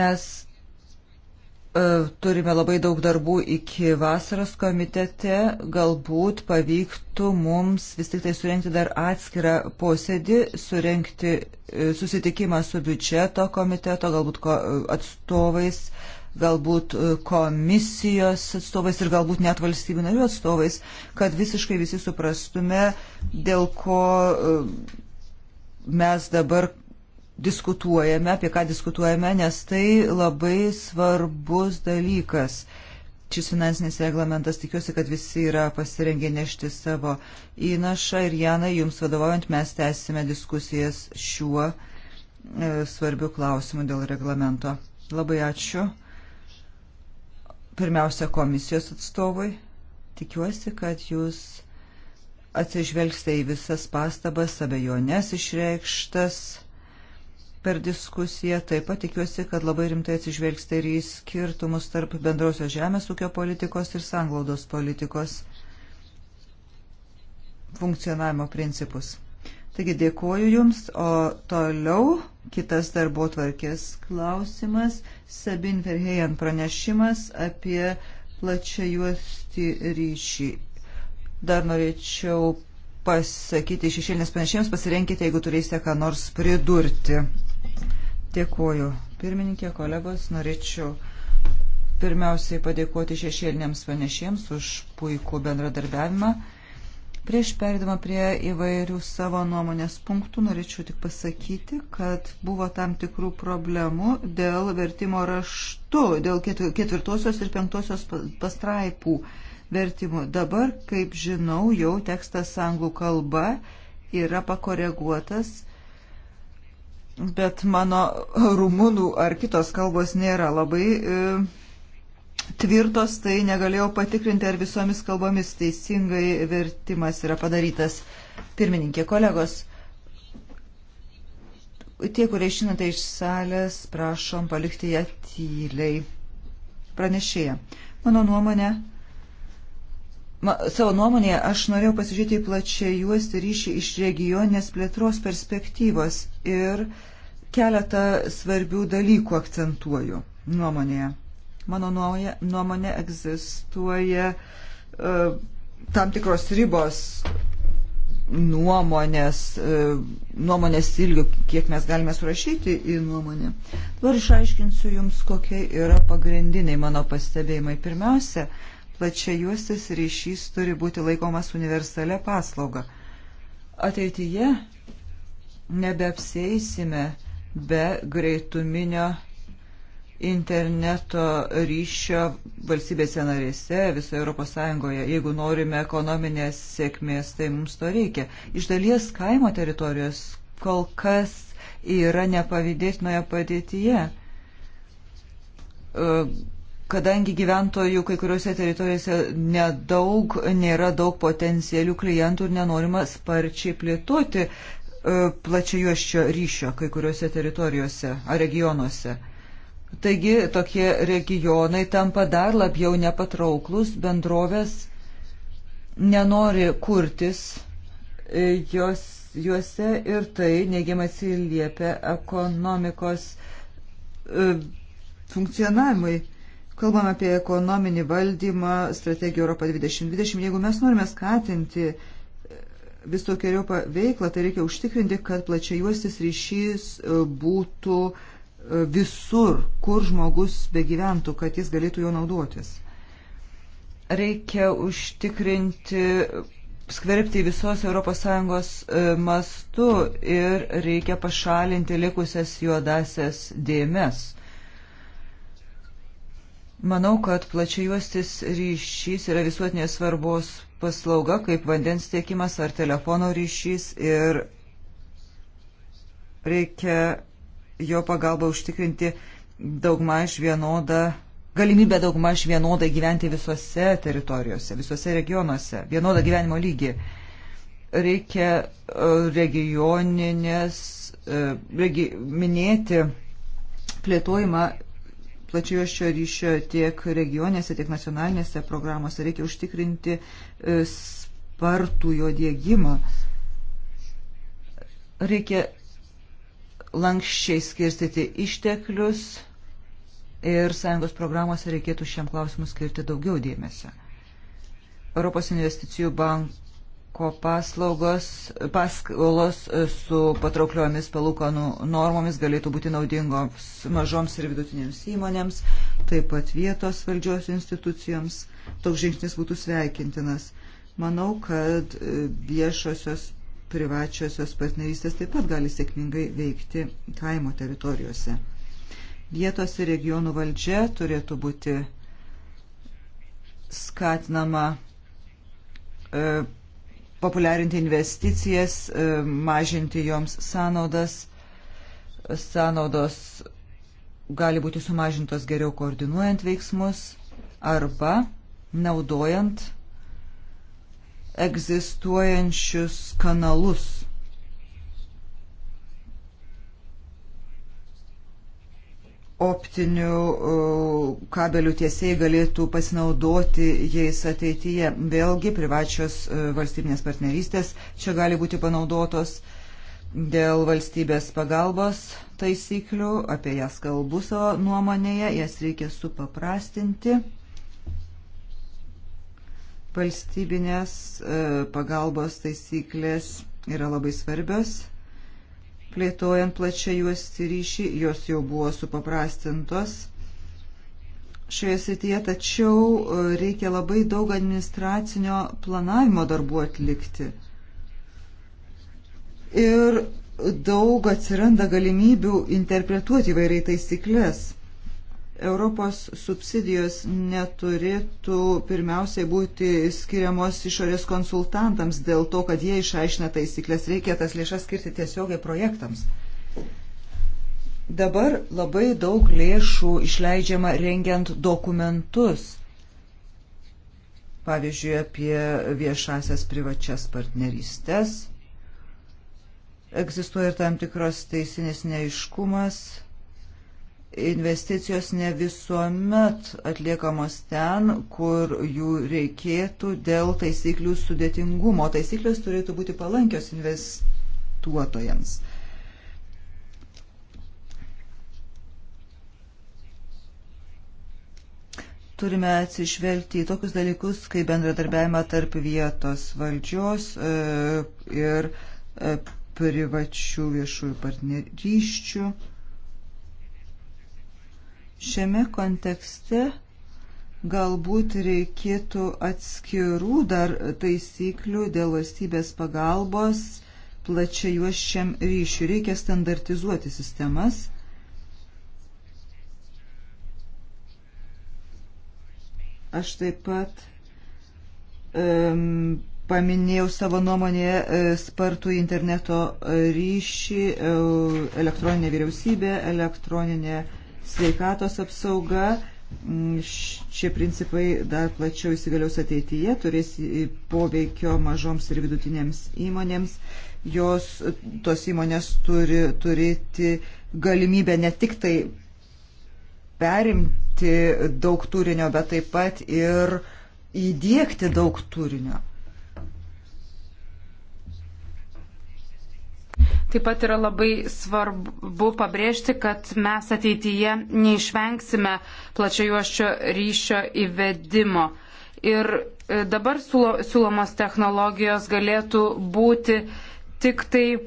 Mes E, turime labai daug darbų iki vasaros komitete. Galbūt pavyktų mums vis tik tai surenkti dar atskirą posėdį, surenkti e, susitikimą su biudžeto komiteto, galbūt e, atstovais, galbūt komisijos atstovais ir galbūt net valstybių narių atstovais, kad visiškai visi suprastume, dėl ko mes dabar diskutuojame, apie ką diskutuojame, nes tai labai svarbus dalykas. Šis finansinis reglamentas tikiuosi, kad visi yra pasirengę nešti savo įnašą ir Jana, jums vadovaujant, mes tęsime diskusijas šiuo e, svarbiu klausimu dėl reglamento. Labai ačiū. Pirmiausia, komisijos atstovui. Tikiuosi, kad jūs atsižvelgsite į visas pastabas, abejonės išreikštas per diskusiją. Taip pat tikiuosi, kad labai rimtai atsižvelgsite ir į skirtumus tarp bendrosios žemės ūkio politikos ir sanglaudos politikos funkcionavimo principus. Taigi dėkuoju Jums, o toliau kitas darbo tvarkės klausimas - Sabin Verhejan pranešimas apie plačią juosti ryšį. Dar norėčiau pasakyti šešėlinės pranešėjams, pasirenkite, jeigu turėsite ką nors pridurti. Dėkuoju. Pirmininkė, kolegos, norėčiau pirmiausiai padėkoti šešėliniams panešiems už puikų bendradarbiavimą. Prieš perėdama prie įvairių savo nuomonės punktų norėčiau tik pasakyti, kad buvo tam tikrų problemų dėl vertimo raštu, dėl ketvirtosios ir penktosios pastraipų vertimų. Dabar, kaip žinau, jau tekstas anglų kalba yra pakoreguotas bet mano rumunų ar kitos kalbos nėra labai e, tvirtos, tai negalėjau patikrinti, ar visomis kalbomis teisingai vertimas yra padarytas. Pirmininkė, kolegos, tie, kurie išinate iš salės, prašom palikti ją tyliai. Pranešėja. Mano nuomonė, Ma, savo nuomonėje aš norėjau pasižiūrėti į plačiai juos ryšį iš regioninės plėtros perspektyvos ir keletą svarbių dalykų akcentuoju nuomonėje. Mano nuomonė, nuomonė egzistuoja uh, tam tikros ribos nuomonės, e, nuomonės ilgių, kiek mes galime surašyti į nuomonę. Dabar išaiškinsiu Jums, kokie yra pagrindiniai mano pastebėjimai. Pirmiausia, plačiajuostis ryšys turi būti laikomas universalia paslauga. Ateityje nebeapsėsime be greituminio interneto ryšio valstybėse narėse, visoje Europos Sąjungoje. Jeigu norime ekonominės sėkmės, tai mums to reikia. Iš dalies kaimo teritorijos kol kas yra nepavydėtinoje padėtyje kadangi gyventojų kai kuriuose teritorijose nedaug, nėra daug potencialių klientų ir nenorima sparčiai plėtoti e, plačiajuoščio ryšio kai kuriuose teritorijose ar regionuose. Taigi tokie regionai tampa dar labiau nepatrauklus, bendrovės nenori kurtis e, jos, juose ir tai neigiamai atsiliepia ekonomikos e, funkcionavimui Kalbam apie ekonominį valdymą, strategiją Europą 2020. Jeigu mes norime skatinti e, visokiojopą veiklą, tai reikia užtikrinti, kad plačiai juostis ryšys e, būtų e, visur, kur žmogus begyventų, kad jis galėtų jo naudotis. Reikia užtikrinti skverbti visos ES mastu ir reikia pašalinti likusias juodasias dėmes. Manau, kad plačiajuostis ryšys yra visuotinės svarbos paslauga, kaip vandens tiekimas ar telefono ryšys ir reikia jo pagalba užtikrinti daugmaž vienodą, galimybę daugmaž vienodai gyventi visose teritorijose, visose regionuose, vienodą gyvenimo lygį. Reikia e, regioninės, e, regi, minėti plėtojimą plačiojo šio ryšio tiek regionėse, tiek nacionalinėse programuose. Reikia užtikrinti e, spartų jo dėgymą. Reikia lankščiai skirstyti išteklius ir sąjungos programuose reikėtų šiam klausimui skirti daugiau dėmesio. Europos investicijų bank banko paslaugos, paskolos su patraukliomis palūkanų normomis galėtų būti naudingos mažoms ir vidutinėms įmonėms, taip pat vietos valdžios institucijoms. Toks žingsnis būtų sveikintinas. Manau, kad e, viešosios privačiosios partnerystės taip pat gali sėkmingai veikti kaimo teritorijose. Vietos ir regionų valdžia turėtų būti skatinama e, populiarinti investicijas, e, mažinti joms sąnaudas. Sąnaudos gali būti sumažintos geriau koordinuojant veiksmus arba naudojant egzistuojančius kanalus optinių e, kabelių tiesiai galėtų pasinaudoti jais ateityje. Vėlgi privačios e, valstybinės partnerystės čia gali būti panaudotos dėl valstybės pagalbos taisyklių, apie jas kalbu savo nuomonėje, jas reikia supaprastinti. Valstybinės e, pagalbos taisyklės yra labai svarbios plėtojant plačią juos ryšį, jos jau buvo supaprastintos šioje srityje, tačiau e, reikia labai daug administracinio planavimo darbų atlikti. Ir daug atsiranda galimybių interpretuoti įvairiai taisyklės. Europos subsidijos neturėtų pirmiausiai būti skiriamos išorės konsultantams dėl to, kad jie išaiškina taisyklės, reikia tas lėšas skirti tiesiogiai projektams. Dabar labai daug lėšų išleidžiama rengiant dokumentus, pavyzdžiui, apie viešasias privačias partnerystės. Egzistuoja ir tam tikros teisinės neiškumas investicijos ne visuomet atliekamos ten, kur jų reikėtų dėl taisyklių sudėtingumo. Taisyklės turėtų būti palankios investuotojams. turime atsižvelgti į tokius dalykus, kaip bendradarbiavimą tarp vietos valdžios e, ir e, privačių viešųjų partnerysčių. Šiame kontekste galbūt reikėtų atskirų dar taisyklių dėl valstybės pagalbos plačia juos šiam ryšiui. Reikia standartizuoti sistemas. Aš taip pat um, paminėjau savo nuomonėje spartų interneto ryšį, e, elektroninė vyriausybė, elektroninė vyriausybė sveikatos apsauga. Mm, šie principai dar plačiau įsigaliaus ateityje, turės poveikio mažoms ir vidutinėms įmonėms. Jos, tos įmonės turi turėti galimybę ne tik tai perimti daug turinio, bet taip pat ir įdėkti daug turinio. Taip pat yra labai svarbu pabrėžti, kad mes ateityje neišvengsime plačiajuoščio ryšio įvedimo. Ir e, dabar siūlomos technologijos galėtų būti tik tai e,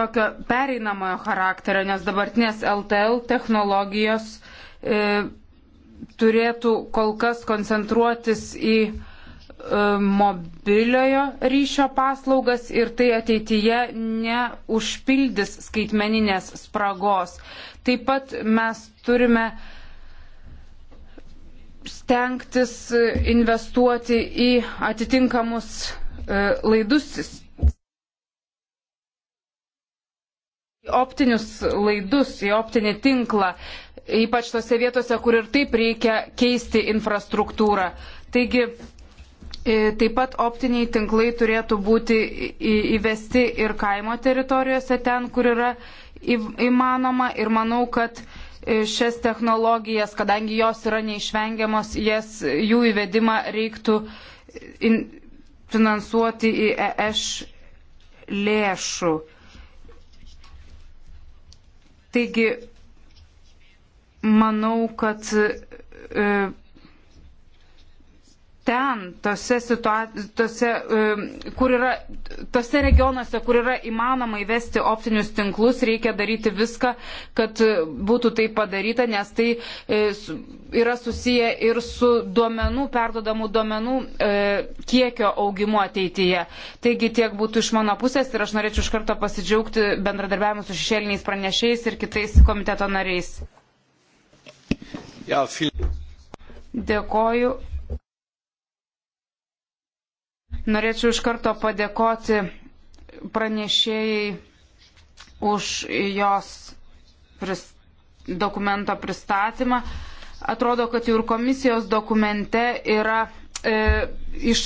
tokio pereinamojo charakterio, nes dabartinės LTL technologijos e, turėtų kol kas koncentruotis į mobiliojo ryšio paslaugas ir tai ateityje neužpildys skaitmeninės spragos. Taip pat mes turime stengtis investuoti į atitinkamus e, laidus, į optinius laidus, į optinį tinklą, ypač tose vietose, kur ir taip reikia keisti infrastruktūrą. Taigi E, taip pat optiniai tinklai turėtų būti įvesti ir kaimo teritorijose ten, kur yra įmanoma. Ir manau, kad e, šias technologijas, kadangi jos yra neišvengiamos, jas, jų įvedimą reiktų e, in, finansuoti į EŠ lėšų. Taigi, manau, kad e, ten, tose, situa tose, kur yra, tose regionuose, kur yra įmanoma įvesti optinius tinklus, reikia daryti viską, kad e, būtų tai padaryta, nes tai e, yra susiję ir su duomenų, perdodamų duomenų e, kiekio augimu ateityje. Taigi tiek būtų iš mano pusės ir aš norėčiau iš karto pasidžiaugti bendradarbiavimu su šešėliniais pranešiais ir kitais komiteto nariais. Ja, viel... Dėkoju. Norėčiau iš karto padėkoti pranešėjai už jos pris, dokumento pristatymą. Atrodo, kad jau ir komisijos dokumente yra e, iš,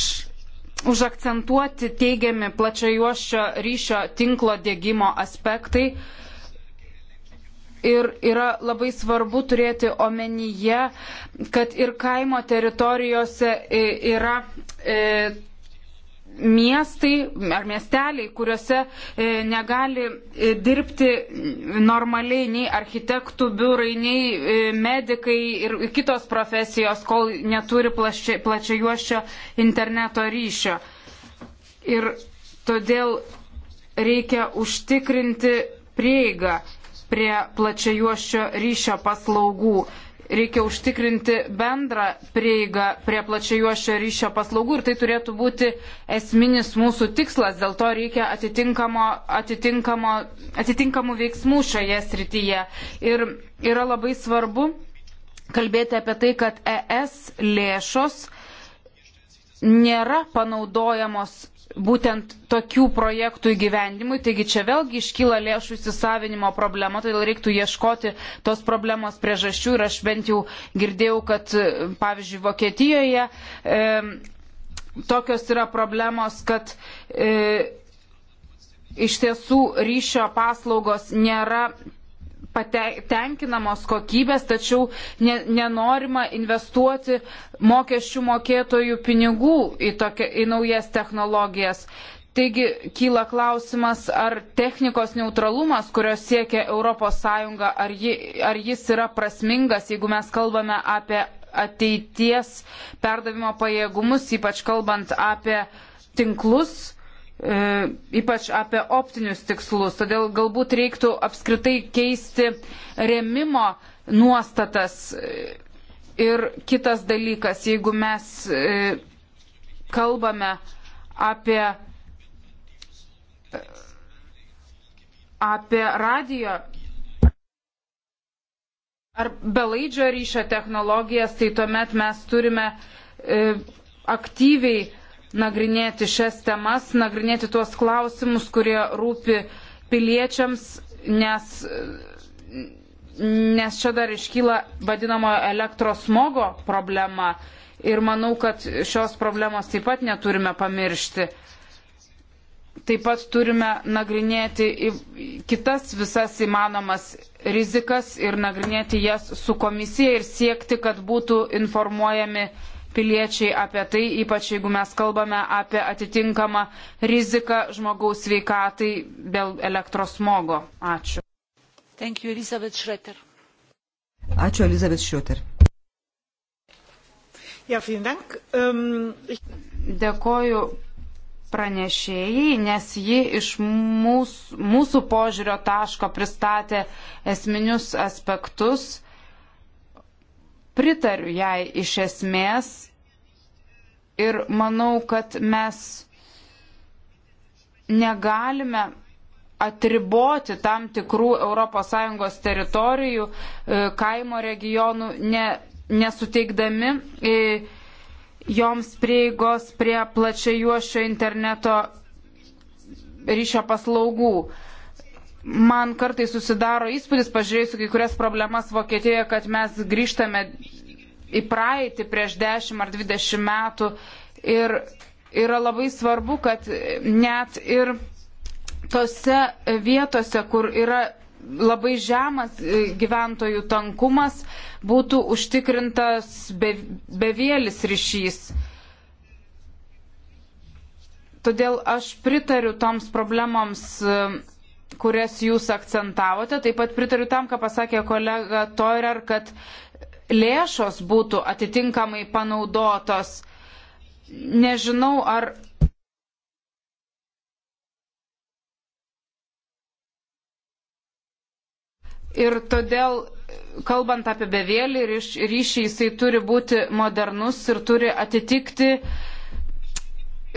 užakcentuoti teigiami plačiojuoščio ryšio tinklo dėgymo aspektai. Ir yra labai svarbu turėti omenyje, kad ir kaimo teritorijose e, yra. E, miestai ar miesteliai, kuriuose e, negali e, dirbti normaliai nei architektų biurai, nei e, medikai ir kitos profesijos, kol neturi plačia juoščio interneto ryšio. Ir todėl reikia užtikrinti prieigą prie plačia juoščio ryšio paslaugų reikia užtikrinti bendrą prieigą prie plačiajuošio ryšio paslaugų ir tai turėtų būti esminis mūsų tikslas, dėl to reikia atitinkamo, atitinkamo, atitinkamų veiksmų šioje srityje. Ir yra labai svarbu kalbėti apie tai, kad ES lėšos nėra panaudojamos būtent tokių projektų įgyvendimui. Taigi čia vėlgi iškyla lėšų įsisavinimo problema, todėl reiktų ieškoti tos problemos priežasčių. Ir aš bent jau girdėjau, kad pavyzdžiui Vokietijoje e, tokios yra problemos, kad e, iš tiesų ryšio paslaugos nėra patenkinamos kokybės, tačiau ne, nenorima investuoti mokesčių mokėtojų pinigų į, tokia, į naujas technologijas. Taigi kyla klausimas, ar technikos neutralumas, kurios siekia ES, ar, ji, ar jis yra prasmingas, jeigu mes kalbame apie ateities perdavimo pajėgumus, ypač kalbant apie tinklus E, ypač apie optinius tikslus. Todėl galbūt reiktų apskritai keisti remimo nuostatas. E, ir kitas dalykas, jeigu mes e, kalbame apie, apie radijo ar belaidžio ryšio technologijas, tai tuomet mes turime aktyviai nagrinėti šias temas, nagrinėti tuos klausimus, kurie rūpi piliečiams, nes, nes čia dar iškyla vadinamojo elektrosmogo problema ir manau, kad šios problemos taip pat neturime pamiršti. Taip pat turime nagrinėti kitas visas įmanomas rizikas ir nagrinėti jas su komisija ir siekti, kad būtų informuojami piliečiai apie tai, ypač jeigu mes kalbame apie atitinkamą riziką žmogaus sveikatai dėl elektros smogo. Ačiū. Thank you, Elizabeth Schroeder. Ačiū, Elizabeth Schroeder. Ja, dank. Um, ich... Dėkoju pranešėjai, nes ji iš mūsų, mūsų požiūrio taško pristatė esminius aspektus pritariu jai iš esmės ir manau, kad mes negalime atriboti tam tikrų ES teritorijų e, kaimo regionų, ne, nesuteikdami e, joms prieigos prie plačiajuošio interneto ryšio paslaugų man kartai susidaro įspūdis, pažiūrėjusiu kai kurias problemas Vokietijoje, kad mes grįžtame į praeitį prieš 10 ar 20 metų ir yra labai svarbu, kad net ir tose vietose, kur yra labai žemas gyventojų tankumas, būtų užtikrintas be, bevėlis ryšys. Todėl aš pritariu toms problemoms kurias jūs akcentavote. Taip pat pritariu tam, ką pasakė kolega Toirer, kad lėšos būtų atitinkamai panaudotos. Nežinau, ar Ir todėl, kalbant apie bevėlį ryšį, jisai turi būti modernus ir turi atitikti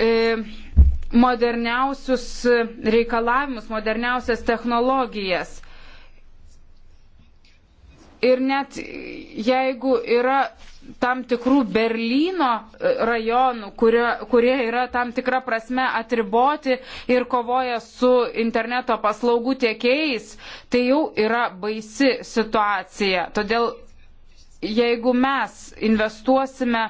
e, moderniausius reikalavimus, moderniausias technologijas. Ir net jeigu yra tam tikrų Berlyno rajonų, kurie, kurie yra tam tikrą prasme atriboti ir kovoja su interneto paslaugų tiekėjais, tai jau yra baisi situacija. Todėl jeigu mes investuosime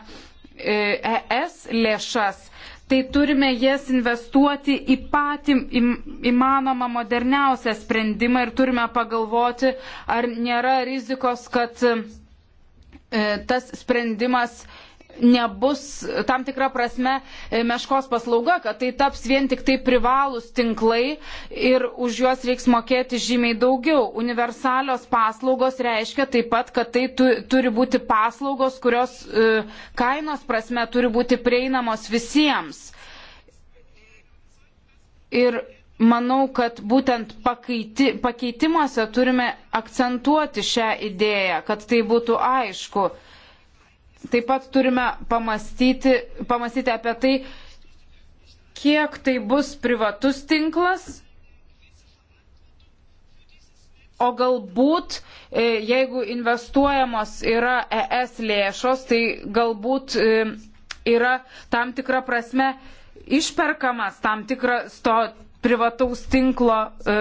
ES e lėšas, tai turime jas investuoti į patį įmanomą moderniausią sprendimą ir turime pagalvoti, ar nėra rizikos, kad e, tas sprendimas nebus tam tikra prasme e, meškos paslauga, kad tai taps vien tik tai privalūs tinklai ir už juos reiks mokėti žymiai daugiau. Universalios paslaugos reiškia taip pat, kad tai tu, turi būti paslaugos, kurios e, kainos prasme turi būti prieinamos visiems. Ir manau, kad būtent pakeiti, pakeitimuose turime akcentuoti šią idėją, kad tai būtų aišku. E, taip pat turime pamastyti, pamastyti apie tai, kiek tai bus privatus tinklas, o galbūt, e, jeigu investuojamos yra ES lėšos, tai galbūt e, yra tam tikra prasme išperkamas tam tikras to privataus tinklo e,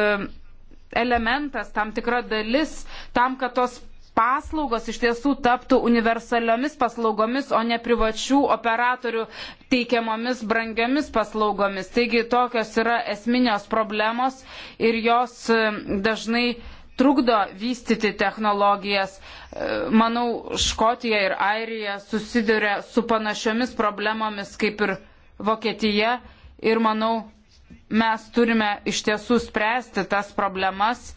elementas, tam tikra dalis, tam, kad tos paslaugos iš tiesų taptų universaliomis paslaugomis, o ne privačių operatorių teikiamomis brangiamis paslaugomis. Taigi tokios yra esminės problemos ir jos e, dažnai trukdo vystyti technologijas. E, manau, Škotija ir Airija susiduria su panašiomis problemomis kaip ir Vokietija ir manau, mes turime iš tiesų spręsti tas problemas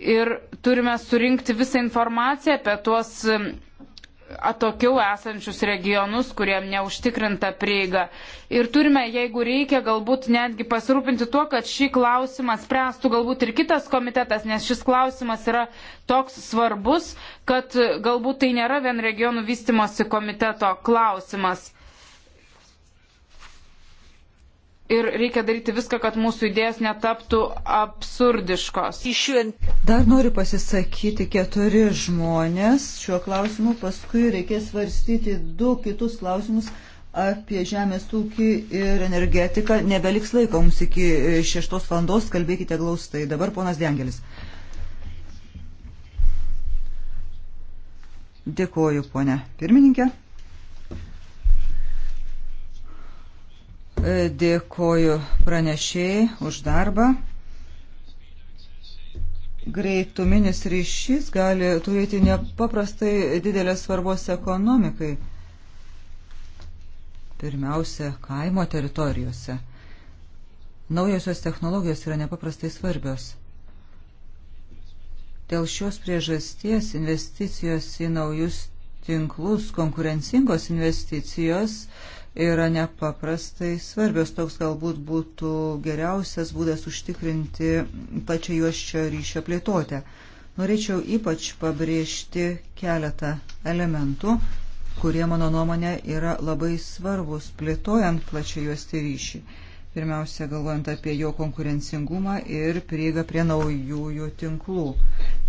ir turime surinkti visą informaciją apie tuos um, atokiau esančius regionus, kuriem neužtikrinta prieiga. Ir turime, jeigu reikia, galbūt netgi pasirūpinti tuo, kad šį klausimą spręstų galbūt ir kitas komitetas, nes šis klausimas yra toks svarbus, kad galbūt tai nėra vien regionų vystimosi komiteto klausimas. ir reikia daryti viską, kad mūsų idėjos netaptų absurdiškos. Dar noriu pasisakyti keturi žmonės šiuo klausimu, paskui reikės svarstyti du kitus klausimus apie žemės ūkį ir energetiką. Nebeliks laiko mums iki šeštos valandos, kalbėkite glaustai. Dabar ponas Dengelis. Dėkuoju, ponė pirmininkė. E, dėkoju pranešėjai už darbą. Greituminis ryšys gali turėti nepaprastai didelės svarbos ekonomikai. Pirmiausia, kaimo teritorijose. Naujosios technologijos yra nepaprastai svarbios. Dėl šios priežasties investicijos į naujus tinklus, konkurencingos investicijos, uh, yra nepaprastai svarbios. Toks galbūt būtų geriausias būdas užtikrinti plačią juoščio ryšio plėtotę. Norėčiau ypač pabrėžti keletą elementų, kurie, mano nuomonė, yra labai svarbus plėtojant plačią juosti ryšį pirmiausia galvojant apie jo konkurencingumą ir prieigą prie naujųjų tinklų.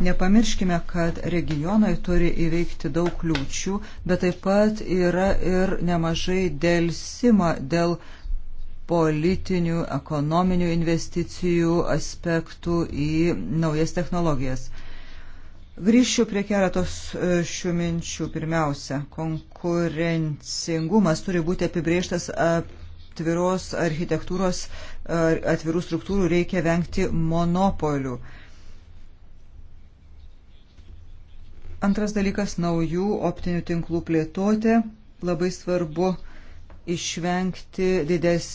Nepamirškime, kad regionai turi įveikti daug kliūčių, bet taip pat yra ir nemažai dėlsima dėl politinių, ekonominių investicijų aspektų į naujas technologijas. Grįšiu prie keletos e, šių minčių. Pirmiausia, konkurencingumas turi būti apibrieštas ap atviros architektūros, atvirų struktūrų reikia vengti monopolių. Antras dalykas - naujų optinių tinklų plėtoti. Labai svarbu išvengti dides,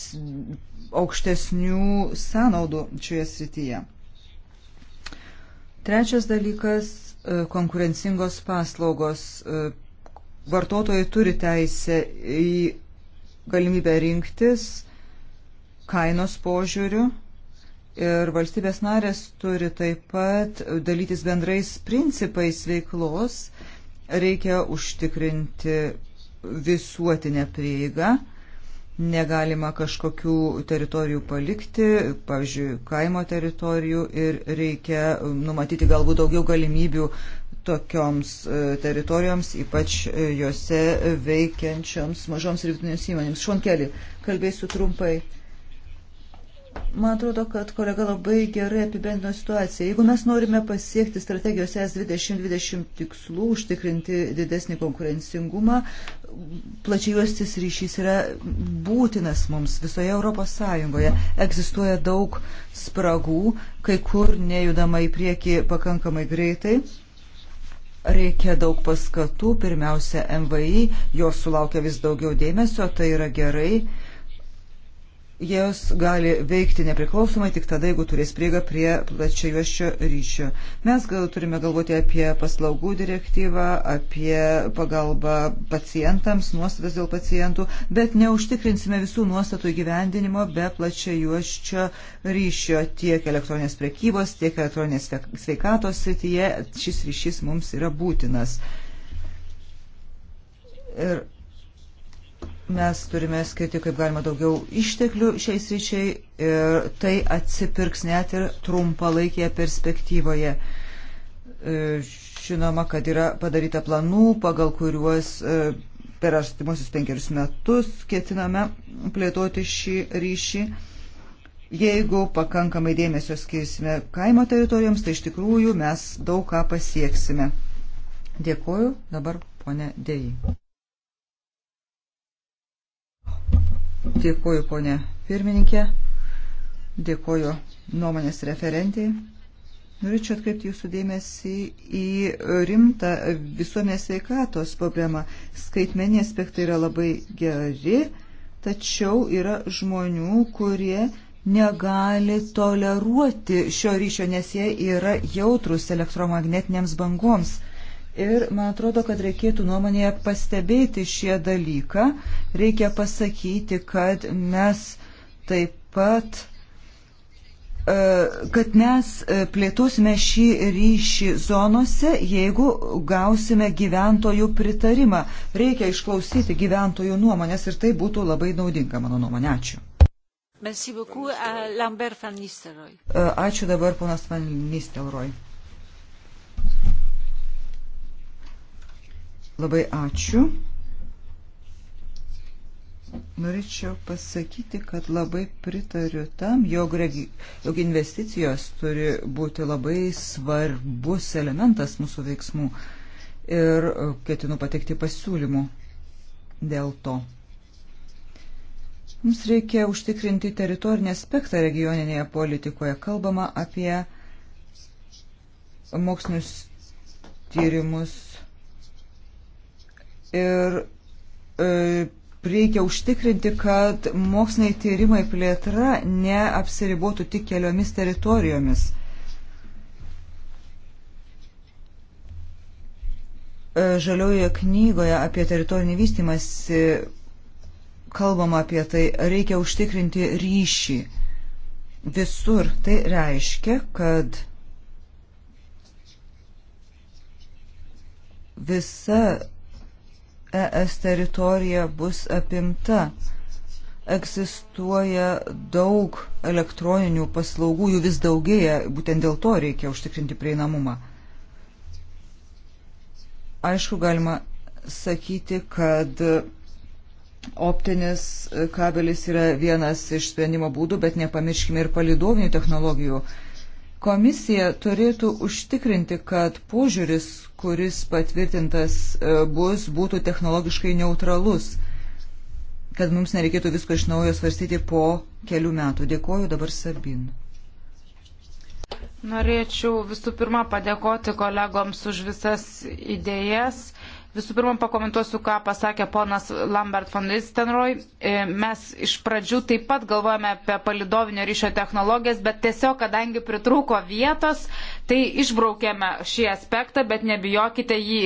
aukštesnių sąnaudų šioje srityje. Trečias dalykas - konkurencingos paslaugos. Vartotojai turi teisę į galimybę rinktis kainos požiūrių ir valstybės narės turi taip pat dalytis bendrais principais veiklos, reikia užtikrinti visuotinę prieigą, negalima kažkokių teritorijų palikti, pavyzdžiui, kaimo teritorijų ir reikia numatyti galbūt daugiau galimybių tokioms e, teritorijoms, ypač e, juose veikiančioms mažoms ir vidutinėms įmonėms. Šonkelį, kalbėsiu trumpai. Man atrodo, kad kolega labai gerai apibendino situaciją. Jeigu mes norime pasiekti strategijos ES 2020 tikslų, užtikrinti didesnį konkurencingumą, plačiajuostis ryšys yra būtinas mums visoje Europos Sąjungoje. Egzistuoja daug spragų, kai kur nejudama į priekį pakankamai greitai. Reikia daug paskatų, pirmiausia MVI, jos sulaukia vis daugiau dėmesio, tai yra gerai jos gali veikti nepriklausomai tik tada, jeigu turės prieigą prie plačiajuoščio ryšio. Mes gal turime galvoti apie paslaugų direktyvą, apie pagalbą pacientams, nuostatas dėl pacientų, bet neužtikrinsime visų nuostatų įgyvendinimo be plačiajuoščio ryšio tiek elektroninės prekybos, tiek elektroninės sveikatos srityje. Šis ryšys mums yra būtinas. Ir Mes turime skirti kaip galima daugiau išteklių šiais ryčiai ir tai atsipirks net ir trumpalaikėje perspektyvoje. E, žinoma, kad yra padaryta planų, pagal kuriuos e, per artimuosius penkerius metus ketiname plėtoti šį ryšį. Jeigu pakankamai dėmesio skirsime kaimo teritorijoms, tai iš tikrųjų mes daug ką pasieksime. Dėkuoju dabar, ponė Dėjai. Dėkuoju, ponė pirmininkė. Dėkuoju nuomonės referentiai. Norėčiau atkreipti jūsų dėmesį į rimtą visuomenės veikatos problemą. Skaitmeniai aspektai yra labai geri, tačiau yra žmonių, kurie negali toleruoti šio ryšio, nes jie yra jautrus elektromagnetiniams bangoms. Ir man atrodo, kad reikėtų nuomonėje pastebėti šie dalyką. Reikia pasakyti, kad mes taip pat e, kad mes e, plėtosime šį ryšį zonose, jeigu gausime gyventojų pritarimą. Reikia išklausyti gyventojų nuomonės ir tai būtų labai naudinga, mano nuomonė. Ačiū. E, ačiū dabar, ponas Van Nistelrooy. Labai ačiū. Norėčiau pasakyti, kad labai pritariu tam, jog, regi, jog investicijos turi būti labai svarbus elementas mūsų veiksmų ir e, ketinu pateikti pasiūlymų dėl to. Mums reikia užtikrinti teritorinį aspektą regioninėje politikoje. Kalbama apie mokslinius tyrimus Ir e, reikia užtikrinti, kad moksliniai tyrimai plėtra neapsiribotų tik keliomis teritorijomis. E, žaliojoje knygoje apie teritorinį vystimąsi kalbama apie tai, reikia užtikrinti ryšį visur. Tai reiškia, kad visa ES teritorija bus apimta. Egzistuoja daug elektroninių paslaugų, jų vis daugėja, būtent dėl to reikia užtikrinti prieinamumą. Aišku, galima sakyti, kad optinis kabelis yra vienas iš sprendimo būdų, bet nepamirškime ir palidovinių technologijų. Komisija turėtų užtikrinti, kad požiūris, kuris patvirtintas e, bus, būtų technologiškai neutralus, kad mums nereikėtų visko iš naujo svarstyti po kelių metų. Dėkoju dabar Sabin. Norėčiau visų pirma padėkoti kolegoms už visas idėjas Visų pirma, pakomentuosiu, ką pasakė ponas Lambert von Listenroy. E, mes iš pradžių taip pat galvojame apie palidovinio ryšio technologijas, bet tiesiog, kadangi pritrūko vietos, tai išbraukėme šį aspektą, bet nebijokite, jį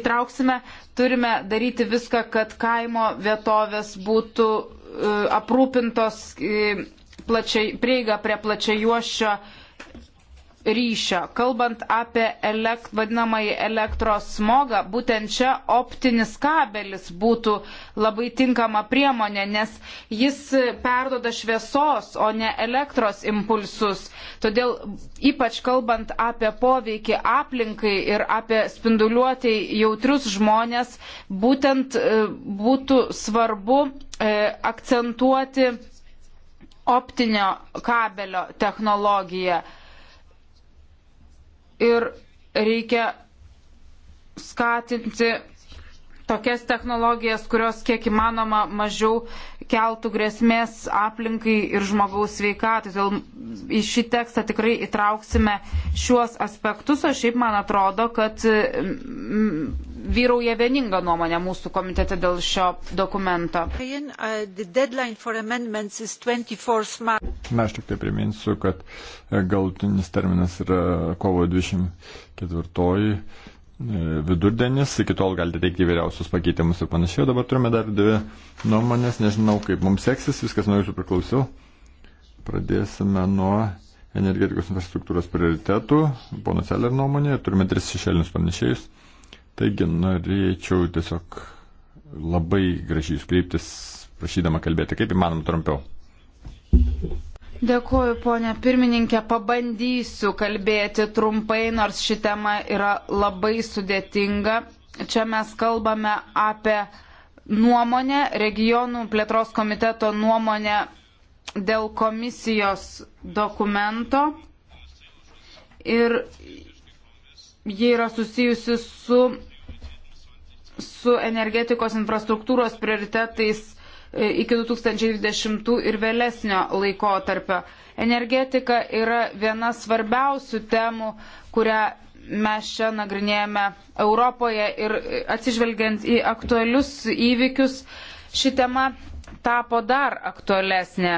įtrauksime. Turime daryti viską, kad kaimo vietovės būtų e, aprūpintos e, plačiai, prieiga prie plačiajuošio ryšio. Kalbant apie elekt, vadinamąjį elektros smogą, būtent čia optinis kabelis būtų labai tinkama priemonė, nes jis perdoda šviesos, o ne elektros impulsus. Todėl ypač kalbant apie poveikį aplinkai ir apie spinduliuotį jautrius žmonės, būtent e, būtų svarbu e, akcentuoti optinio kabelio technologiją ir reikia skatinti tokias technologijas, kurios kiek įmanoma mažiau keltų grėsmės aplinkai ir žmogaus sveikatai. Todėl į šį tekstą tikrai įtrauksime šiuos aspektus, o šiaip man atrodo, kad vyrauja vieninga nuomonė mūsų komitete dėl šio dokumento. Na, aš tik tai priminsiu, kad galutinis terminas yra kovo 24. E, vidurdienis, iki tol galite teikti įvairiausius pakeitimus ir panašiai. Dabar turime dar dvi nuomonės, nežinau kaip mums seksis, viskas nuo jūsų priklausiau. Pradėsime nuo energetikos infrastruktūros prioritetų, pono Celer nuomonė, turime tris šešėlinius panašiais. Taigi norėčiau tiesiog labai gražiai jūs kreiptis, prašydama kalbėti kaip įmanom trumpiau. Dėkuoju, ponė pirmininkė, pabandysiu kalbėti trumpai, nors ši tema yra labai sudėtinga. Čia mes kalbame apie nuomonę, regionų plėtros komiteto nuomonę dėl komisijos dokumento. Ir jie yra susijusi su, su energetikos infrastruktūros prioritetais E, iki 2020 ir vėlesnio laikotarpio. Energetika yra viena svarbiausių temų, kurią mes čia nagrinėjame Europoje ir atsižvelgiant į aktualius įvykius, ši tema tapo dar aktualesnė.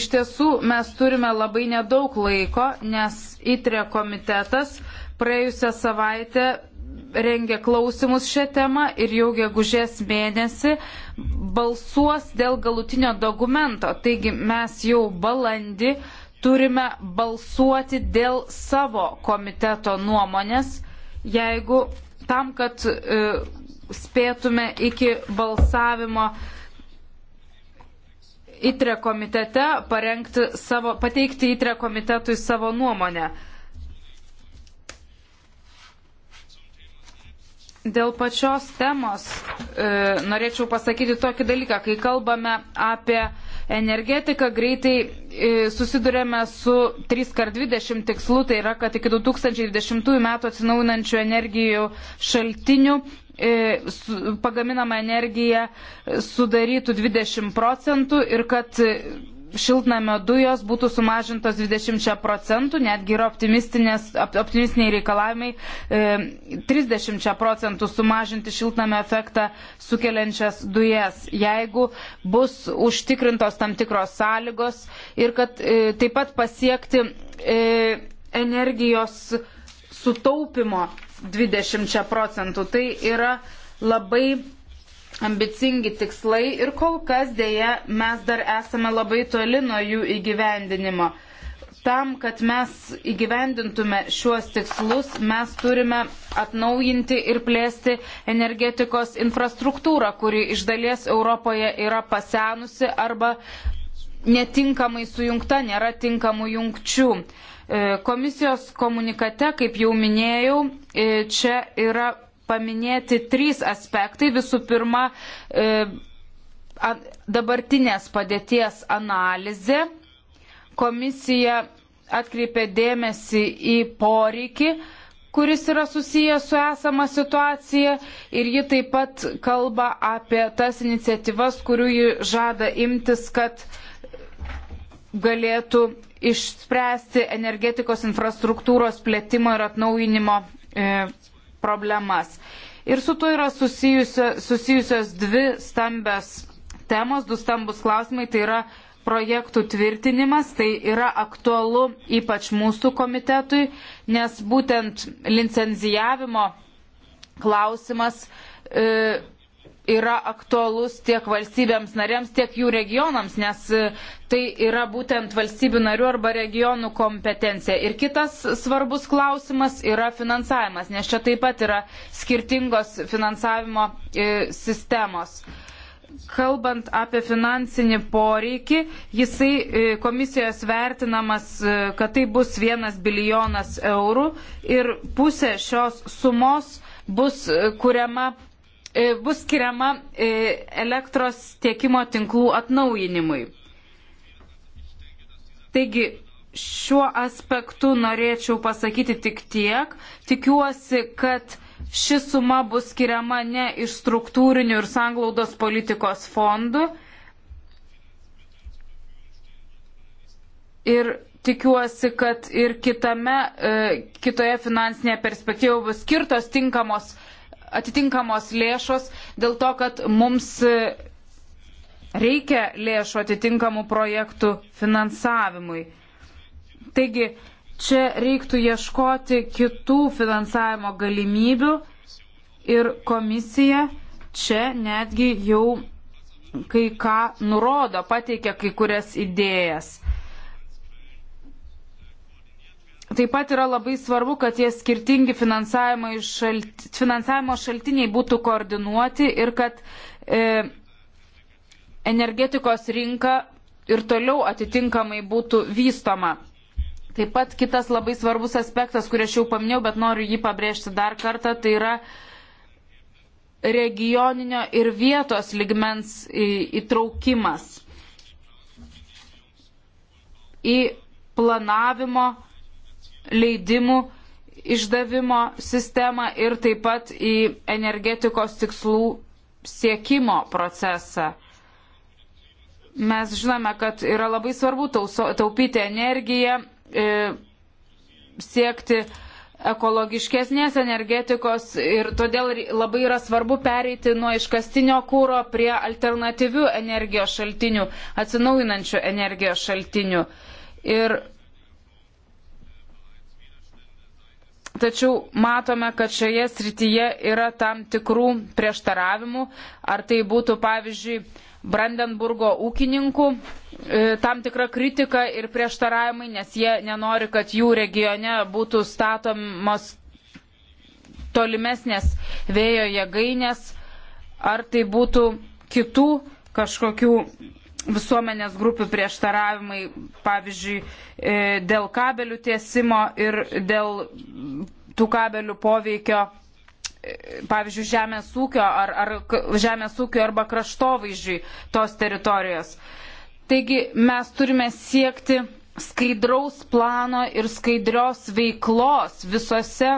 Iš tiesų mes turime labai nedaug laiko, nes ITRE komitetas praėjusią savaitę rengia klausimus šią temą ir jau gegužės mėnesį balsuos dėl galutinio dokumento. Taigi mes jau balandį turime balsuoti dėl savo komiteto nuomonės, jeigu tam, kad e, spėtume iki balsavimo ITRE komitete parengti savo, pateikti ITRE komitetui savo nuomonę. Dėl pačios temos e, norėčiau pasakyti tokį dalyką. Kai kalbame apie energetiką, greitai e, susidurėme su 3x20 tikslu, tai yra, kad iki 2020 metų atsinaujinančių energijų šaltinių e, su, pagaminama energija sudarytų 20 procentų ir kad. E, šiltnamio dujos būtų sumažintos 20 procentų, netgi yra optimistiniai reikalavimai e, 30 procentų sumažinti šiltnamio efektą sukeliančias dujas, jeigu bus užtikrintos tam tikros sąlygos ir kad e, taip pat pasiekti e, energijos sutaupimo 20 procentų. Tai yra labai ambicingi tikslai ir kol kas dėja mes dar esame labai toli nuo jų įgyvendinimo. Tam, kad mes įgyvendintume šiuos tikslus, mes turime atnaujinti ir plėsti energetikos infrastruktūrą, kuri iš dalies Europoje yra pasenusi arba netinkamai sujungta, nėra tinkamų jungčių. E, komisijos komunikate, kaip jau minėjau, e, čia yra paminėti trys aspektai. Visų pirma, e, dabartinės padėties analizė. Komisija atkreipė dėmesį į poreikį, kuris yra susijęs su esama situacija ir ji taip pat kalba apie tas iniciatyvas, kurių ji žada imtis, kad galėtų išspręsti energetikos infrastruktūros plėtimo ir atnaujinimo e, problemas. Ir su tuo yra susijusio, susijusios dvi stambios temos, du stambus klausimai, tai yra projektų tvirtinimas, tai yra aktualu ypač mūsų komitetui, nes būtent licenzijavimo klausimas e, yra aktualus tiek valstybėms narėms, tiek jų regionams, nes e, tai yra būtent valstybių narių arba regionų kompetencija. Ir kitas svarbus klausimas yra finansavimas, nes čia taip pat yra skirtingos finansavimo e, sistemos. Kalbant apie finansinį poreikį, jisai e, komisijos vertinamas, kad tai bus vienas bilijonas eurų ir pusė šios sumos bus kuriama E, bus skiriama e, elektros tiekimo tinklų atnaujinimui. Taigi, šiuo aspektu norėčiau pasakyti tik tiek. Tikiuosi, kad ši suma bus skiriama ne iš struktūrinių ir sanglaudos politikos fondų. Ir tikiuosi, kad ir kitame, e, kitoje finansinėje perspektyvoje bus skirtos tinkamos atitinkamos lėšos dėl to, kad mums reikia lėšų atitinkamų projektų finansavimui. Taigi, čia reiktų ieškoti kitų finansavimo galimybių ir komisija čia netgi jau kai ką nurodo, pateikia kai kurias idėjas. Taip pat yra labai svarbu, kad tie skirtingi finansavimo, šalt, finansavimo šaltiniai būtų koordinuoti ir kad e, energetikos rinka ir toliau atitinkamai būtų vystoma. Taip pat kitas labai svarbus aspektas, kurį aš jau paminėjau, bet noriu jį pabrėžti dar kartą, tai yra regioninio ir vietos ligmens įtraukimas į planavimo leidimų išdavimo sistemą ir taip pat į energetikos tikslų siekimo procesą. Mes žinome, kad yra labai svarbu tauso, taupyti energiją, e, siekti ekologiškesnės energetikos ir todėl labai yra svarbu pereiti nuo iškastinio kūro prie alternatyvių energijos šaltinių, atsinaujinančių energijos šaltinių. Ir Tačiau matome, kad šioje srityje yra tam tikrų prieštaravimų, ar tai būtų pavyzdžiui Brandenburgo ūkininkų e, tam tikra kritika ir prieštaravimai, nes jie nenori, kad jų regione būtų statomas tolimesnės vėjo jėgainės, ar tai būtų kitų kažkokių visuomenės grupių prieštaravimai, pavyzdžiui, e, dėl kabelių tiesimo ir dėl tų kabelių poveikio, e, pavyzdžiui, žemės ūkio, ar, ar, žemės ūkio arba kraštovaizdžiui tos teritorijos. Taigi mes turime siekti skaidraus plano ir skaidrios veiklos visose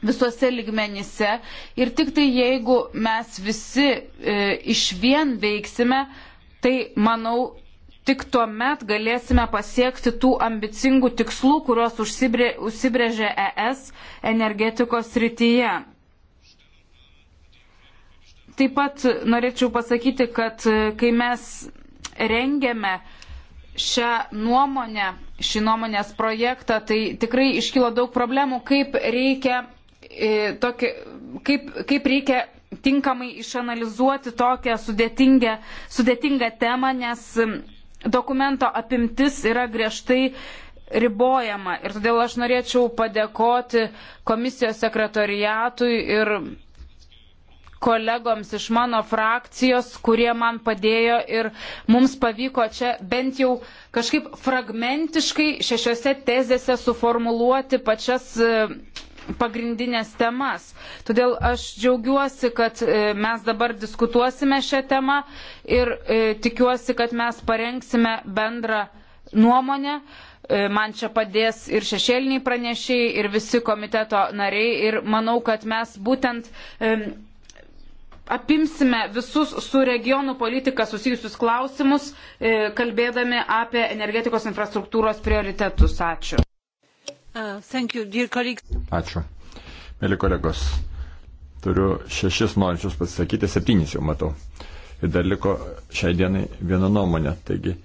visuose ligmenyse ir tik tai jeigu mes visi e, iš vien veiksime, tai manau, tik tuo met galėsime pasiekti tų ambicingų tikslų, kuriuos užsibrė, užsibrėžė ES energetikos rytyje. Taip pat norėčiau pasakyti, kad e, kai mes rengėme šią nuomonę, šį nuomonės projektą, tai tikrai iškilo daug problemų, kaip reikia, e, tokį, kaip, kaip reikia tinkamai išanalizuoti tokią sudėtingą, sudėtingą temą, nes dokumento apimtis yra griežtai ribojama. Ir todėl aš norėčiau padėkoti komisijos sekretoriatui ir kolegoms iš mano frakcijos, kurie man padėjo ir mums pavyko čia bent jau kažkaip fragmentiškai šešiose tezėse suformuluoti pačias pagrindinės temas. Todėl aš džiaugiuosi, kad e, mes dabar diskutuosime šią temą ir e, tikiuosi, kad mes parengsime bendrą nuomonę. E, man čia padės ir šešėliniai pranešiai, ir visi komiteto nariai. Ir manau, kad mes būtent apimsime visus su regionų politika susijusius klausimus, kalbėdami apie energetikos infrastruktūros prioritetus. Ačiū. Uh, Ačiū. Mėly kolegos, turiu šešis norinčius pasisakyti, septynis jau matau. Ir dar liko šiai dienai viena nuomonė. Taigi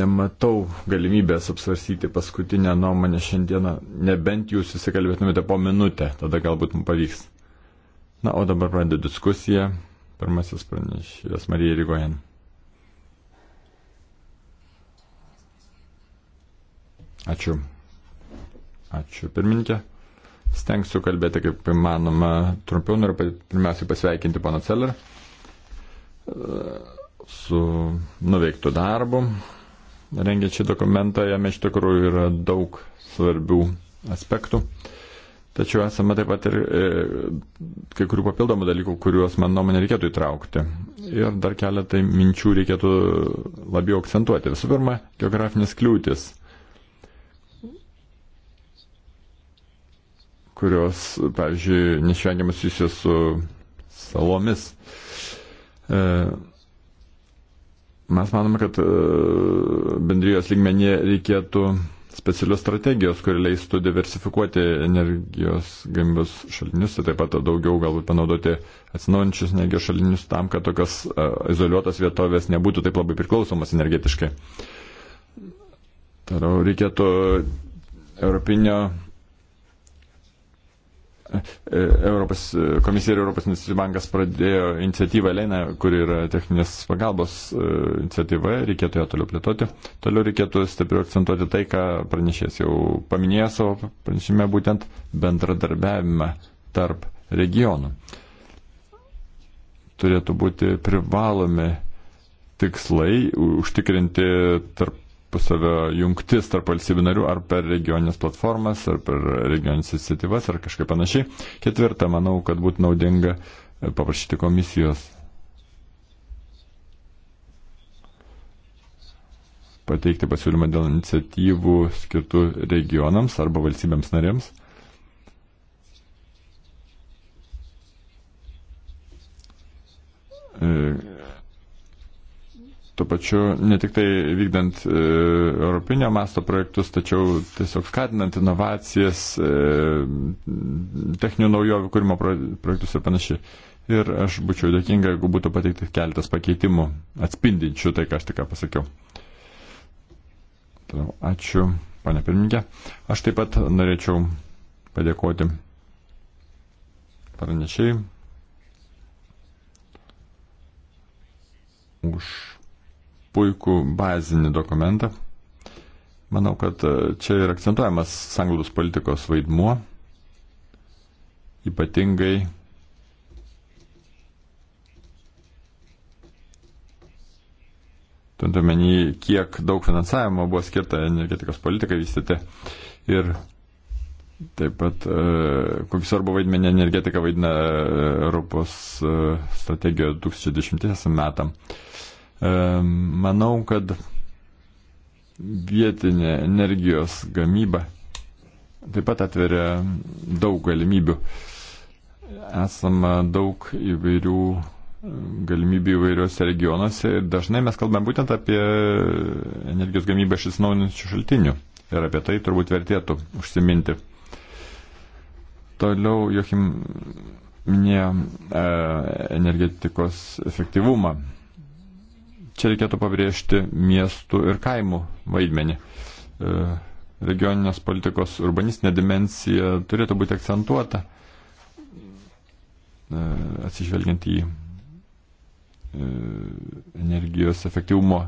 nematau galimybės apsvarstyti paskutinę nuomonę šiandieną, nebent jūs įsikalbėtumėte po minutę, tada galbūt mums pavyks. Na, o dabar pradeda diskusija. Pirmasis pranešėjas Marija Rygojan. Ačiū, Ačiū pirmininkė. Stengsiu kalbėti kaip įmanoma trumpiau, noriu pirmiausiai pasveikinti pana Celler e, su nuveiktų darbu. Rengiant šį dokumentą, jame iš tikrųjų yra daug svarbių aspektų. Tačiau esame taip pat ir e, kai kurių papildomų dalykų, kuriuos, man nuomonė, reikėtų įtraukti. Ir dar keletą minčių reikėtų labiau akcentuoti. Visų pirma, geografinės kliūtis. kurios, pavyzdžiui, neišvengiamai susijusios su salomis. E, mes manome, kad e, bendrijos lygmenyje reikėtų specialios strategijos, kuri leistų diversifikuoti energijos gamybos šaltinius ir tai taip pat daugiau galbūt panaudoti atsinaujančius energijos šaltinius tam, kad tokios e, izoliuotos vietovės nebūtų taip labai priklausomas energetiškai. Toliau reikėtų europinio Europos komisija ir Europos investicijų bankas pradėjo iniciatyvą Leina, kuri yra techninės pagalbos e, iniciatyva, reikėtų ją toliau plėtoti. Toliau reikėtų stipriau akcentuoti tai, ką pranešės jau paminėjo savo pranešime, būtent bendradarbiavimą tarp regionų. Turėtų būti privalomi tikslai užtikrinti tarp tarpusavio jungtis tarp valstybių narių ar per regioninės platformas, ar per regioninės iniciatyvas, ar kažkaip panašiai. Ketvirta, manau, kad būtų naudinga e, paprašyti komisijos pateikti pasiūlymą dėl iniciatyvų skirtų regionams arba valstybėms narėms. E, Tuo pačiu ne tik tai vykdant e, europinio masto projektus, tačiau tiesiog skatinant inovacijas, e, techninių naujovių kūrimo projektus ir panašiai. Ir aš būčiau dėkinga, jeigu būtų pateikti keletas pakeitimų atspindinčių tai, ką aš tik pasakiau. Toliau, ačiū, pane pirmininkė. Aš taip pat norėčiau padėkoti pranešėjai už puikų bazinį dokumentą. Manau, kad e, čia ir akcentuojamas sanglūdus politikos vaidmuo, ypatingai turint omeny, kiek daug finansavimo buvo skirta energetikos politikai vystyti ir taip pat e, kokį svarbų vaidmenį energetika vaidina e, Europos strategijoje 2010 metam. Manau, kad vietinė energijos gamyba taip pat atveria daug galimybių. Esama daug įvairių galimybių įvairiuose regionuose ir dažnai mes kalbam būtent apie energijos gamybą iš atsinaujinančių šaltinių ir apie tai turbūt vertėtų užsiminti. Toliau Jochim minėjo e, energetikos efektyvumą. Čia reikėtų pabrėžti miestų ir kaimų vaidmenį. E, regioninės politikos urbanistinė dimensija turėtų būti akcentuota, e, atsižvelgiant į e, energijos efektyvumo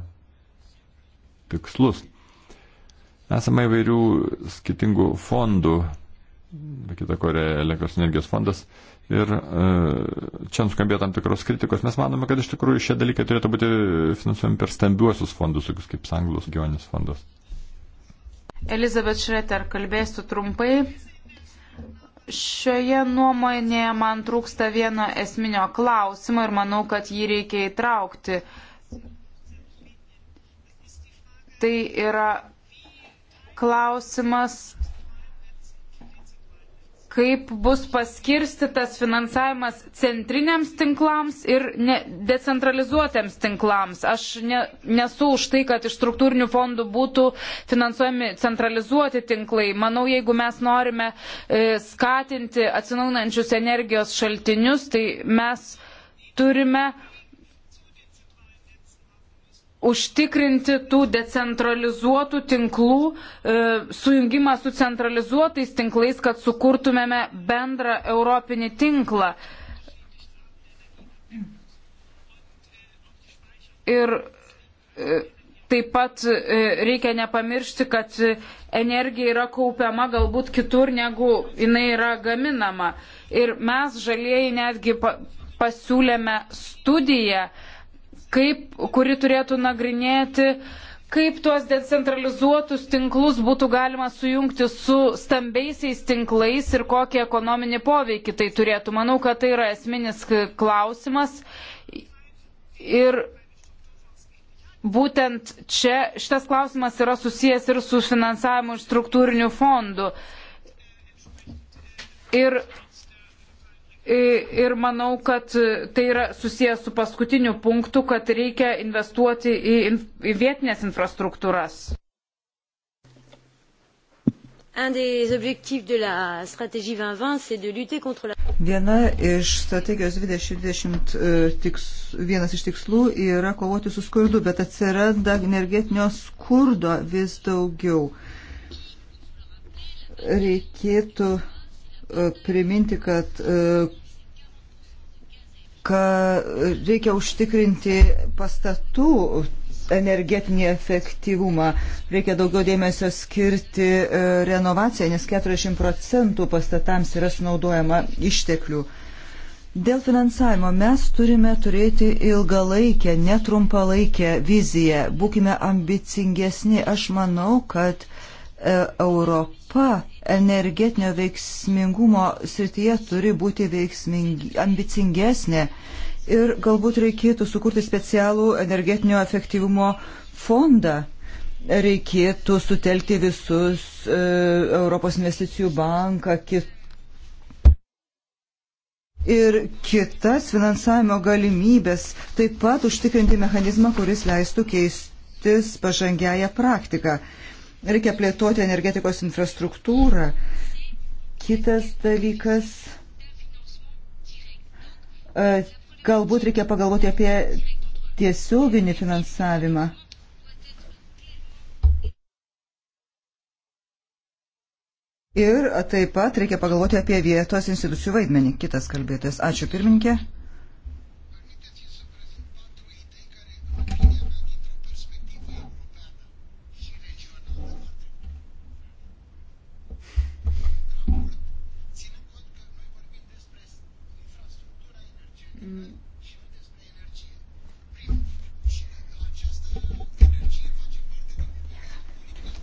tikslus. Esama įvairių skirtingų fondų, be kita ko, elektros energijos fondas, uh, Ir e, čia nuskambėjo tam tikros kritikos. Mes manome, kad iš tikrųjų šie dalykai turėtų būti finansuojami per stambiuosius fondus, tokius kaip Sanglos gyvenimus fondus. Elizabeth Šreter, kalbėsiu trumpai. Šioje nuomonėje man trūksta vieno esminio klausimo ir manau, kad jį reikia įtraukti. Tai yra klausimas kaip bus paskirstytas finansavimas centriniams tinklams ir ne, decentralizuotiems tinklams. Aš ne, nesu už tai, kad iš struktūrinių fondų būtų finansuojami centralizuoti tinklai. Manau, jeigu mes norime e, skatinti atsinaunančius energijos šaltinius, tai mes turime užtikrinti tų decentralizuotų tinklų e, sujungimą su centralizuotais tinklais, kad sukurtumėme bendrą europinį tinklą. Ir e, taip pat e, reikia nepamiršti, kad energija yra kaupiama galbūt kitur, negu jinai yra gaminama. Ir mes žalieji netgi pasiūlėme studiją, e, kaip, kuri turėtų nagrinėti, kaip tuos decentralizuotus tinklus būtų galima sujungti su stambiaisiais tinklais ir kokį ekonominį poveikį tai turėtų. Manau, kad tai yra esminis klausimas. Ir būtent čia šitas klausimas yra susijęs ir su finansavimu iš struktūrinių fondų. Ir Ir manau, kad tai yra susijęs su paskutiniu punktu, kad reikia investuoti į, į vietinės infrastruktūras. Viena iš strategijos 2020 e, tiks, vienas iš tikslų yra kovoti su skurdu, bet atsiranda energetinio skurdo vis daugiau. Reikėtų E, priminti, kad e, ka reikia užtikrinti pastatų energetinį efektyvumą. Reikia daugiau dėmesio skirti e, renovacijai, nes 40 procentų pastatams yra sunaudojama išteklių. Dėl finansavimo mes turime turėti ilgalaikę, netrumpalaikę viziją. Būkime ambicingesni. Aš manau, kad E, Europa energetinio veiksmingumo srityje turi būti ambicingesnė ir galbūt reikėtų sukurti specialų energetinio efektyvumo fondą. Reikėtų sutelkti visus e, Europos investicijų banką kit... ir kitas finansavimo galimybės, taip pat užtikrinti mechanizmą, kuris leistų keistis pažangiają praktiką. E, Reikia plėtoti energetikos infrastruktūrą. Kitas dalykas, e, galbūt reikia pagalvoti apie tiesioginį finansavimą. Ir taip pat reikia pagalvoti apie vietos institucijų vaidmenį. Kitas kalbėtojas. Ačiū pirminkė.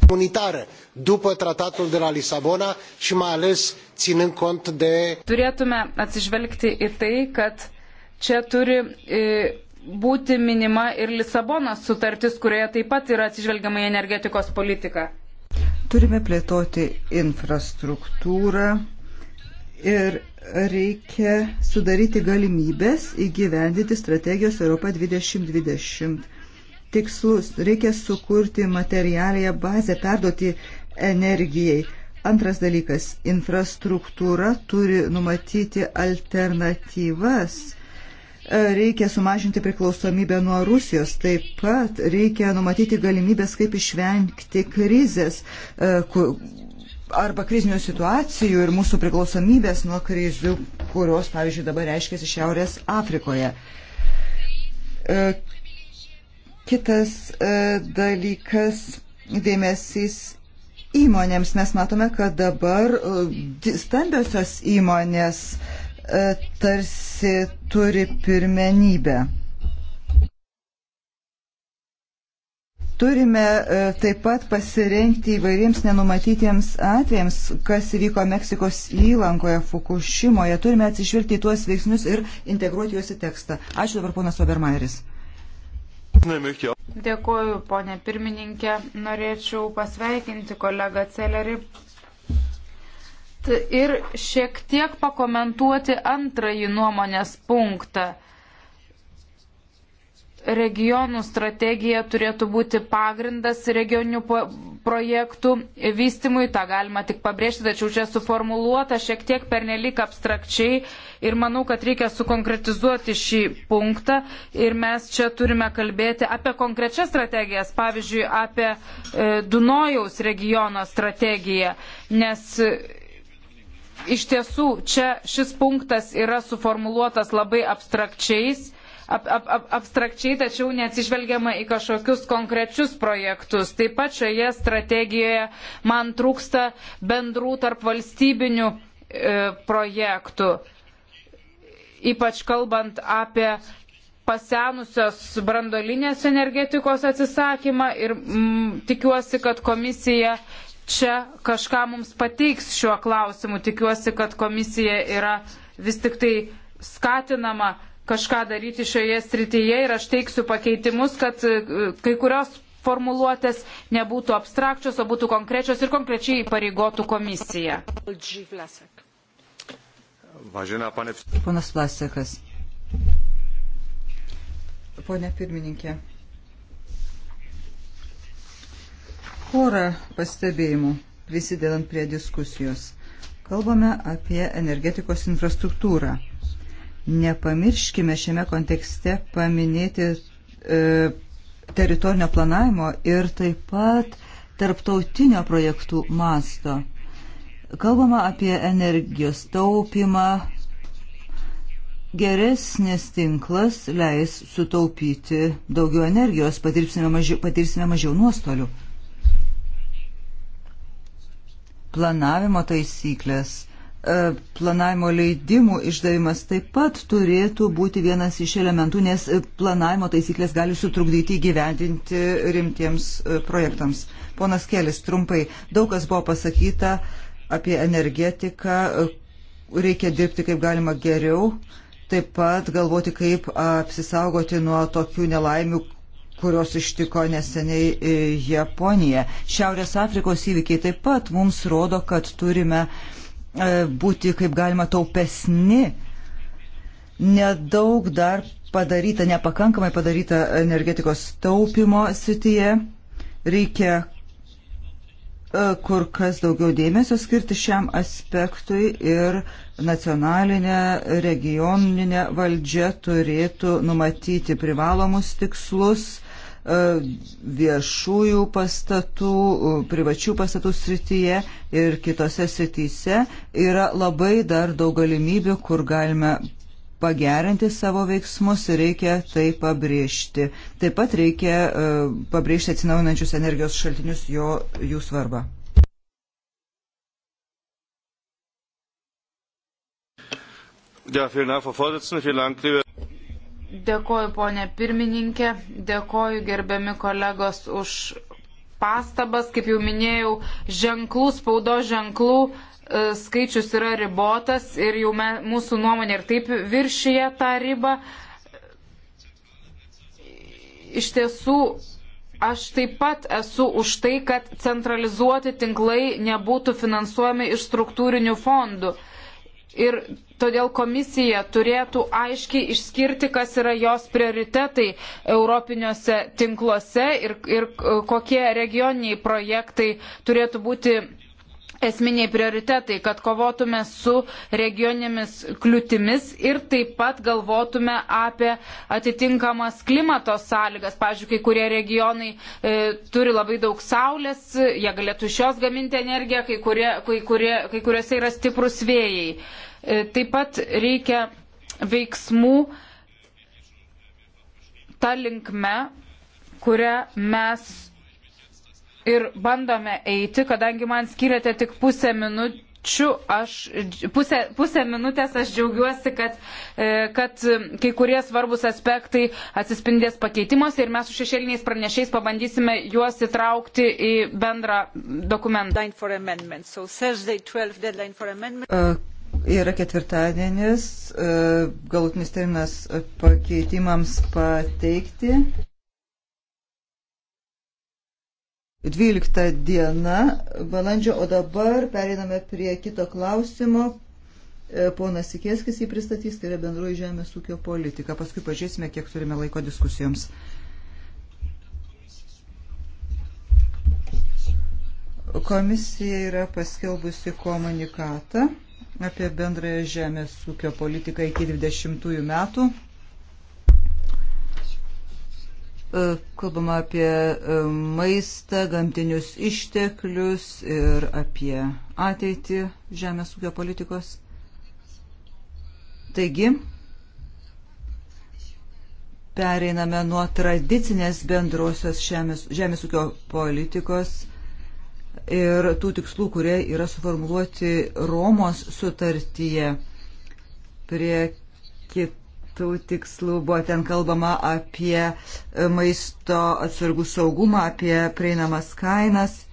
comunitară după tratatul de la Lisabona și mai ales ținând cont de... Turėtume atsižvelgti į tai, kad čia turi e, būti minima ir Lisabonos sutartis, kurioje taip pat yra atsižvelgiama į energetikos politiką. Turime plėtoti infrastruktūrą ir reikia sudaryti galimybės įgyvendyti strategijos Europa 2020 tikslus. Reikia sukurti materialėje bazę, perduoti energijai. Antras dalykas - infrastruktūra turi numatyti alternatyvas. E, reikia sumažinti priklausomybę nuo Rusijos, taip pat reikia numatyti galimybės, kaip išvengti krizės e, arba krizinių situacijų ir mūsų priklausomybės nuo krizių, kurios, pavyzdžiui, dabar reiškia Šiaurės Afrikoje e, Kitas e, dalykas - dėmesys įmonėms. Mes matome, kad dabar e, stambiosios įmonės e, tarsi turi pirmenybę. Turime taip pat pasirengti įvairiems nenumatytiems atvejams, kas įvyko Meksikos įlankoje, Fukushimoje. Turime atsižvelgti į tuos veiksnius ir integruoti juos į tekstą. Ačiū dabar, ponas Obermaeris. Dėkuoju, ponė pirmininkė. Norėčiau pasveikinti kolegą Celerį ir šiek tiek pakomentuoti antrąjį nuomonės punktą regionų strategija turėtų būti pagrindas regioninių projektų vystimui, tą galima tik pabrėžti, tačiau čia suformuluota šiek tiek pernelik abstrakčiai ir manau, kad reikia sukonkretizuoti šį punktą ir mes čia turime kalbėti apie konkrečias strategijas, pavyzdžiui, apie e, Dunojaus regiono strategiją, nes e, iš tiesų čia šis punktas yra suformuluotas labai abstrakčiais ap, ap, ap, abstrakčiai, tačiau neatsižvelgiama į kažkokius konkrečius projektus. Taip pat šioje strategijoje man trūksta bendrų tarp valstybinių e, projektų, ypač kalbant apie pasenusios brandolinės energetikos atsisakymą ir mm, tikiuosi, kad komisija čia kažką mums pateiks šiuo klausimu. Tikiuosi, kad komisija yra vis tik tai skatinama kažką daryti šioje srityje ir aš teiksiu pakeitimus, kad e, kai kurios formuluotės nebūtų abstrakčios, o būtų konkrečios ir konkrečiai pareigotų komisiją. Ponas Plasekas. Pone pirmininkė. Porą pastebėjimų prisidedant prie diskusijos. Kalbame apie energetikos infrastruktūrą. Nepamirškime šiame kontekste paminėti e, teritorinio planavimo ir taip pat tarptautinio projektų masto. Kalbama apie energijos taupimą. Geresnis tinklas leis sutaupyti daugiau energijos, patirsime mažiau, patirsime mažiau nuostolių. Planavimo taisyklės E, planavimo leidimų išdavimas taip pat turėtų būti vienas iš elementų, nes e, planavimo taisyklės gali sutrukdyti įgyvendinti rimtiems e, projektams. Ponas Kelis, trumpai, daug kas buvo pasakyta apie energetiką, reikia dirbti kaip galima geriau, taip pat galvoti, kaip apsisaugoti nuo tokių nelaimių, kurios ištiko neseniai Japoniją. Šiaurės Afrikos įvykiai taip pat mums rodo, kad turime uh, E, būti kaip galima taupesni. Nedaug dar padaryta, nepakankamai padaryta energetikos taupimo srityje. Reikia e, kur kas daugiau dėmesio skirti šiam aspektui ir nacionalinė, regioninė valdžia turėtų numatyti privalomus tikslus E, viešųjų pastatų, e, privačių pastatų srityje ir kitose srityse yra labai dar daug galimybių, kur galime pagerinti savo veiksmus ir reikia tai pabrėžti. Taip pat reikia e, pabrėžti atsinaujinančius energijos šaltinius, jo, jų svarbą. Ja, vielen Dank, Frau Vorsitzende. Vielen Dank, liebe Dėkoju, ponė pirmininkė, dėkoju gerbiami kolegos už pastabas. Kaip jau minėjau, ženklų, spaudo ženklų e, skaičius yra ribotas ir jau me, mūsų nuomonė ir taip viršyje tą ribą. Iš tiesų, aš taip pat esu už tai, kad centralizuoti tinklai nebūtų finansuojami iš struktūrinių fondų. Ir Todėl komisija turėtų aiškiai išskirti, kas yra jos prioritetai europiniuose tinkluose ir, ir e, kokie regioniniai projektai turėtų būti esminiai prioritetai, kad kovotume su regioninėmis kliūtimis ir taip pat galvotume apie atitinkamas klimato sąlygas. Pavyzdžiui, kai kurie regionai e, turi labai daug saulės, jie galėtų iš jos gaminti energiją, kai, kurie, kai, kurie, kai kuriuose yra stiprus vėjai. E, taip pat reikia veiksmų tą linkme, kurią mes ir bandome eiti, kadangi man skiriate tik pusę minutę minučių aš, pusę, pusę minutės aš džiaugiuosi, kad, e, kad kai kurie svarbus aspektai atsispindės pakeitimuose ir mes su šešėliniais pranešiais pabandysime juos įtraukti į bendrą dokumentą. Yra ketvirtadienis, e, galutinis terminas pakeitimams pateikti. 12 diena balandžio, o dabar pereiname prie kito klausimo. E, ponas Sikėskis jį pristatys, tai yra bendroji žemės ūkio politika. Paskui pažiūrėsime, kiek turime laiko diskusijoms. Komisija yra paskelbusi komunikatą apie bendrąją žemės ūkio politiką iki 20 metų. E, kalbama apie e, maistą, gamtinius išteklius ir apie ateitį žemės ūkio politikos. Taigi, pereiname nuo tradicinės bendrosios žemės, žemės ūkio politikos ir tų tikslų, kurie yra suformuoluoti Romos sutartyje. Prie kitų tikslų buvo ten kalbama apie maisto atsargų saugumą, apie prieinamas kainas. E,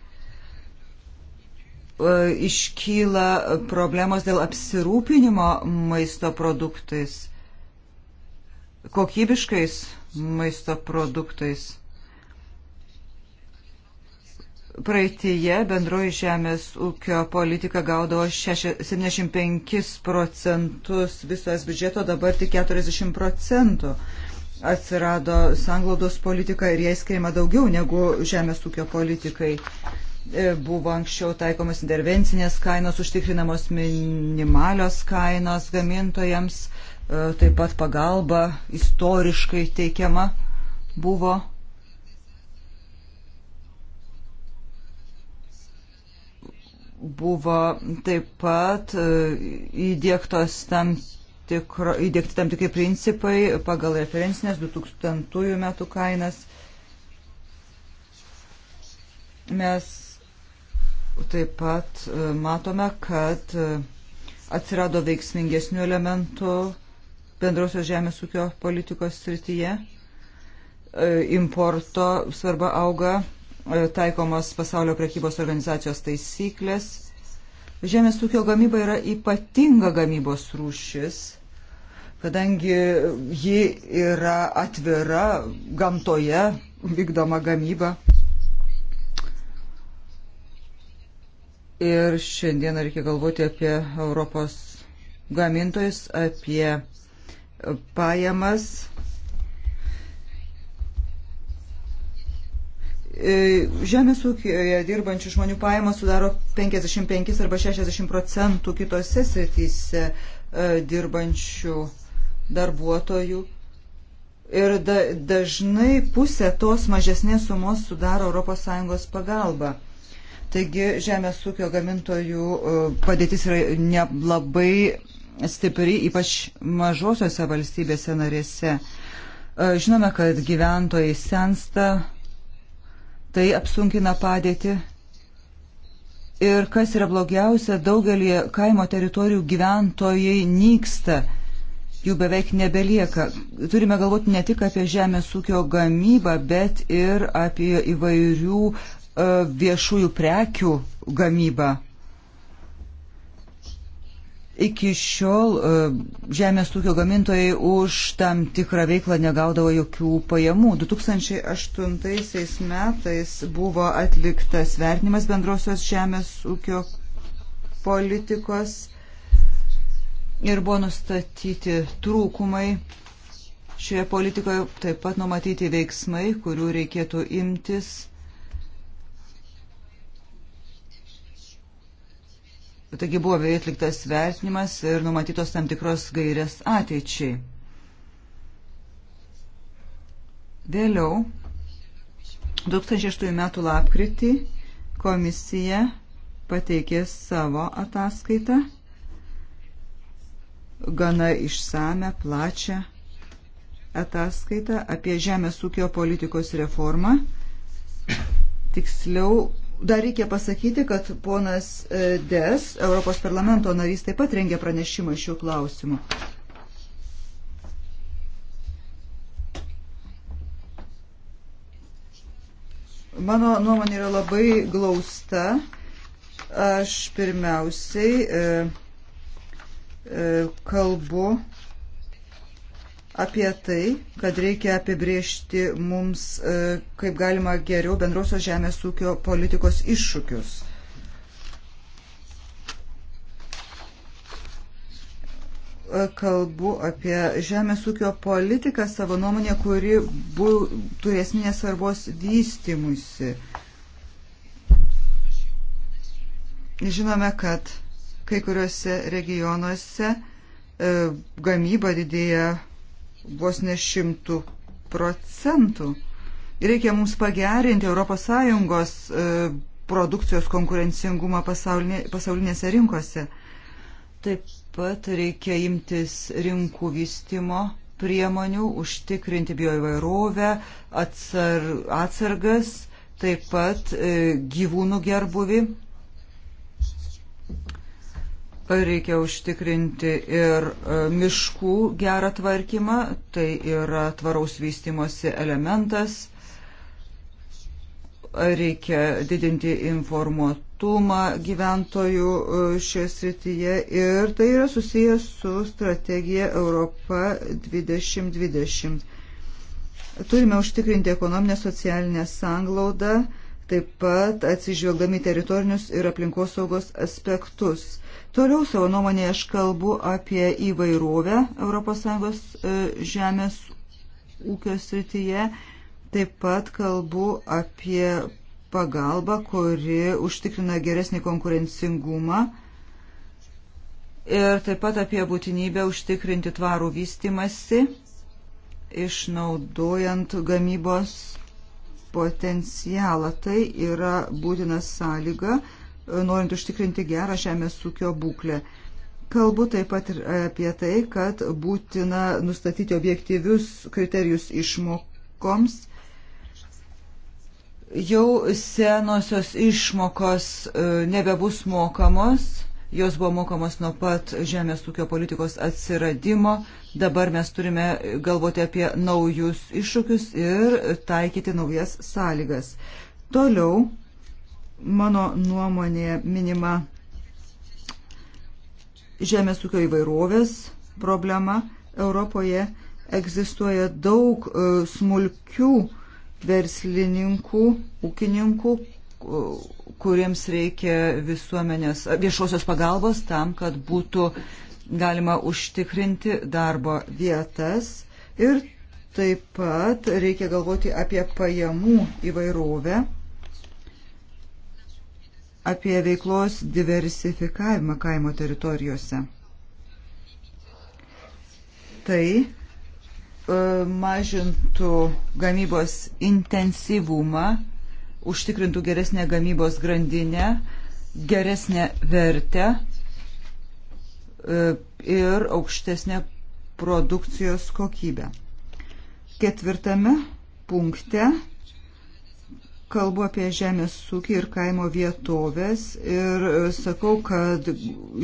iškyla problemos dėl apsirūpinimo maisto produktais, kokybiškais maisto produktais. Praeitėje bendroji žemės ūkio politika gaudavo 75 procentus visos biudžeto, dabar tik 40 procentų. Atsirado sanglaudos politika ir jai skiriama daugiau negu žemės ūkio politikai. E, buvo anksčiau taikomas intervencinės kainos, užtikrinamos minimalios kainos gamintojams, e, taip pat pagalba istoriškai teikiama buvo buvo taip pat e, įdėktos tam tikro, įdėkti tam tikri principai pagal referencinės 2000 metų kainas. Mes taip pat e, matome, kad e, atsirado veiksmingesnių elementų bendrosios žemės ūkio politikos srityje. Importo svarba auga E, taikomas pasaulio prekybos organizacijos taisyklės. Žemės ūkio gamyba yra ypatinga gamybos rūšis, kadangi ji yra atvira gamtoje vykdoma gamyba. Ir šiandieną reikia galvoti apie Europos gamintojus, apie pajamas E, žemės ūkijoje dirbančių žmonių pajamos sudaro 55 arba 60 procentų kitose srityse e, dirbančių darbuotojų. Ir da, dažnai pusė tos mažesnės sumos sudaro ES pagalba. Taigi žemės ūkio gamintojų e, padėtis yra labai stipri, ypač mažosiose valstybėse narėse. Žinome, kad gyventojai sensta, tai apsunkina padėtį. Ir kas yra blogiausia, daugelį kaimo teritorijų gyventojai nyksta, jų beveik nebelieka. Turime galvoti ne tik apie žemės ūkio gamybą, bet ir apie įvairių e, viešųjų prekių gamybą. Iki šiol e, žemės ūkio gamintojai už tam tikrą veiklą negaudavo jokių pajamų. 2008 metais buvo atliktas vertinimas bendrosios žemės ūkio politikos ir buvo nustatyti trūkumai. Šioje politikoje taip pat numatyti veiksmai, kurių reikėtų imtis Taigi buvo atliktas vertinimas ir numatytos tam tikros gairės ateičiai. Vėliau, 2006 m. lapkritį, komisija pateikė savo ataskaitą, gana išsame, plačią ataskaitą apie žemės ūkio politikos reformą, tiksliau Dar reikia pasakyti, kad ponas e, Des, Europos parlamento narys, taip pat rengia pranešimą šių klausimų. Mano nuomonė yra labai glausta. Aš pirmiausiai e, e, kalbu apie tai, kad reikia apibriežti mums, e, kaip galima geriau, bendrosios žemės ūkio politikos iššūkius. E, kalbu apie žemės ūkio politiką savo nuomonę, kuri turės minės svarbos vystimuisi. Žinome, kad kai kuriuose regionuose e, gamyba didėja vos ne šimtų procentų. Reikia mums pagerinti ES e, produkcijos konkurencingumą pasaulinė, pasaulinėse rinkose. Taip pat reikia imtis rinkų vystimo priemonių, užtikrinti bioįvairovę, atsar, atsargas, taip pat e, gyvūnų gerbuvi Reikia užtikrinti ir e, miškų gerą tvarkymą, tai yra tvaraus vystimosi elementas. Reikia didinti informuotumą gyventojų e, šioje srityje ir tai yra susijęs su strategija Europa 2020. Turime užtikrinti ekonominę socialinę sanglaudą taip pat atsižvelgdami teritorinius ir aplinkosaugos aspektus. Toliau savo nuomonėje aš kalbu apie įvairovę ES e, žemės ūkio srityje. Taip pat kalbu apie pagalbą, kuri užtikrina geresnį konkurencingumą. Ir taip pat apie būtinybę užtikrinti tvarų vystimasi, išnaudojant gamybos potencialą. Tai yra būtina sąlyga norint užtikrinti gerą žemės ūkio būklę. Kalbu taip pat ir apie tai, kad būtina nustatyti objektyvius kriterijus išmokoms. Jau senosios išmokos e, nebebus mokamos, jos buvo mokamos nuo pat žemės ūkio politikos atsiradimo. Dabar mes turime galvoti apie naujus iššūkius ir taikyti naujas sąlygas. Toliau mano nuomonė minima žemės ūkio įvairovės problema. Europoje egzistuoja daug e, smulkių verslininkų, ūkininkų, kuriems reikia visuomenės viešosios pagalbos tam, kad būtų galima užtikrinti darbo vietas ir taip pat reikia galvoti apie pajamų įvairovę apie veiklos diversifikavimą kaimo teritorijose. Tai e, mažintų gamybos intensyvumą, užtikrintų geresnę gamybos grandinę, geresnę vertę e, ir aukštesnę produkcijos kokybę. Ketvirtame punkte kalbu apie žemės ūkį ir kaimo vietovės ir e, sakau, kad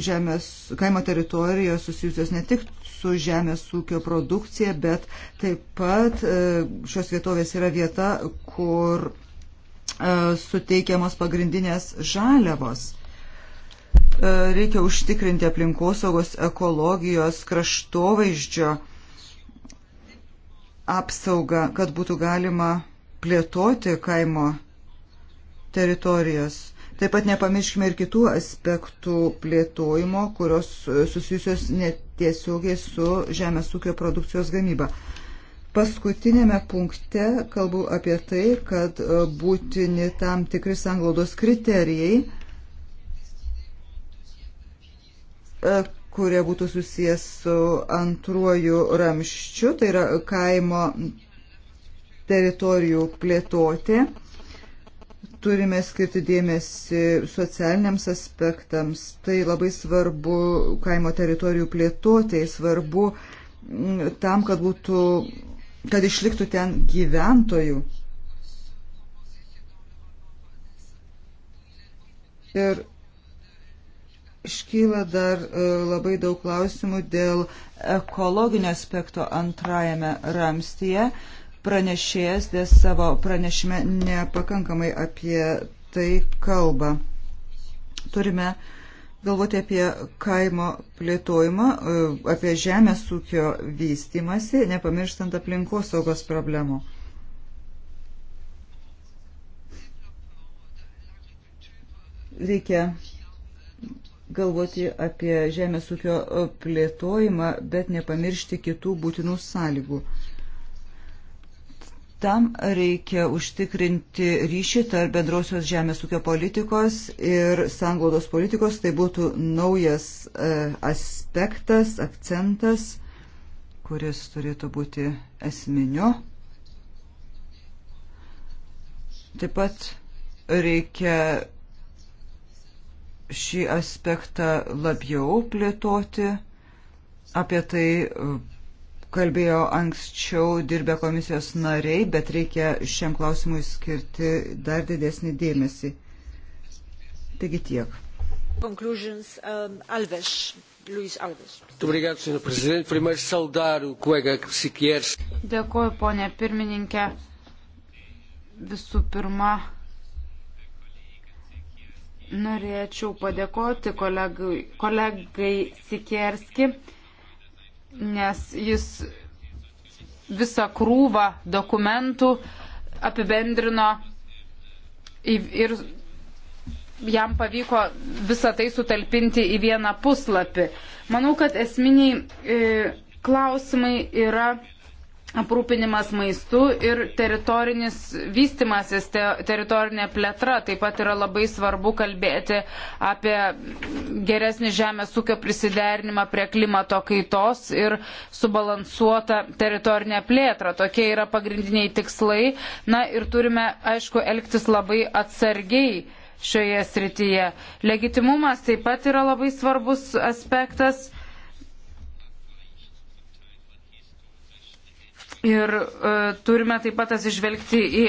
žemės, kaimo teritorijos susijusios ne tik su žemės ūkio produkcija, bet taip pat e, šios vietovės yra vieta, kur e, suteikiamos pagrindinės žaliavos. Reikia užtikrinti aplinkosaugos, ekologijos, kraštovaizdžio apsaugą, kad būtų galima plėtoti kaimo teritorijas. Taip pat nepamirškime ir kitų aspektų plėtojimo, kurios e, susijusios netiesiogiai su žemės ūkio produkcijos gamyba. Paskutinėme punkte kalbu apie tai, kad e, būtini tam tikri sanglaudos kriterijai, e, kurie būtų susijęs su antruoju ramščiu, tai yra kaimo teritorijų plėtoti. Turime skirti dėmesį socialiniams aspektams. Tai labai svarbu kaimo teritorijų plėtotėjai, svarbu mm, tam, kad, būtų, kad išliktų ten gyventojų. Ir iškyla dar e, labai daug klausimų dėl ekologinio aspekto antrajame ramstyje. Pranešėjas dėl savo pranešime nepakankamai apie tai kalba. Turime galvoti apie kaimo plėtojimą, apie žemės ūkio vystimasi, nepamirštant aplinkosaugos problemų. Reikia galvoti apie žemės ūkio plėtojimą, bet nepamiršti kitų būtinų sąlygų. Tam reikia užtikrinti ryšį tarp bendrosios žemės ūkio politikos ir sanglaudos politikos. Tai būtų naujas e, aspektas, akcentas, kuris turėtų būti esminiu. Taip pat reikia šį aspektą labiau plėtoti. Apie tai kalbėjo anksčiau dirbę komisijos nariai, bet reikia šiam klausimui skirti dar didesnį dėmesį. Taigi tiek. Conclusions, um, Alves. Luís Alves. Muito obrigado, Sr. Presidente. Primeiro, saudar o colega Siqueiros. Dėkuoju, ponė pirmininkė. Visų pirma, norėčiau padėkoti kolegai, kolegai Sikerski nes jis visą krūvą dokumentų apibendrino ir jam pavyko visą tai sutalpinti į vieną puslapį. Manau, kad esminiai e, klausimai yra aprūpinimas maistu ir teritorinis vystimasis, te, teritorinė plėtra. Taip pat yra labai svarbu kalbėti apie geresnį žemės ūkio prisiderinimą prie klimato kaitos ir subalansuotą teritorinę plėtrą. Tokie yra pagrindiniai tikslai. Na ir turime, aišku, elgtis labai atsargiai šioje srityje. Legitimumas taip pat yra labai svarbus aspektas Ir e, turime taip pat atsižvelgti į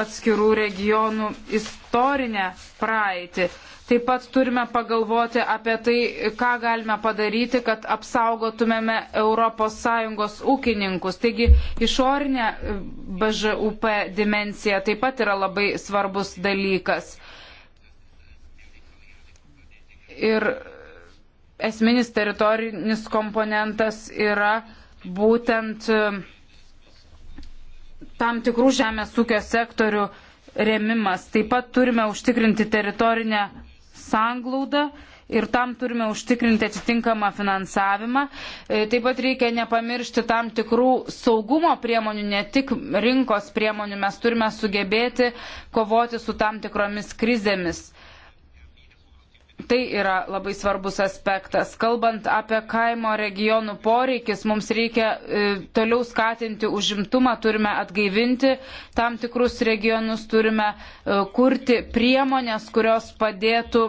atskirų regionų istorinę praeitį. Taip pat turime pagalvoti apie tai, ką galime padaryti, kad apsaugotumėme ES ūkininkus. Taigi išorinė e, BŽUP dimencija taip pat yra labai svarbus dalykas. Ir esminis teritorinis komponentas yra būtent. E, tam tikrų žemės ūkio sektorių remimas. Taip pat turime užtikrinti teritorinę sanglaudą ir tam turime užtikrinti atitinkamą finansavimą. E, taip pat reikia nepamiršti tam tikrų saugumo priemonių, ne tik rinkos priemonių. Mes turime sugebėti kovoti su tam tikromis krizėmis. Tai yra labai svarbus aspektas. Kalbant apie kaimo regionų poreikis, mums reikia e, toliau skatinti užimtumą, turime atgaivinti tam tikrus regionus, turime e, kurti priemonės, kurios padėtų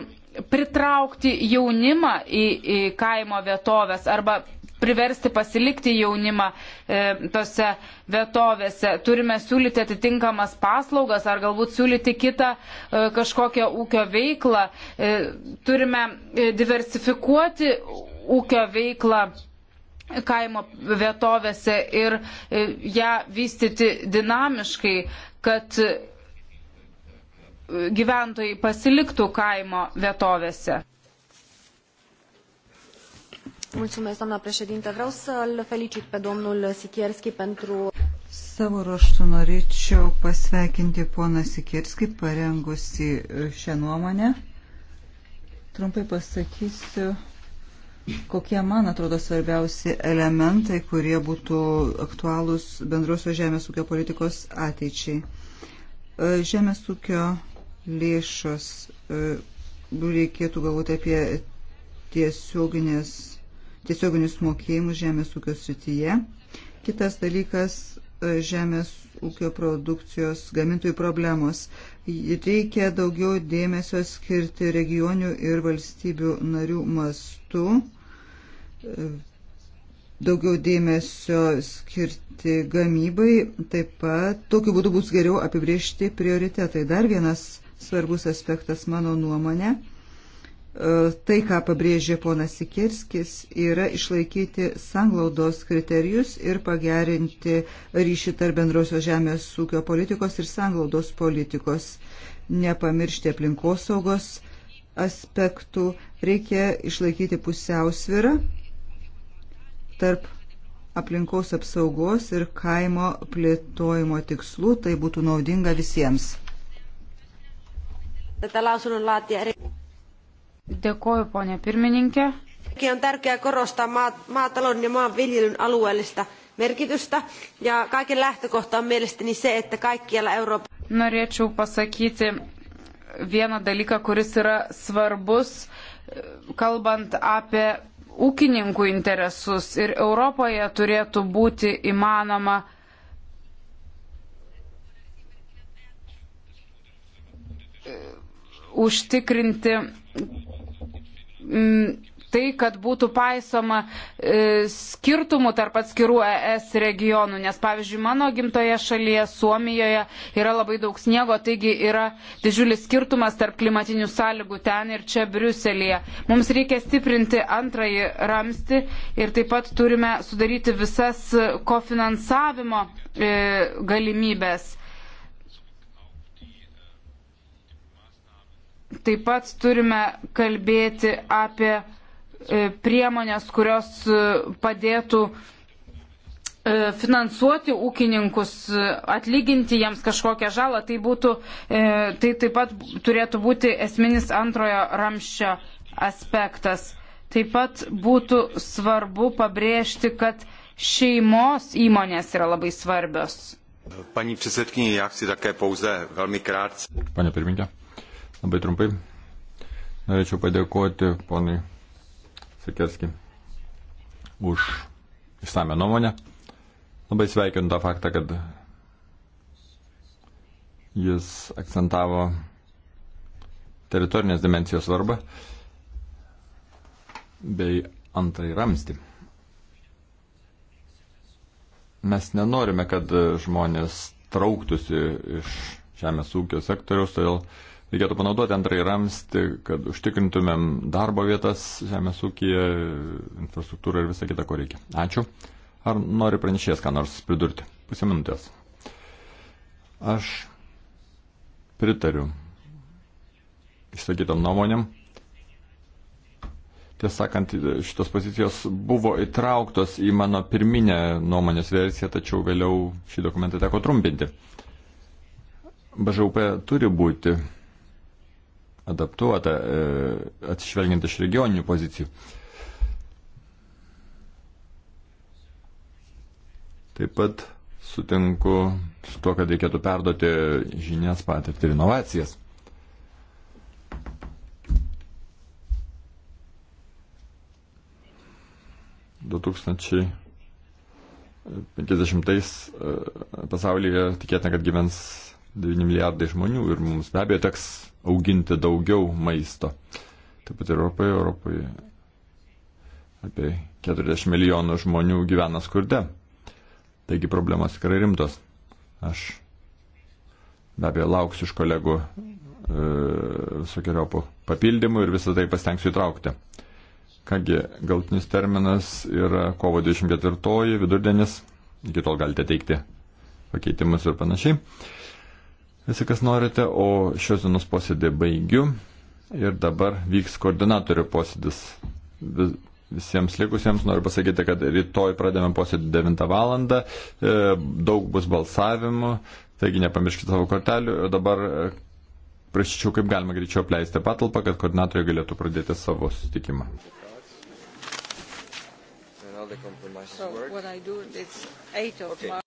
pritraukti jaunimą į, į kaimo vietovės arba priversti pasilikti jaunimą e, tose vietovėse. Turime siūlyti atitinkamas paslaugas ar galbūt siūlyti kitą e, kažkokią ūkio veiklą. E, turime e, diversifikuoti ūkio veiklą kaimo vietovėse ir e, ją vystyti dinamiškai, kad gyventojai pasiliktų kaimo vietovėse. Mulțumesc, doamna președinte. Vreau să-l felicit pe domnul Sikierski pentru... Savo ruoštų norėčiau pasveikinti poną Sikierskį, parengusi e, šią nuomonę. Trumpai pasakysiu, kokie man atrodo svarbiausi elementai, kurie būtų aktualūs bendrosios žemės ūkio politikos ateičiai. E, žemės ūkio lėšos e, reikėtų galvoti apie tiesioginės tiesioginius mokėjimus žemės ūkio srityje. Kitas dalykas e, - žemės ūkio produkcijos gamintojų problemos. Reikia daugiau dėmesio skirti regionių ir valstybių narių mastu, e, daugiau dėmesio skirti gamybai, taip pat tokiu būdu bus geriau apibriežti prioritetai. Dar vienas svarbus aspektas mano nuomonė E, tai, ką pabrėžė ponas Sikerskis, yra išlaikyti sanglaudos kriterijus ir pagerinti ryšį tarp bendrosios žemės ūkio politikos ir sanglaudos politikos. Nepamiršti aplinkosaugos aspektų, reikia išlaikyti pusiausvirą tarp aplinkos apsaugos ir kaimo plėtojimo tikslų, tai būtų naudinga visiems. Tätä lausunnon laatia Dėkoju, ponė pirmininkė. On tärkeää korostaa maatalouden ja maanviljelyn alueellista merkitystä ja kaiken lähtökohta on mielestäni se, että kaikkialla Euroopassa. Norėčiau pasakyti vieną dalyką, kuris yra svarbus, kalbant apie ūkininkų interesus ir Europoje turėtų būti įmanoma užtikrinti Mm, tai, kad būtų paisoma e, skirtumų tarp atskirų ES regionų, nes pavyzdžiui, mano gimtoje šalyje, Suomijoje, yra labai daug sniego, taigi yra didžiulis skirtumas tarp klimatinių sąlygų ten ir čia Briuselėje. Mums reikia stiprinti antrąjį ramsti ir taip pat turime sudaryti visas kofinansavimo e, galimybės. taip pat turime kalbėti apie e, priemonės, kurios e, padėtų e, finansuoti ūkininkus, atlyginti jiems kažkokią žalą, tai, būtų, tai taip pat turėtų būti esminis antrojo ramščio aspektas. Taip pat būtų svarbu pabrėžti, kad šeimos įmonės yra labai svarbios. Pani předsedkyně, já chci také pouze velmi krátce. Pane pirmininkė. Labai trumpai norėčiau padėkoti ponui Sikerski už išsame nuomonę. Labai sveikinu tą faktą, kad jis akcentavo teritorinės dimensijos svarbą bei antrąjį ramstį. Mes nenorime, kad žmonės trauktųsi iš žemės ūkio sektoriaus, todėl tai Reikėtų panaudoti antrąjį ramstį, kad užtikrintumėm darbo vietas žemės ūkija, infrastruktūrą ir visą kitą, ko reikia. Ačiū. Ar nori pranešėjas ką nors pridurti? Pusę minutės. Aš pritariu išsakytam nuomonėm. Tiesą sakant, šitos pozicijos buvo įtrauktos į mano pirminę nuomonės versiją, tačiau vėliau šį dokumentą teko trumpinti. BŽUP turi būti adaptuota, e, atsižvelgiant iš regioninių pozicijų. Taip pat sutinku su to, kad reikėtų perduoti žinias patirtį ir inovacijas. Du tūkstančiai 50-ais e, pasaulyje tikėtina, kad gyvens 9 milijardai žmonių ir mums be abejo teks auginti daugiau maisto. Taip pat Europoje, Europoje apie 40 milijonų žmonių gyvena skurde. Taigi problemas tikrai rimtos. Aš be abejo lauksiu iš kolegų e, visokiojopų papildymų ir visą tai pastengsiu įtraukti. Kągi, galtinis terminas yra kovo 24 vidurdienis, iki tol galite teikti pakeitimus ir panašiai visi, kas norite, o šios dienos posėdį baigiu. Ir dabar vyks koordinatorių posėdis. Vis, visiems likusiems noriu pasakyti, kad rytoj pradėme posėdį 9 val. E, daug bus balsavimų, taigi nepamirškite savo kortelių. O dabar e, prašyčiau, kaip galima greičiau apleisti patalpą, kad koordinatoriai galėtų pradėti savo susitikimą. So what I do, it's 8 of okay. March.